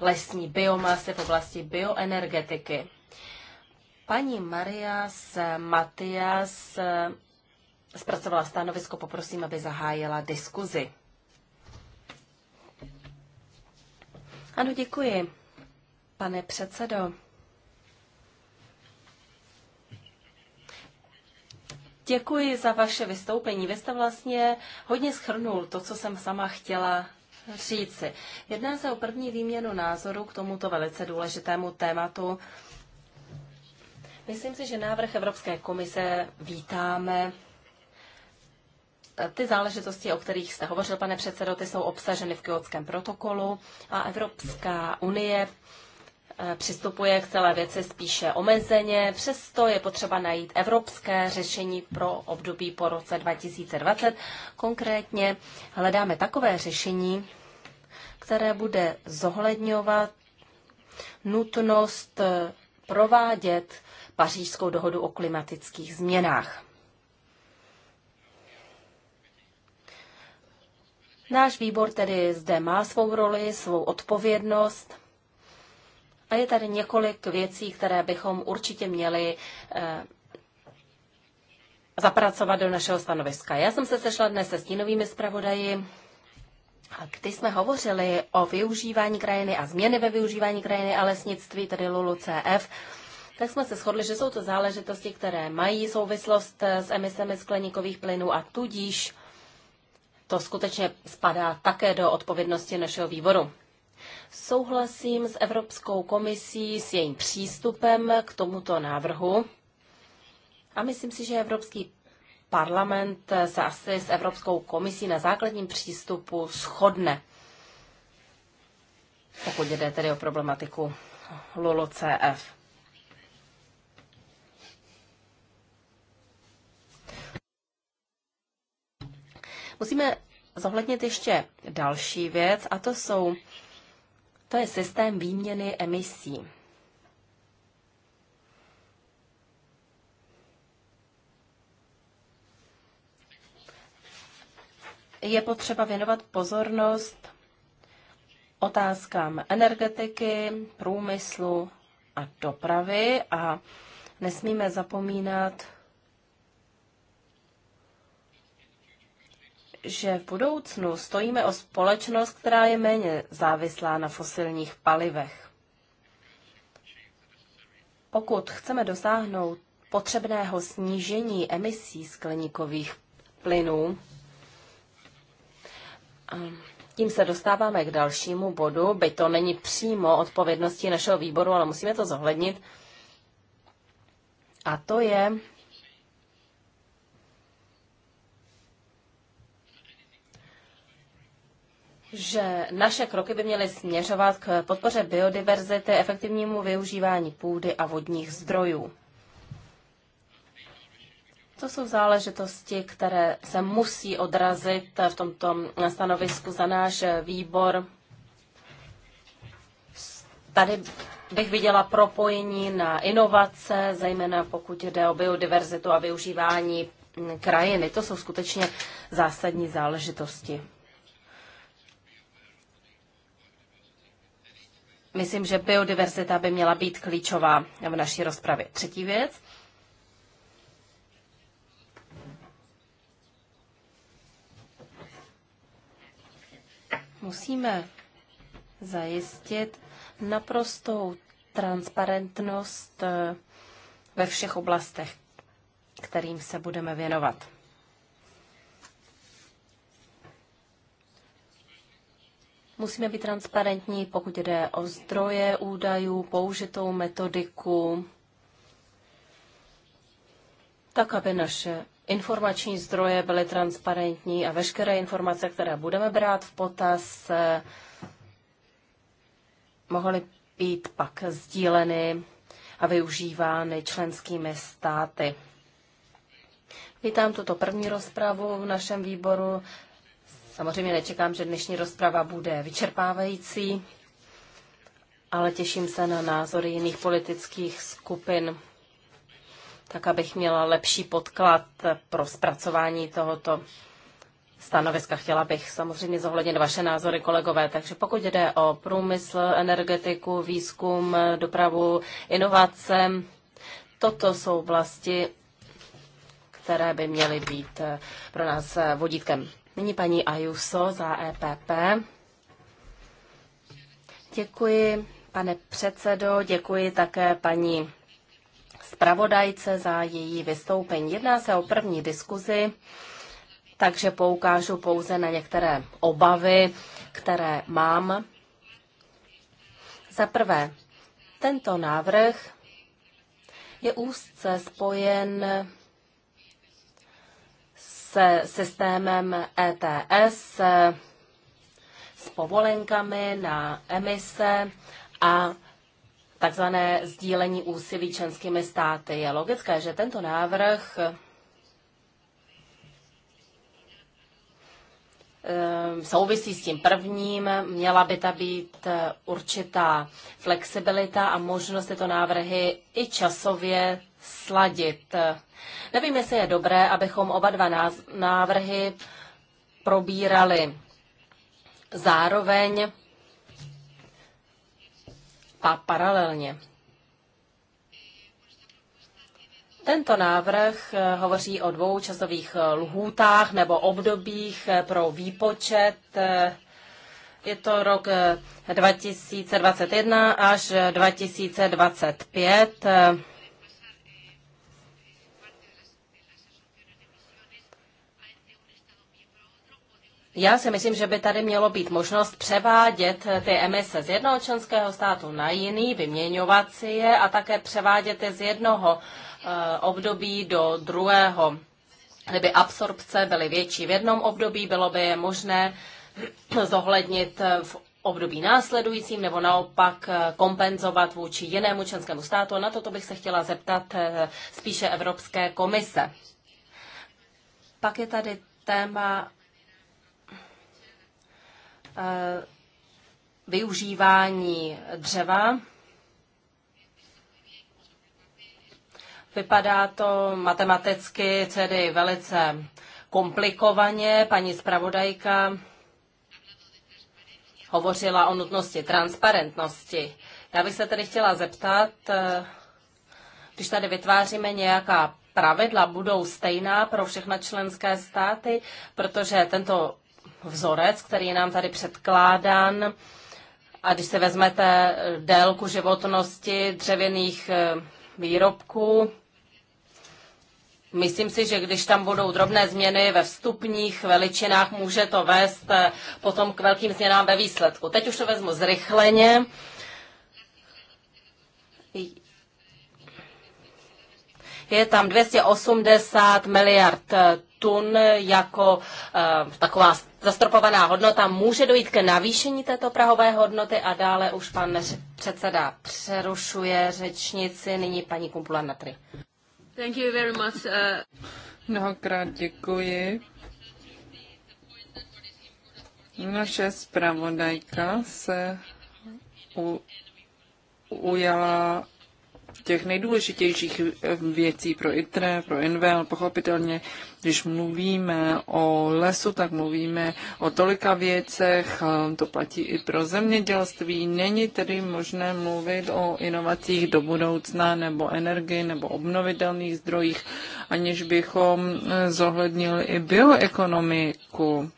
lesní biomasy v oblasti bioenergetiky. Paní Maria S Matias eh, zpracovala stanovisko, poprosím, aby zahájila diskuzi. Ano, děkuji, pane předsedo. Děkuji za vaše vystoupení. Vy jste vlastně hodně schrnul to, co jsem sama chtěla říci. Jedná se o první výměnu názoru k tomuto velice důležitému tématu. Myslím si, že návrh Evropské komise vítáme ty záležitosti, o kterých jste hovořil, pane předsedo, ty jsou obsaženy v kyotském protokolu a Evropská unie eh, přistupuje k celé věci spíše omezeně, přesto je potřeba najít evropské řešení pro období po roce 2020. Konkrétně hledáme takové řešení, které bude zohledňovat nutnost eh, provádět pařížskou dohodu o klimatických změnách. Náš výbor tedy zde má svou roli, svou odpovědnost. A je tady několik věcí, které bychom určitě měli eh, zapracovat do našeho stanoviska. Já jsem se sešla dnes se stínovými zpravodaji, když jsme hovořili o využívání krajiny a změny ve využívání krajiny a lesnictví, tedy LULU-CF, tak jsme se shodli, že jsou to záležitosti, které mají souvislost s emisemi skleníkových plynů a tudíž to skutečně spadá také do odpovědnosti našeho výboru. Souhlasím s Evropskou komisí, s jejím přístupem k tomuto návrhu a myslím si, že Evropský parlament se asi s Evropskou komisí na základním přístupu shodne, pokud jde tedy o problematiku CF. Musíme zohlednit ještě další věc a to jsou, to je systém výměny emisí. Je potřeba věnovat pozornost otázkám energetiky, průmyslu a dopravy a nesmíme zapomínat že v budoucnu stojíme o společnost, která je méně závislá na fosilních palivech. Pokud chceme dosáhnout potřebného snížení emisí skleníkových plynů, tím se dostáváme k dalšímu bodu, byť to není přímo odpovědností našeho výboru, ale musíme to zohlednit. A to je že naše kroky by měly směřovat k podpoře biodiverzity, efektivnímu využívání půdy a vodních zdrojů. To jsou záležitosti, které se musí odrazit v tomto stanovisku za náš výbor. Tady bych viděla propojení na inovace, zejména pokud jde o biodiverzitu a využívání krajiny. To jsou skutečně zásadní záležitosti. myslím, že biodiverzita by měla být klíčová v naší rozpravě. Třetí věc. Musíme zajistit naprostou transparentnost eh, ve všech oblastech, kterým se budeme věnovat. Musíme být transparentní, pokud jde o zdroje údajů, použitou metodiku, tak aby naše informační zdroje byly transparentní a veškeré informace, které budeme brát v potaz, mohly být pak sdíleny a využívány členskými státy. Vítám tuto první rozpravu v našem výboru. Samozřejmě nečekám, že dnešní rozprava bude vyčerpávající, ale těším se na názory jiných politických skupin, tak abych měla lepší podklad pro zpracování tohoto stanoviska. Chtěla bych samozřejmě zohlednit vaše názory, kolegové. Takže pokud jde o průmysl, energetiku, výzkum, dopravu, inovace, toto jsou oblasti, které by měly být pro nás vodítkem. Nyní paní Ajuso za EPP. Děkuji, pane předsedo, děkuji také paní zpravodajce za její vystoupení. Jedná se o první diskuzi, takže poukážu pouze na některé obavy, které mám. Za prvé, tento návrh je úzce spojen se systémem ETS, s povolenkami na emise a takzvané sdílení úsilí členskými státy. Je logické, že tento návrh eh, souvisí s tím prvním, měla by ta být eh, určitá flexibilita a možnost tyto návrhy i časově sladit. Nevím, jestli je dobré, abychom oba dva návrhy probírali zároveň a paralelně. Tento návrh eh, hovoří o dvou časových eh, lhůtách nebo obdobích eh, pro výpočet. Je to rok 2021 až 2025. Já si myslím, že by tady mělo být možnost převádět eh, ty emise z jednoho členského státu na jiný, vyměňovat si je a také převádět je z jednoho eh, období do druhého. Kdyby absorpce byly větší v jednom období, bylo by je možné *clears throat* zohlednit eh, v období následujícím nebo naopak kompenzovat vůči jinému členskému státu. Na toto bych se chtěla zeptat spíše Evropské komise. Pak je tady téma Eh, využívání dřeva. Vypadá to matematicky tedy velice komplikovaně. Paní zpravodajka hovořila o nutnosti transparentnosti. Já bych se tedy chtěla zeptat, eh, když tady vytváříme nějaká pravidla, budou stejná pro všechna členské státy, protože tento vzorec, který je nám tady předkládán. A když se vezmete délku životnosti dřevěných eh, výrobků, Myslím si, že když tam budou drobné změny ve vstupních veličinách, může to vést eh, potom k velkým změnám ve výsledku. Teď už to vezmu zrychleně. Je tam 280 miliard eh, tun jako eh, taková zastropovaná hodnota. Může dojít k navýšení této prahové hodnoty a dále už pan předseda přerušuje řečnici, nyní paní Kumpula Natry. Thank you very much. Uh... Mnohokrát děkuji. Naše zpravodajka se u, ujala těch nejdůležitějších eh, věcí pro ITRE, pro INVEL. Pochopitelně, když mluvíme o lesu, tak mluvíme o tolika věcech, to platí i pro zemědělství. Není tedy možné mluvit o inovacích do budoucna nebo energii nebo obnovitelných zdrojích, aniž bychom eh, zohlednili i bioekonomiku.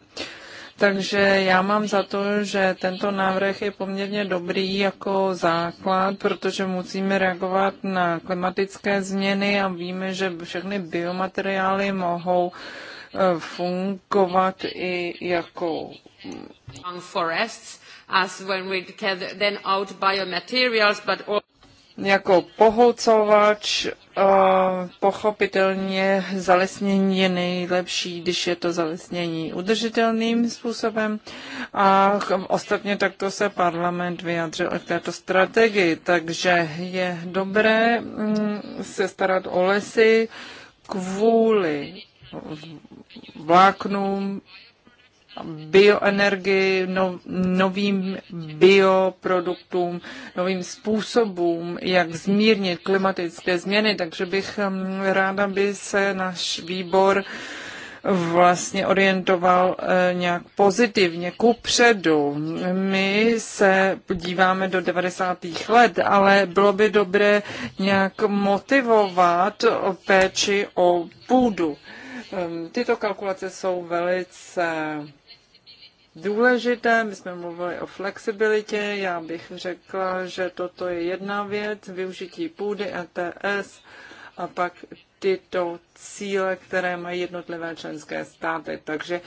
Takže já mám za to, že tento návrh je poměrně dobrý jako základ, protože musíme reagovat na klimatické změny a víme, že všechny biomateriály mohou eh, fungovat i jako forests as when we then out biomaterials, but jako pohoucovač pochopitelně zalesnění je nejlepší, když je to zalesnění udržitelným způsobem a ostatně takto se parlament vyjádřil k této strategii, takže je dobré mm, se starat o lesy kvůli vláknům, bioenergii, no, novým bioproduktům, novým způsobům, jak zmírnit klimatické změny, takže bych um, ráda, by se náš výbor vlastně orientoval uh, nějak pozitivně ku předu. My se podíváme do 90. let, ale bylo by dobré nějak motivovat péči o půdu. Um, tyto kalkulace jsou velice důležité. My jsme mluvili o flexibilitě, já bych řekla, že toto je jedna věc, využití půdy ETS a pak tyto cíle, které mají jednotlivé členské státy. Takže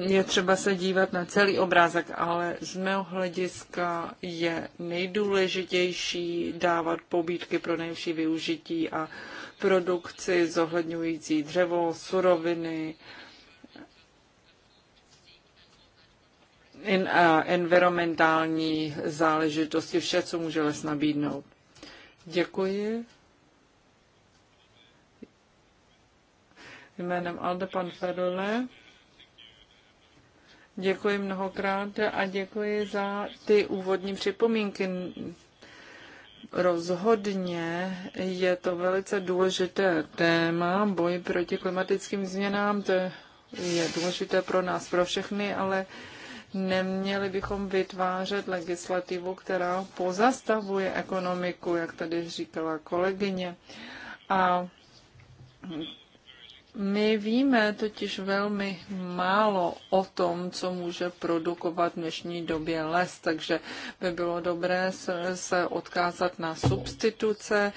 je třeba se dívat na celý obrázek, ale z mého hlediska je nejdůležitější dávat pobídky pro nejvší využití a produkci zohledňující dřevo, suroviny, environmentální záležitosti, vše, co může les nabídnout. Děkuji. Jménem Alde pan Fedole. Děkuji mnohokrát a děkuji za ty úvodní připomínky. Rozhodně je to velice důležité téma, boj proti klimatickým změnám, to je důležité pro nás, pro všechny, ale uh, Neměli bychom vytvářet legislativu, která pozastavuje ekonomiku, jak tady říkala kolegyně. A my víme totiž velmi málo o tom, co může produkovat v dnešní době les, takže by bylo dobré se odkázat na substituce.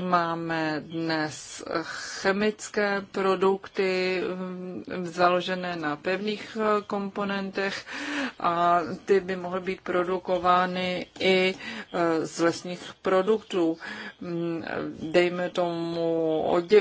Máme dnes chemické produkty mm, založené na pevných eh, komponentech a ty by mohly být produkovány i eh, z lesních produktů. Mm, dejme tomu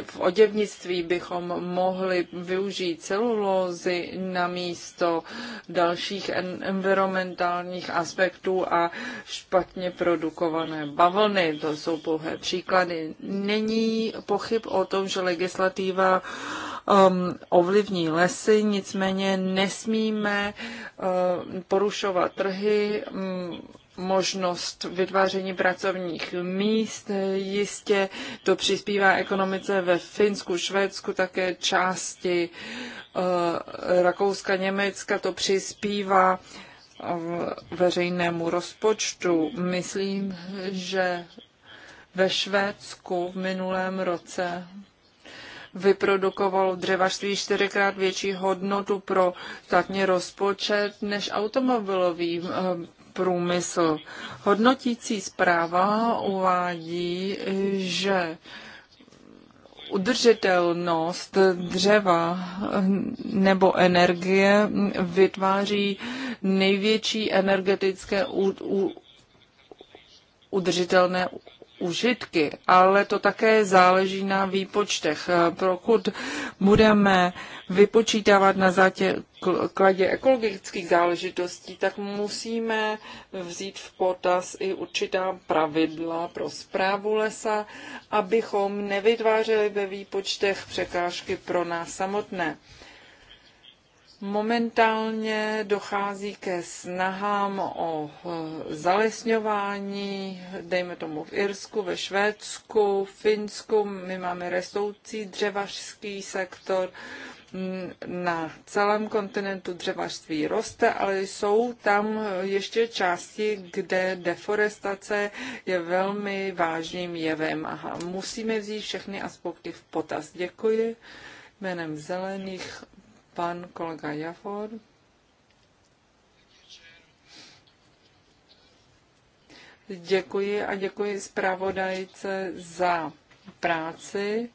v oděvnictví bychom mohli využít celulózy na místo dalších environmentálních aspektů a špatně produkované bavlny. To jsou pouhé příklady. Není pochyb o tom, že legislativa um, ovlivní lesy, nicméně nesmíme uh, porušovat trhy. Um, možnost vytváření pracovních míst. Jistě to přispívá ekonomice ve Finsku, Švédsku, také části eh, Rakouska, Německa. To přispívá eh, veřejnému rozpočtu. Myslím, že ve Švédsku v minulém roce vyprodukovalo dřevařství čtyřikrát větší hodnotu pro státní rozpočet než automobilový eh, průmysl. Hodnotící zpráva uvádí, že udržitelnost dřeva nebo energie vytváří největší energetické udržitelné užitky, ale to také záleží na výpočtech. Eh, Pokud budeme vypočítávat na základě ekologických záležitostí, tak musíme vzít v potaz i určitá pravidla pro zprávu lesa, abychom nevytvářeli ve výpočtech překážky pro nás samotné. Momentálně dochází ke snahám o eh, zalesňování, dejme tomu v Irsku, ve Švédsku, v Finsku. My máme restoucí dřevařský sektor. Na celém kontinentu dřevařství roste, ale jsou tam ještě části, kde deforestace je velmi vážným jevem. Aha, musíme vzít všechny aspekty v potaz. Děkuji jménem zelených Pan kolega Jafor. Děkuji a děkuji zpravodajce za práci.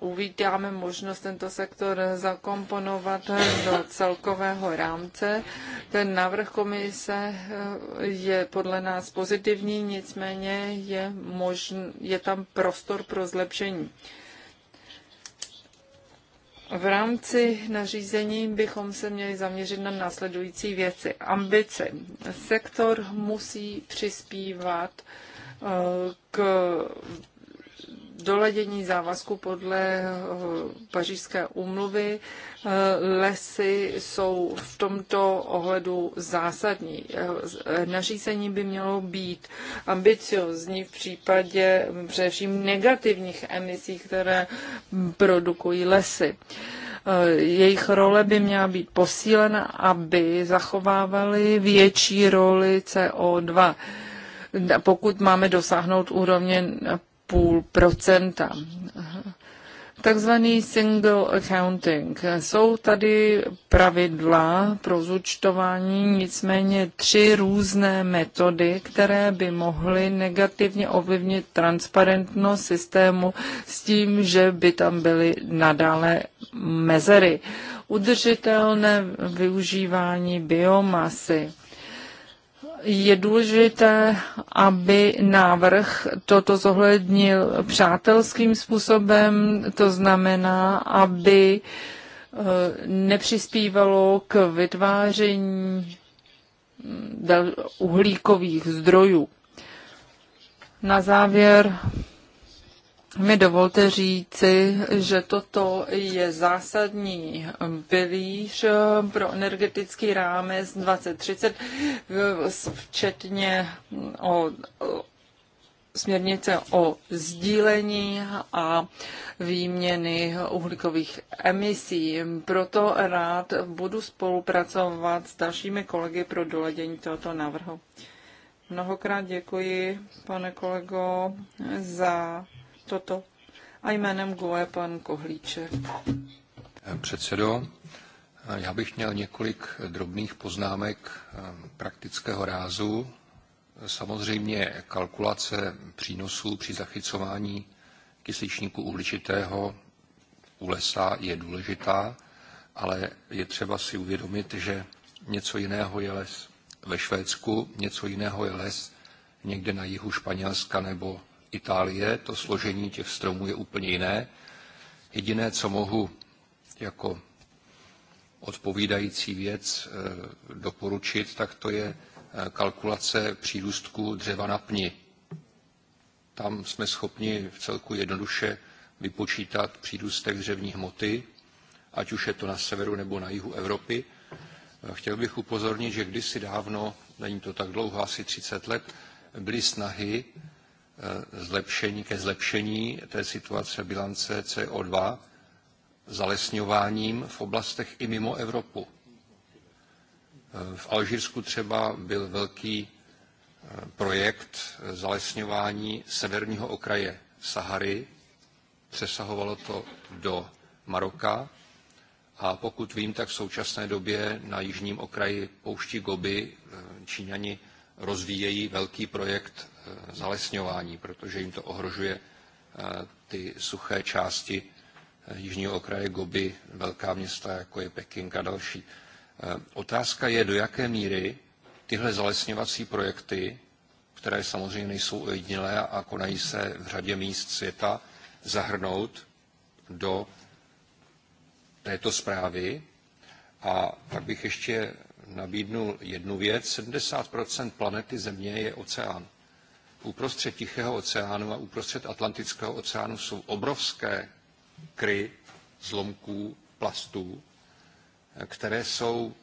Uvítáme možnost tento sektor zakomponovat do celkového rámce. Ten návrh komise eh, je podle nás pozitivní, nicméně je, možn, je tam prostor pro zlepšení. V rámci nařízení bychom se měli zaměřit na následující věci. Ambice. Sektor musí přispívat eh, k doladění závazku podle eh, pařížské úmluvy. Eh, lesy jsou v tomto ohledu zásadní. Eh, nařízení by mělo být ambiciozní v případě především negativních emisí, které produkují lesy. Jejich role by měla být posílena, aby zachovávaly větší roli CO2 pokud máme dosáhnout úrovně 2,5 Takzvaný single accounting. Jsou tady pravidla pro zúčtování, nicméně tři různé metody, které by mohly negativně ovlivnit transparentnost systému s tím, že by tam byly nadále mezery. Udržitelné využívání biomasy je důležité, aby návrh toto zohlednil přátelským způsobem, to znamená, aby eh, nepřispívalo k vytváření hm, uhlíkových zdrojů. Na závěr mi dovolte říci, že toto je zásadní pilíř pro energetický rámec 2030, včetně o směrnice o sdílení a výměny uhlíkových emisí. Proto rád budu spolupracovat s dalšími kolegy pro doledění tohoto návrhu. Mnohokrát děkuji, pane kolego, za toto. A jménem e pan Kohlíček. Předsedo, já bych měl několik drobných poznámek eh, praktického rázu. Samozřejmě kalkulace přínosů při zachycování kysličníku uhličitého u lesa je důležitá, ale je třeba si uvědomit, že něco jiného je les ve Švédsku, něco jiného je les někde na jihu Španělska nebo Itálie, to složení těch stromů je úplně jiné. Jediné, co mohu jako odpovídající věc eh, doporučit, tak to je eh, kalkulace přírůstku dřeva na pni. Tam jsme schopni v celku jednoduše vypočítat přírůstek dřevní hmoty, ať už je to na severu nebo na jihu Evropy. Eh, chtěl bych upozornit, že kdysi dávno, není to tak dlouho, asi 30 let, byly snahy Eh, zlepšení, ke zlepšení té situace bilance CO2 zalesňováním v oblastech i mimo Evropu. Eh, v Alžírsku třeba byl velký eh, projekt zalesňování severního okraje Sahary. Přesahovalo to do Maroka. A pokud vím, tak v současné době na jižním okraji pouští Gobi Číňani rozvíjejí velký projekt Eh, zalesňování, protože jim to ohrožuje eh, ty suché části eh, jižního okraje Gobi, velká města, jako je Peking a další. Otázka je, do jaké míry tyhle zalesňovací projekty, které samozřejmě nejsou ojedinělé a konají se v řadě míst světa, zahrnout do této zprávy. A tak bych ještě nabídnul jednu věc. 70 planety Země je oceán uprostřed Tichého oceánu a uprostřed Atlantického oceánu jsou obrovské kry zlomků plastů, které jsou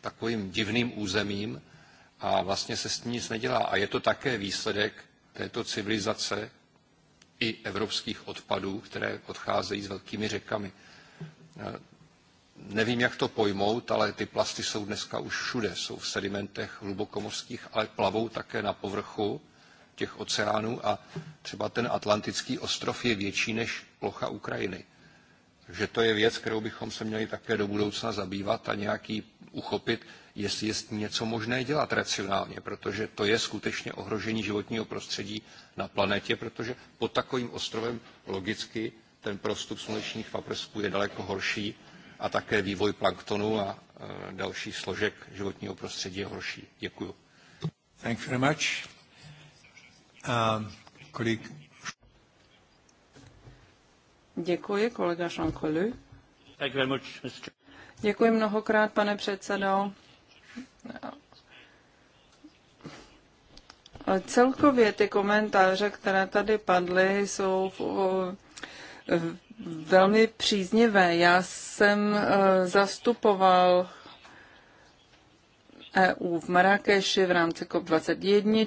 takovým divným územím a vlastně se s tím nic nedělá. A je to také výsledek této civilizace i evropských odpadů, které odcházejí s velkými řekami nevím, jak to pojmout, ale ty plasty jsou dneska už všude. Jsou v sedimentech hlubokomorských, ale plavou také na povrchu těch oceánů a třeba ten Atlantický ostrov je větší než plocha Ukrajiny. Takže to je věc, kterou bychom se měli také do budoucna zabývat a nějaký uchopit, jestli je s tím něco možné dělat racionálně, protože to je skutečně ohrožení životního prostředí na planetě, protože pod takovým ostrovem logicky ten prostup slunečních paprsků je daleko horší a také vývoj planktonu a e, dalších složek životního prostředí je horší. Děkuju. Thank you very much. Um, kolik... Děkuji, kolega jean Thank you very much, Mr. Děkuji mnohokrát, pane předsedo. Celkově ty komentáře, které tady padly, jsou velmi příznivé. Já jsem eh, zastupoval EU v Marrakeši v rámci COP21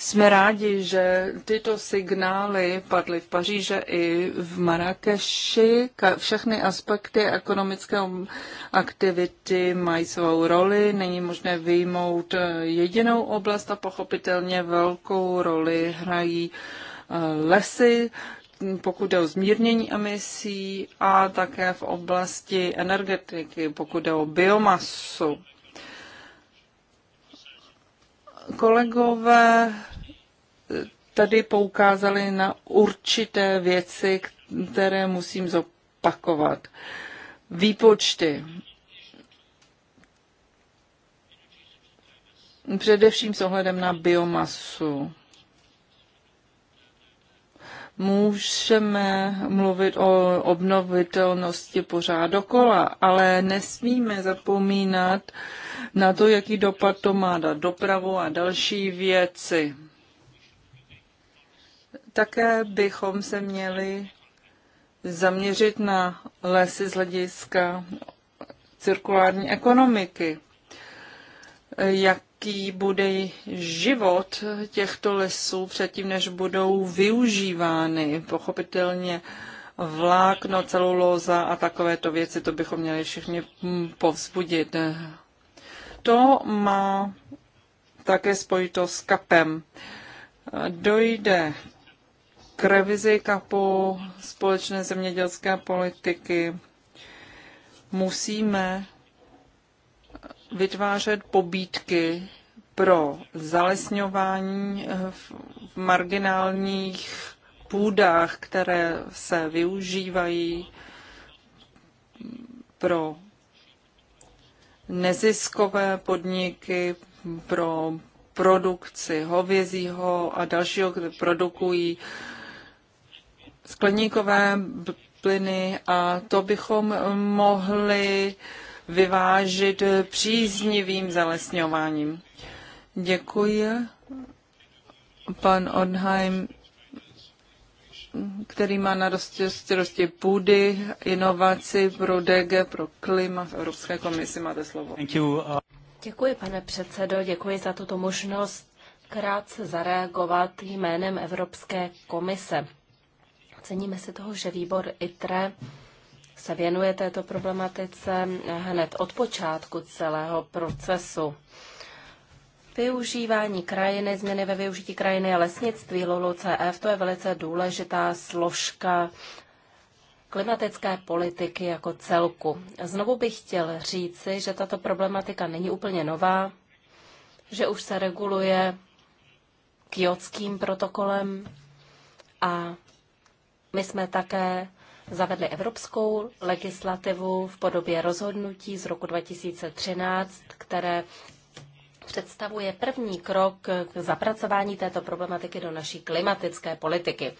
jsme rádi, že tyto signály padly v Paříže i v Marrakeši. Všechny aspekty ekonomické aktivity mají svou roli. Není možné vyjmout jedinou oblast a pochopitelně velkou roli hrají eh, lesy, pokud jde o zmírnění emisí a také v oblasti energetiky, pokud jde o biomasu. Kolegové tady poukázali na určité věci, které musím zopakovat. Výpočty. Především s ohledem na biomasu. Můžeme mluvit o obnovitelnosti pořád dokola, ale nesmíme zapomínat na to, jaký dopad to má na dopravu a další věci. Také bychom se měli zaměřit na lesy z hlediska cirkulární ekonomiky. Jak jaký bude život těchto lesů předtím, než budou využívány. Pochopitelně vlákno, celulóza a takovéto věci, to bychom měli všichni povzbudit. To má také spojitost s kapem. Dojde k revizi kapu společné zemědělské politiky. Musíme vytvářet pobídky pro zalesňování eh, v marginálních půdách, které se využívají pro neziskové podniky, pro produkci hovězího a dalšího, které produkují skleníkové plyny a to bychom mohli uh, vyvážit příznivým zalesňováním. Děkuji. Pan Odheim, který má na rozstěrosti půdy, inovaci pro DG, pro klima v Evropské komisi. Máte slovo. Uh, děkuji, pane předsedo, děkuji za tuto možnost krátce zareagovat jménem Evropské komise. Ceníme si toho, že výbor ITRE se věnuje této problematice hned od počátku celého procesu. Využívání krajiny, změny ve využití krajiny a lesnictví LOLO-CF, to je velice důležitá složka klimatické politiky jako celku. Znovu bych chtěl říci, že tato problematika není úplně nová, že už se reguluje kjotským protokolem a my jsme také zavedli evropskou legislativu v podobě rozhodnutí z roku 2013, které představuje první krok k zapracování této problematiky do naší klimatické politiky.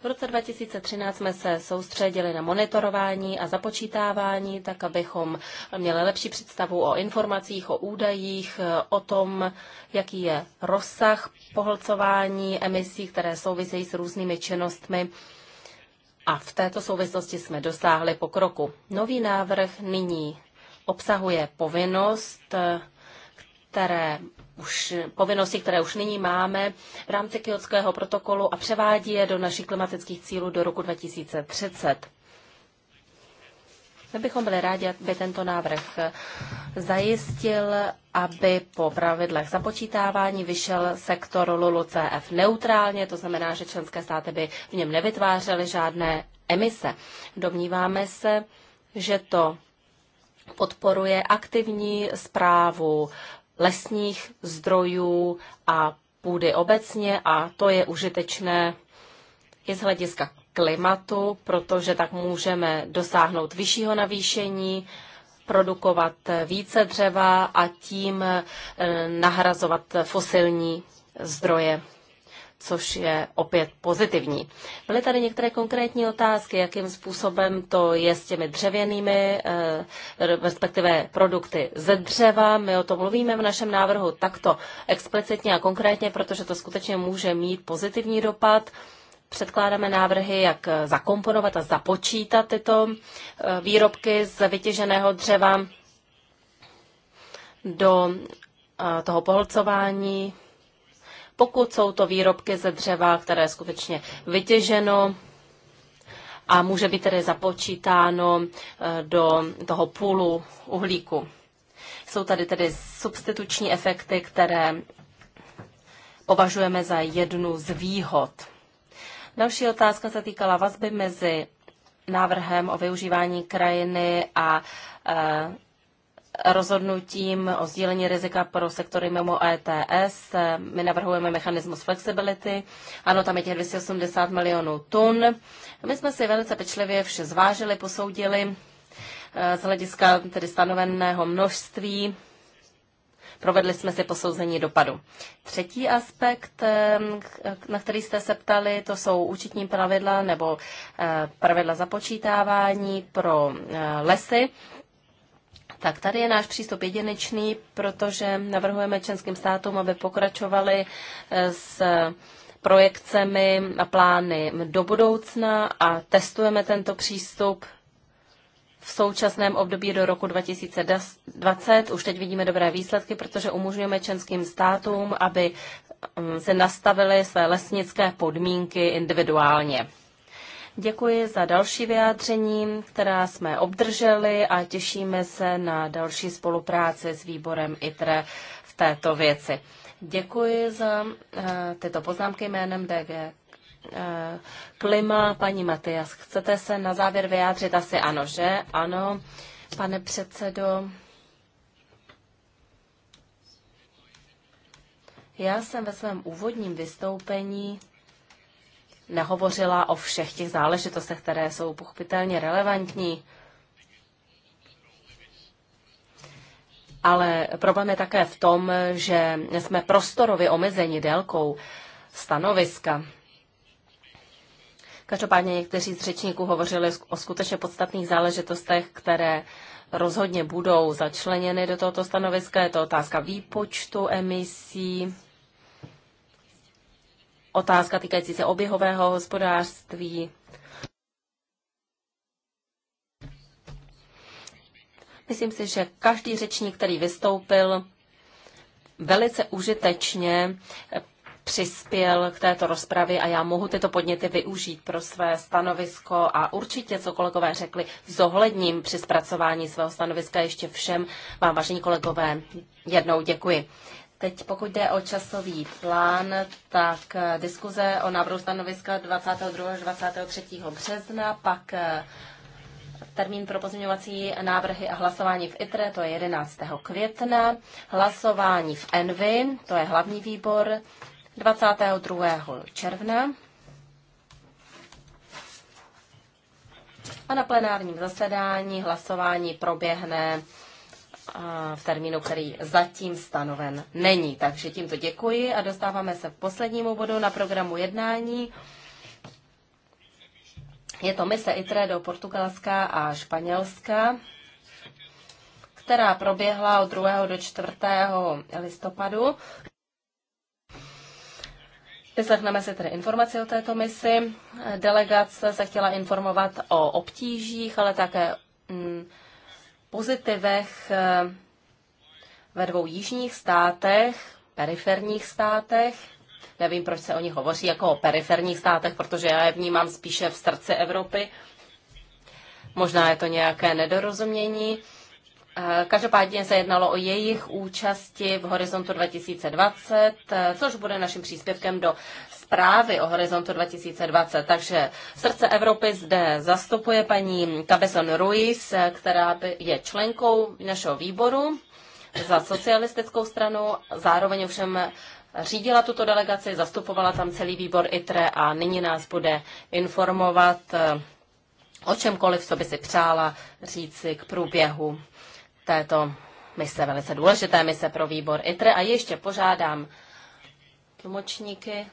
V roce 2013 jsme se soustředili na monitorování a započítávání, tak abychom měli lepší představu o informacích, o údajích, o tom, jaký je rozsah pohlcování emisí, které souvisejí s různými činnostmi a v této souvislosti jsme dosáhli pokroku. Nový návrh nyní obsahuje povinnost, které už, povinnosti, které už nyní máme v rámci Kyotského protokolu a převádí je do našich klimatických cílů do roku 2030. My bychom byli rádi, aby tento návrh zajistil, aby po pravidlech započítávání vyšel sektor LULUCF neutrálně, to znamená, že členské státy by v něm nevytvářely žádné emise. Domníváme se, že to podporuje aktivní zprávu lesních zdrojů a půdy obecně a to je užitečné i z hlediska klimatu, protože tak můžeme dosáhnout vyššího navýšení, produkovat více dřeva a tím eh, nahrazovat fosilní zdroje což je opět pozitivní. Byly tady některé konkrétní otázky, jakým způsobem to je s těmi dřevěnými, eh, respektive produkty ze dřeva. My o tom mluvíme v našem návrhu takto explicitně a konkrétně, protože to skutečně může mít pozitivní dopad předkládáme návrhy, jak eh, zakomponovat a započítat tyto eh, výrobky z vytěženého dřeva do eh, toho pohlcování. Pokud jsou to výrobky ze dřeva, které je skutečně vytěženo a může být tedy započítáno do toho půlu uhlíku. Jsou tady tedy substituční efekty, které považujeme za jednu z výhod Další otázka se týkala vazby mezi návrhem o využívání krajiny a eh, rozhodnutím o sdílení rizika pro sektory mimo ETS. My navrhujeme mechanismus flexibility. Ano, tam je těch 280 milionů tun. My jsme si velice pečlivě vše zvážili, posoudili eh, z hlediska tedy stanoveného množství provedli jsme si posouzení dopadu. Třetí aspekt, na který jste se ptali, to jsou účetní pravidla nebo eh, pravidla započítávání pro eh, lesy. Tak tady je náš přístup jedinečný, protože navrhujeme členským státům, aby pokračovali eh, s projekcemi a plány do budoucna a testujeme tento přístup v současném období do roku 2020. Už teď vidíme dobré výsledky, protože umožňujeme členským státům, aby mm, se nastavili své lesnické podmínky individuálně. Děkuji za další vyjádření, která jsme obdrželi a těšíme se na další spolupráci s výborem ITRE v této věci. Děkuji za eh, tyto poznámky jménem DG Eh, klima. Paní Matias, chcete se na závěr vyjádřit? Asi ano, že? Ano, pane předsedo. Já jsem ve svém úvodním vystoupení nehovořila o všech těch záležitostech, které jsou pochopitelně relevantní. Ale problém je také v tom, že jsme prostorově omezeni délkou stanoviska. Každopádně někteří z řečníků hovořili o skutečně podstatných záležitostech, které rozhodně budou začleněny do tohoto stanoviska. Je to otázka výpočtu emisí, otázka týkající se oběhového hospodářství. Myslím si, že každý řečník, který vystoupil, velice užitečně přispěl k této rozpravě a já mohu tyto podněty využít pro své stanovisko a určitě, co kolegové řekli, zohledním při zpracování svého stanoviska ještě všem vám, vážení kolegové, jednou děkuji. Teď pokud jde o časový plán, tak eh, diskuze o návrhu stanoviska 22. až 23. března, pak eh, termín pro pozměňovací návrhy a hlasování v ITRE, to je 11. května, hlasování v ENVY, to je hlavní výbor, 22. června a na plenárním zasedání hlasování proběhne v termínu, který zatím stanoven není. Takže tímto děkuji a dostáváme se k poslednímu bodu na programu jednání. Je to mise ITRE do Portugalska a Španělska, která proběhla od 2. do 4. listopadu. Vyslechneme si tedy informaci o této misi. Delegace se chtěla informovat o obtížích, ale také mm, pozitivech eh, ve dvou jižních státech, periferních státech. Nevím, proč se o nich hovoří jako o periferních státech, protože já je vnímám spíše v srdci Evropy. Možná je to nějaké nedorozumění. Eh, každopádně se jednalo o jejich účasti v Horizontu 2020, eh, což bude naším příspěvkem do zprávy o Horizontu 2020. Takže srdce Evropy zde zastupuje paní Cabezon Ruiz, eh, která je členkou našeho výboru za socialistickou stranu, zároveň ovšem řídila tuto delegaci, zastupovala tam celý výbor ITRE a nyní nás bude informovat o čemkoliv, co by si přála říci k průběhu této mise, velice důležité mise pro výbor ITRE. A ještě požádám tlumočníky,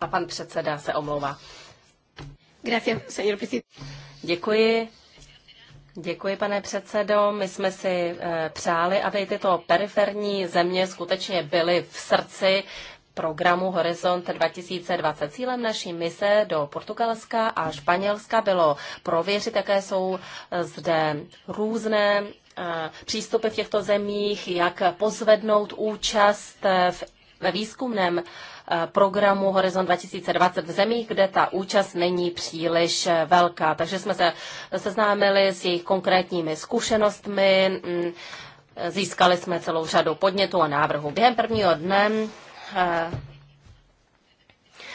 A pan předseda se omlouvá. Děkuji. Děkuji, pane předsedo. My jsme si eh, přáli, aby tyto periferní země skutečně byly v srdci programu Horizont 2020. Cílem naší mise do Portugalska a Španělska bylo prověřit, jaké jsou eh, zde různé eh, přístupy v těchto zemích, jak pozvednout účast eh, v, ve výzkumném programu Horizon 2020 v zemích, kde ta účast není příliš velká. Takže jsme se seznámili s jejich konkrétními zkušenostmi, mm, získali jsme celou řadu podnětů a návrhů. Během prvního dne Eh,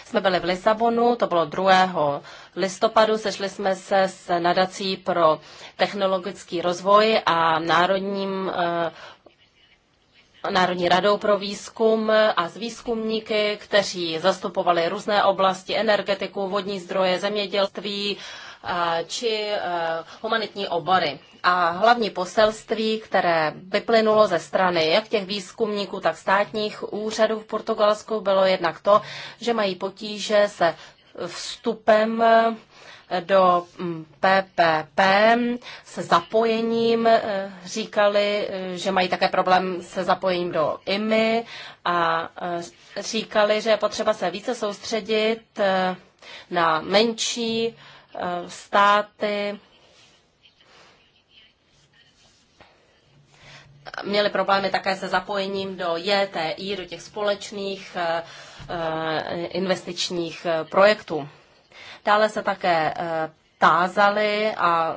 jsme byli v Lisabonu, to bylo 2. listopadu, sešli jsme se s nadací pro technologický rozvoj a národním eh, Národní radou pro výzkum a s výzkumníky, kteří zastupovali různé oblasti, energetiku, vodní zdroje, zemědělství, či e, humanitní obory. A hlavní poselství, které vyplynulo ze strany jak těch výzkumníků, tak státních úřadů v Portugalsku, bylo jednak to, že mají potíže se vstupem e, do PPP mm, se zapojením. E, říkali, že mají také problém se zapojením do IMI a říkali, že je potřeba se více soustředit na menší Eh, státy měly problémy také se zapojením do JTI, do těch společných eh, eh, investičních projektů. Dále se také tázali a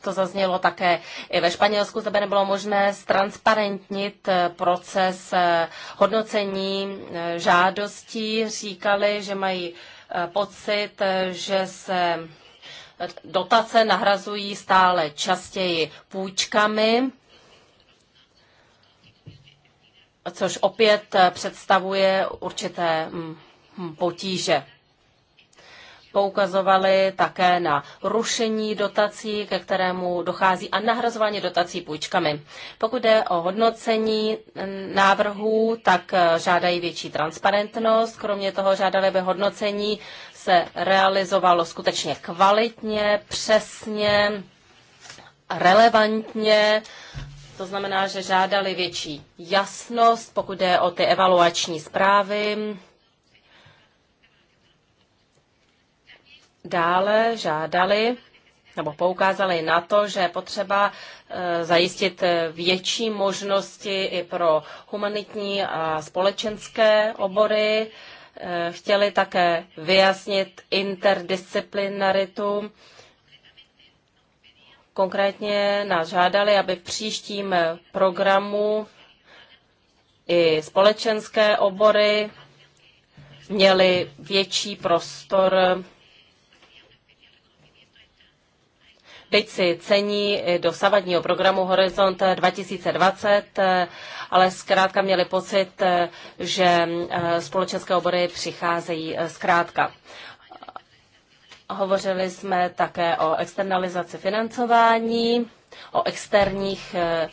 to zaznělo také i ve Španělsku, zda by nebylo možné ztransparentnit proces hodnocení žádostí. Říkali, že mají pocit, že se dotace nahrazují stále častěji půjčkami, což opět představuje určité mm, mm, potíže. Poukazovali také na rušení dotací, ke kterému dochází a nahrazování dotací půjčkami. Pokud jde o hodnocení návrhů, tak eh, žádají větší transparentnost. Kromě toho žádali by hodnocení se realizovalo skutečně kvalitně, přesně, relevantně. To znamená, že žádali větší jasnost, pokud jde o ty evaluační zprávy. Dále žádali nebo poukázali na to, že je potřeba eh, zajistit větší možnosti i pro humanitní a společenské obory. Eh, chtěli také vyjasnit interdisciplinaritu. Konkrétně nás žádali, aby v příštím programu i společenské obory měly větší prostor Teď si cení savadního programu Horizont 2020, ale zkrátka měli pocit, že eh, společenské obory přicházejí eh, zkrátka. Hovořili jsme také o externalizaci financování, o externích eh,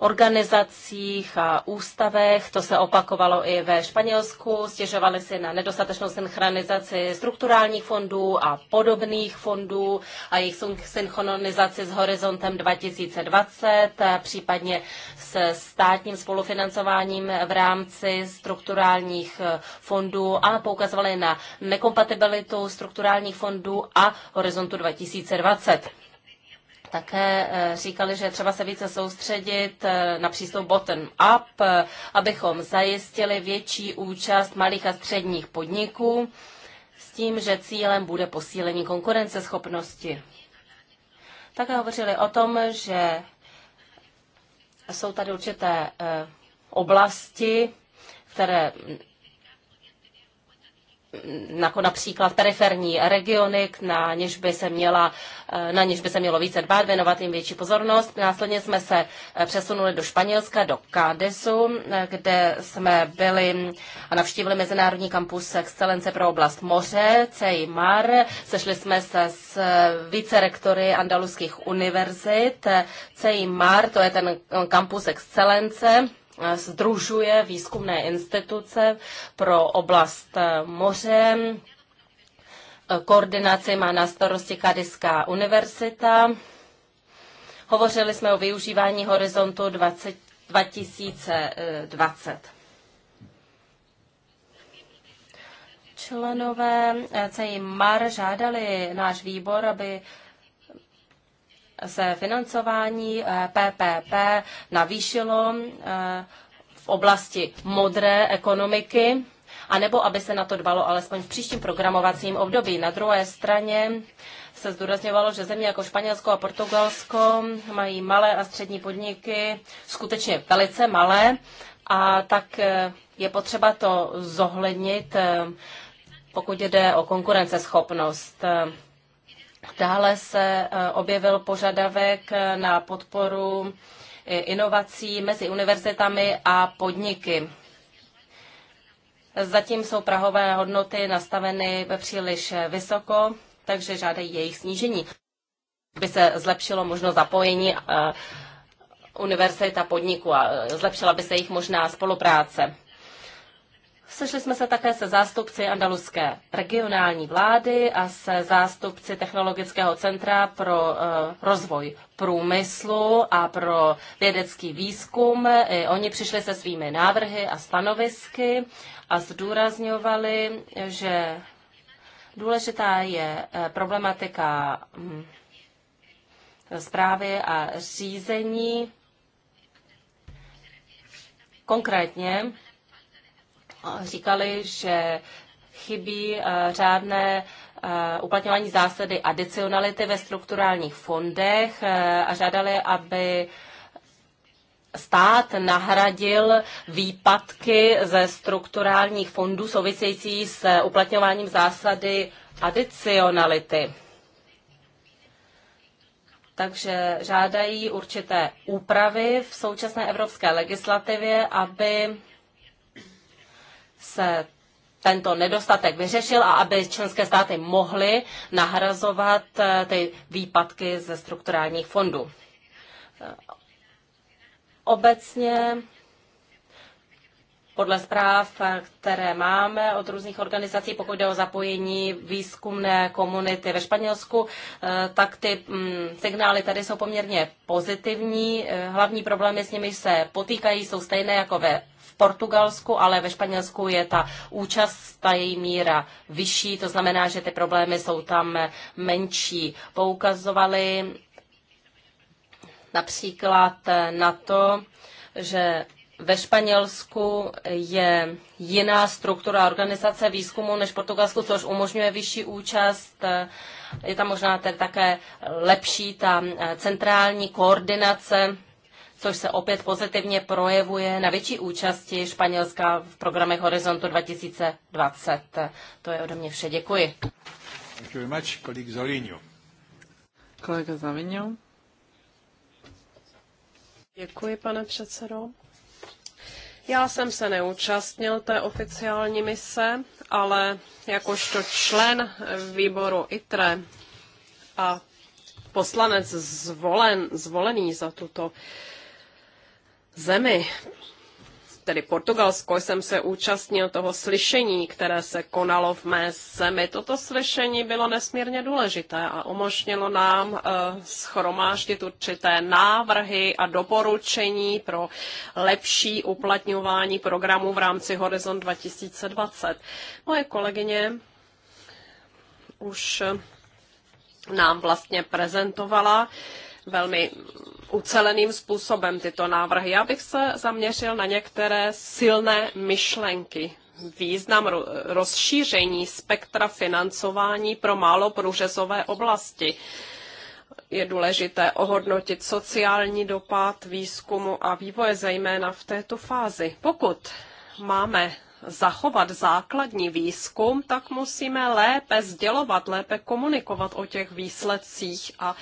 organizacích a ústavech. To se opakovalo i ve Španělsku. Stěžovali si na nedostatečnou synchronizaci strukturálních fondů a podobných fondů a jejich synchronizaci s horizontem 2020, případně se státním spolufinancováním v rámci strukturálních e, fondů a poukazovali na nekompatibilitu strukturálních fondů a horizontu 2020 také eh, říkali, že třeba se více soustředit eh, na přístup bottom-up, eh, abychom zajistili větší účast malých a středních podniků s tím, že cílem bude posílení konkurenceschopnosti. Také hovořili o tom, že jsou tady určité oblasti, které jako například periferní regiony, na něž by se, měla, eh, na něž by se mělo více dbát, věnovat jim větší pozornost. Následně jsme se eh, přesunuli do Španělska, do Cádizu, eh, kde jsme byli a navštívili Mezinárodní kampus excelence pro oblast moře, CEIMAR. Sešli jsme se s rektory andaluských univerzit. CEIMAR, to je ten kampus excelence, združuje výzkumné instituce pro oblast moře. Koordinaci má na starosti Kadiská univerzita. Hovořili jsme o využívání horizontu 20, 2020. členové CIMAR MAR žádali náš výbor, aby se financování PPP eh, navýšilo eh, v oblasti modré ekonomiky, anebo aby se na to dbalo alespoň v příštím programovacím období. Na druhé straně se zdůrazňovalo, že země jako Španělsko a Portugalsko mají malé a střední podniky, skutečně velice malé, a tak eh, je potřeba to zohlednit, pokud jde o konkurenceschopnost. Dále se eh, objevil požadavek eh, na podporu eh, inovací mezi univerzitami a podniky. Zatím jsou prahové hodnoty nastaveny příliš vysoko, takže žádají jejich snížení, By se zlepšilo možno zapojení univerzita a podniku a zlepšila by se jejich možná spolupráce. Sešli jsme se také se zástupci andaluské regionální vlády a se zástupci Technologického centra pro eh, rozvoj průmyslu a pro vědecký výzkum. I oni přišli se svými návrhy a stanovisky a zdůrazňovali, že důležitá je eh, problematika hm, zprávy a řízení. Konkrétně říkali, že chybí eh, řádné eh, uplatňování zásady adicionality ve strukturálních fondech eh, a žádali, aby stát nahradil výpadky ze strukturálních fondů související s uplatňováním zásady adicionality. Takže žádají určité úpravy v současné evropské legislativě, aby se tento nedostatek vyřešil a aby členské státy mohly nahrazovat eh, ty výpadky ze strukturálních fondů. Eh, obecně podle zpráv, eh, které máme od různých organizací, pokud jde o zapojení výzkumné komunity ve Španělsku, tak ty mm, signály tady jsou poměrně pozitivní. Hlavní problémy, s nimi se potýkají, jsou stejné jako ve Portugalsku, ale ve Španělsku je ta účast, ta její míra vyšší, to znamená, že ty problémy jsou tam menší. Poukazovali například na to, že ve Španělsku je jiná struktura organizace výzkumu než v Portugalsku, což umožňuje vyšší účast. Je tam možná tedy také lepší ta centrální koordinace což se opět pozitivně projevuje na větší účasti Španělska v programech Horizontu 2020. To je ode mě vše. Děkuji. Děkuji Kolega Zavinio. Děkuji, pane předsedo. Já jsem se neúčastnil té oficiální mise, ale jakožto člen výboru ITRE a poslanec zvolen, zvolený za tuto zemi, tedy Portugalsko, jsem se účastnil toho slyšení, které se konalo v mé zemi. Toto slyšení bylo nesmírně důležité a umožnilo nám uh, eh, schromáždit určité návrhy a doporučení pro lepší uplatňování programu v rámci Horizon 2020. Moje kolegyně už nám vlastně prezentovala velmi uceleným způsobem tyto návrhy. Já bych se zaměřil na některé silné myšlenky. Význam rozšíření spektra financování pro málo průřezové oblasti. Je důležité ohodnotit sociální dopad výzkumu a vývoje, zejména v této fázi. Pokud máme zachovat základní výzkum, tak musíme lépe sdělovat, lépe komunikovat o těch výsledcích a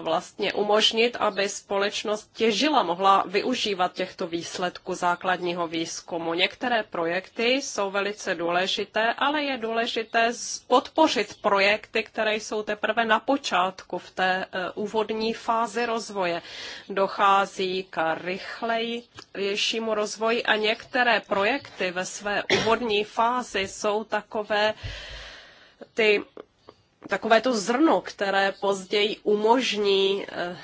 vlastně umožnit, aby společnost těžila, mohla využívat těchto výsledků základního výzkumu. Některé projekty jsou velice důležité, ale je důležité podpořit projekty, které jsou teprve na počátku, v té e, úvodní fázi rozvoje. Dochází k rychlejšímu rozvoji a některé projekty ve své úvodní fázi jsou takové, ty takové to zrno, které později umožní eh,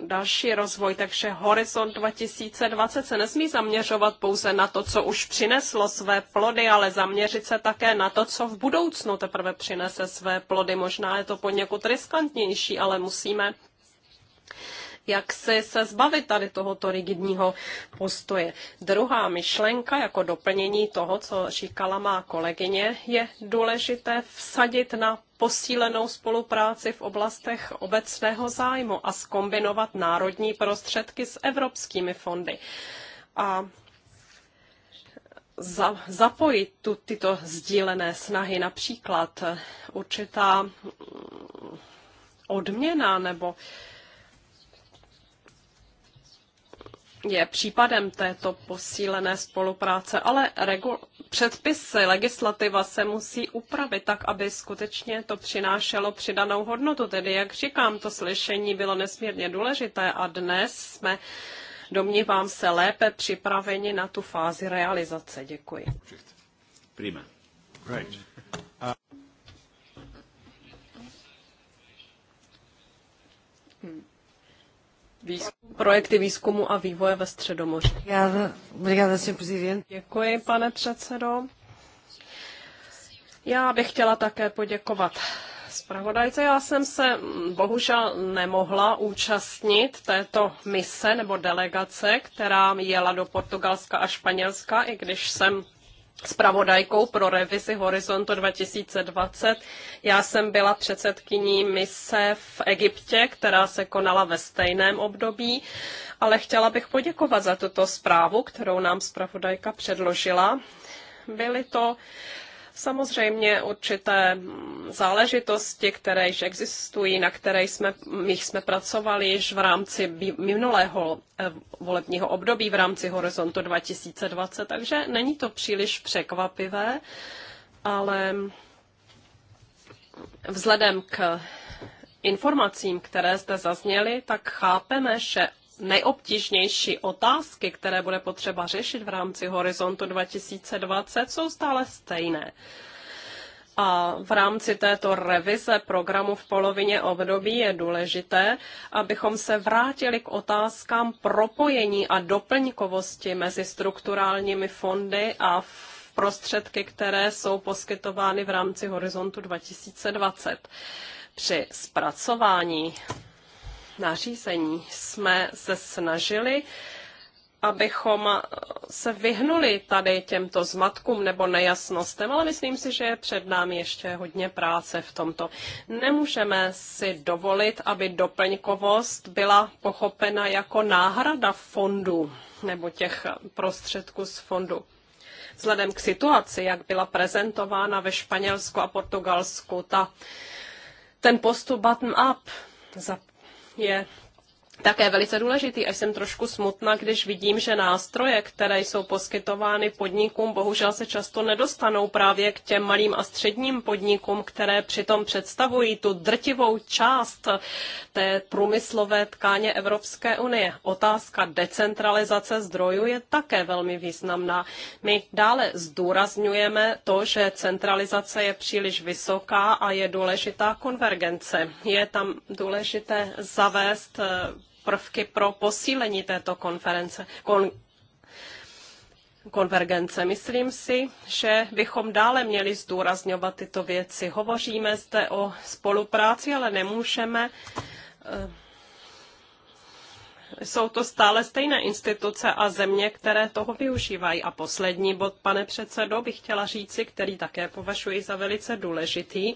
další rozvoj, takže Horizont 2020 se nesmí zaměřovat pouze na to, co už přineslo své plody, ale zaměřit se také na to, co v budoucnu teprve přinese své plody. Možná je to poněkud riskantnější, ale musíme jak se se zbavit tady tohoto rigidního postoje. Druhá myšlenka jako doplnění toho, co říkala má kolegyně, je důležité vsadit na posílenou spolupráci v oblastech obecného zájmu a skombinovat národní prostředky s evropskými fondy. A za, zapojit tu, tyto sdílené snahy, například určitá odměna nebo uh, je případem této posílené spolupráce, ale regu- předpisy, legislativa se musí upravit tak, aby skutečně to přinášelo přidanou hodnotu. Tedy, jak říkám, to slyšení bylo nesmírně důležité a dnes jsme, domnívám se, lépe připraveni na tu fázi realizace. Děkuji. Prima. výzkum, projekty výzkumu a vývoje ve Středomoří. Děkuji, pane předsedo. Já bych chtěla také poděkovat zpravodajce. Já jsem se bohužel nemohla účastnit této mise nebo delegace, která jela do Portugalska a Španělska, i když jsem spravodajkou pro revizi Horizontu 2020. Já jsem byla předsedkyní mise v Egyptě, která se konala ve stejném období, ale chtěla bych poděkovat za tuto zprávu, kterou nám spravodajka předložila. Byly to Samozřejmě určité mm, záležitosti, které již existují, na které jsme, my jsme pracovali již v rámci minulého eh, volebního období v rámci Horizontu 2020, takže není to příliš překvapivé, ale vzhledem k informacím, které zde zazněly, tak chápeme, že nejobtížnější otázky, které bude potřeba řešit v rámci Horizontu 2020, jsou stále stejné. A v rámci této revize programu v polovině období je důležité, abychom se vrátili k otázkám propojení a doplňkovosti mezi strukturálními fondy a prostředky, které jsou poskytovány v rámci Horizontu 2020. Při zpracování nařízení jsme se snažili abychom se vyhnuli tady těmto zmatkům nebo nejasnostem, ale myslím si, že je před námi ještě hodně práce v tomto. Nemůžeme si dovolit, aby doplňkovost byla pochopena jako náhrada fondu nebo těch prostředků z fondu. Vzhledem k situaci, jak byla prezentována ve Španělsku a Portugalsku, ta, ten postup bottom-up je vlastně také velice důležitý a jsem trošku smutná, když vidím, že nástroje, které jsou poskytovány podnikům, bohužel se často nedostanou právě k těm malým a středním podnikům, které přitom představují tu drtivou část té průmyslové tkáně Evropské unie. Otázka decentralizace zdrojů je také velmi významná. My dále zdůrazňujeme to, že centralizace je příliš vysoká a je důležitá konvergence. Je tam důležité zavést eh, prvky pro posílení této konference, kon, konvergence. Myslím si, že bychom dále měli zdůrazňovat tyto věci. Hovoříme zde o spolupráci, ale nemůžeme. Eh, jsou to stále stejné instituce a země, které toho využívají. A poslední bod, pane předsedo, bych chtěla říci, který také považuji za velice důležitý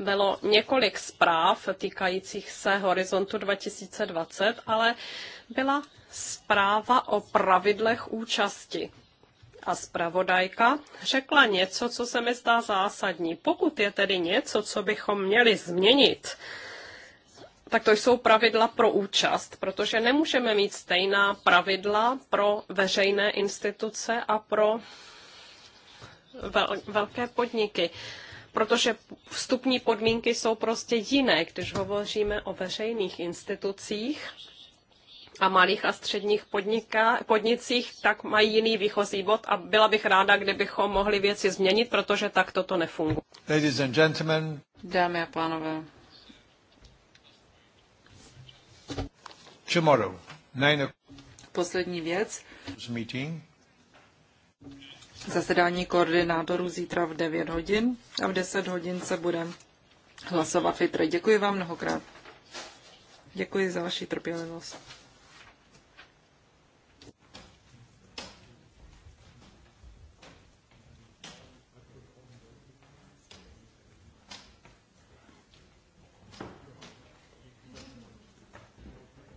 bylo několik zpráv týkajících se horizontu 2020, ale byla zpráva o pravidlech účasti. A zpravodajka řekla něco, co se mi zdá zásadní. Pokud je tedy něco, co bychom měli změnit, tak to jsou pravidla pro účast, protože nemůžeme mít stejná pravidla pro veřejné instituce a pro velké podniky protože vstupní podmínky jsou prostě jiné, když hovoříme o veřejných institucích a malých a středních podniká, podnicích, tak mají jiný výchozí bod a byla bych ráda, kdybychom mohli věci změnit, protože tak toto nefunguje. Ladies and gentlemen. Dámy a pánové. Tomorrow, nine Poslední věc. Meeting zasedání koordinátorů zítra v 9 hodin a v 10 hodin se bude hlasovat FITRE. Děkuji vám mnohokrát. Děkuji za vaši trpělivost.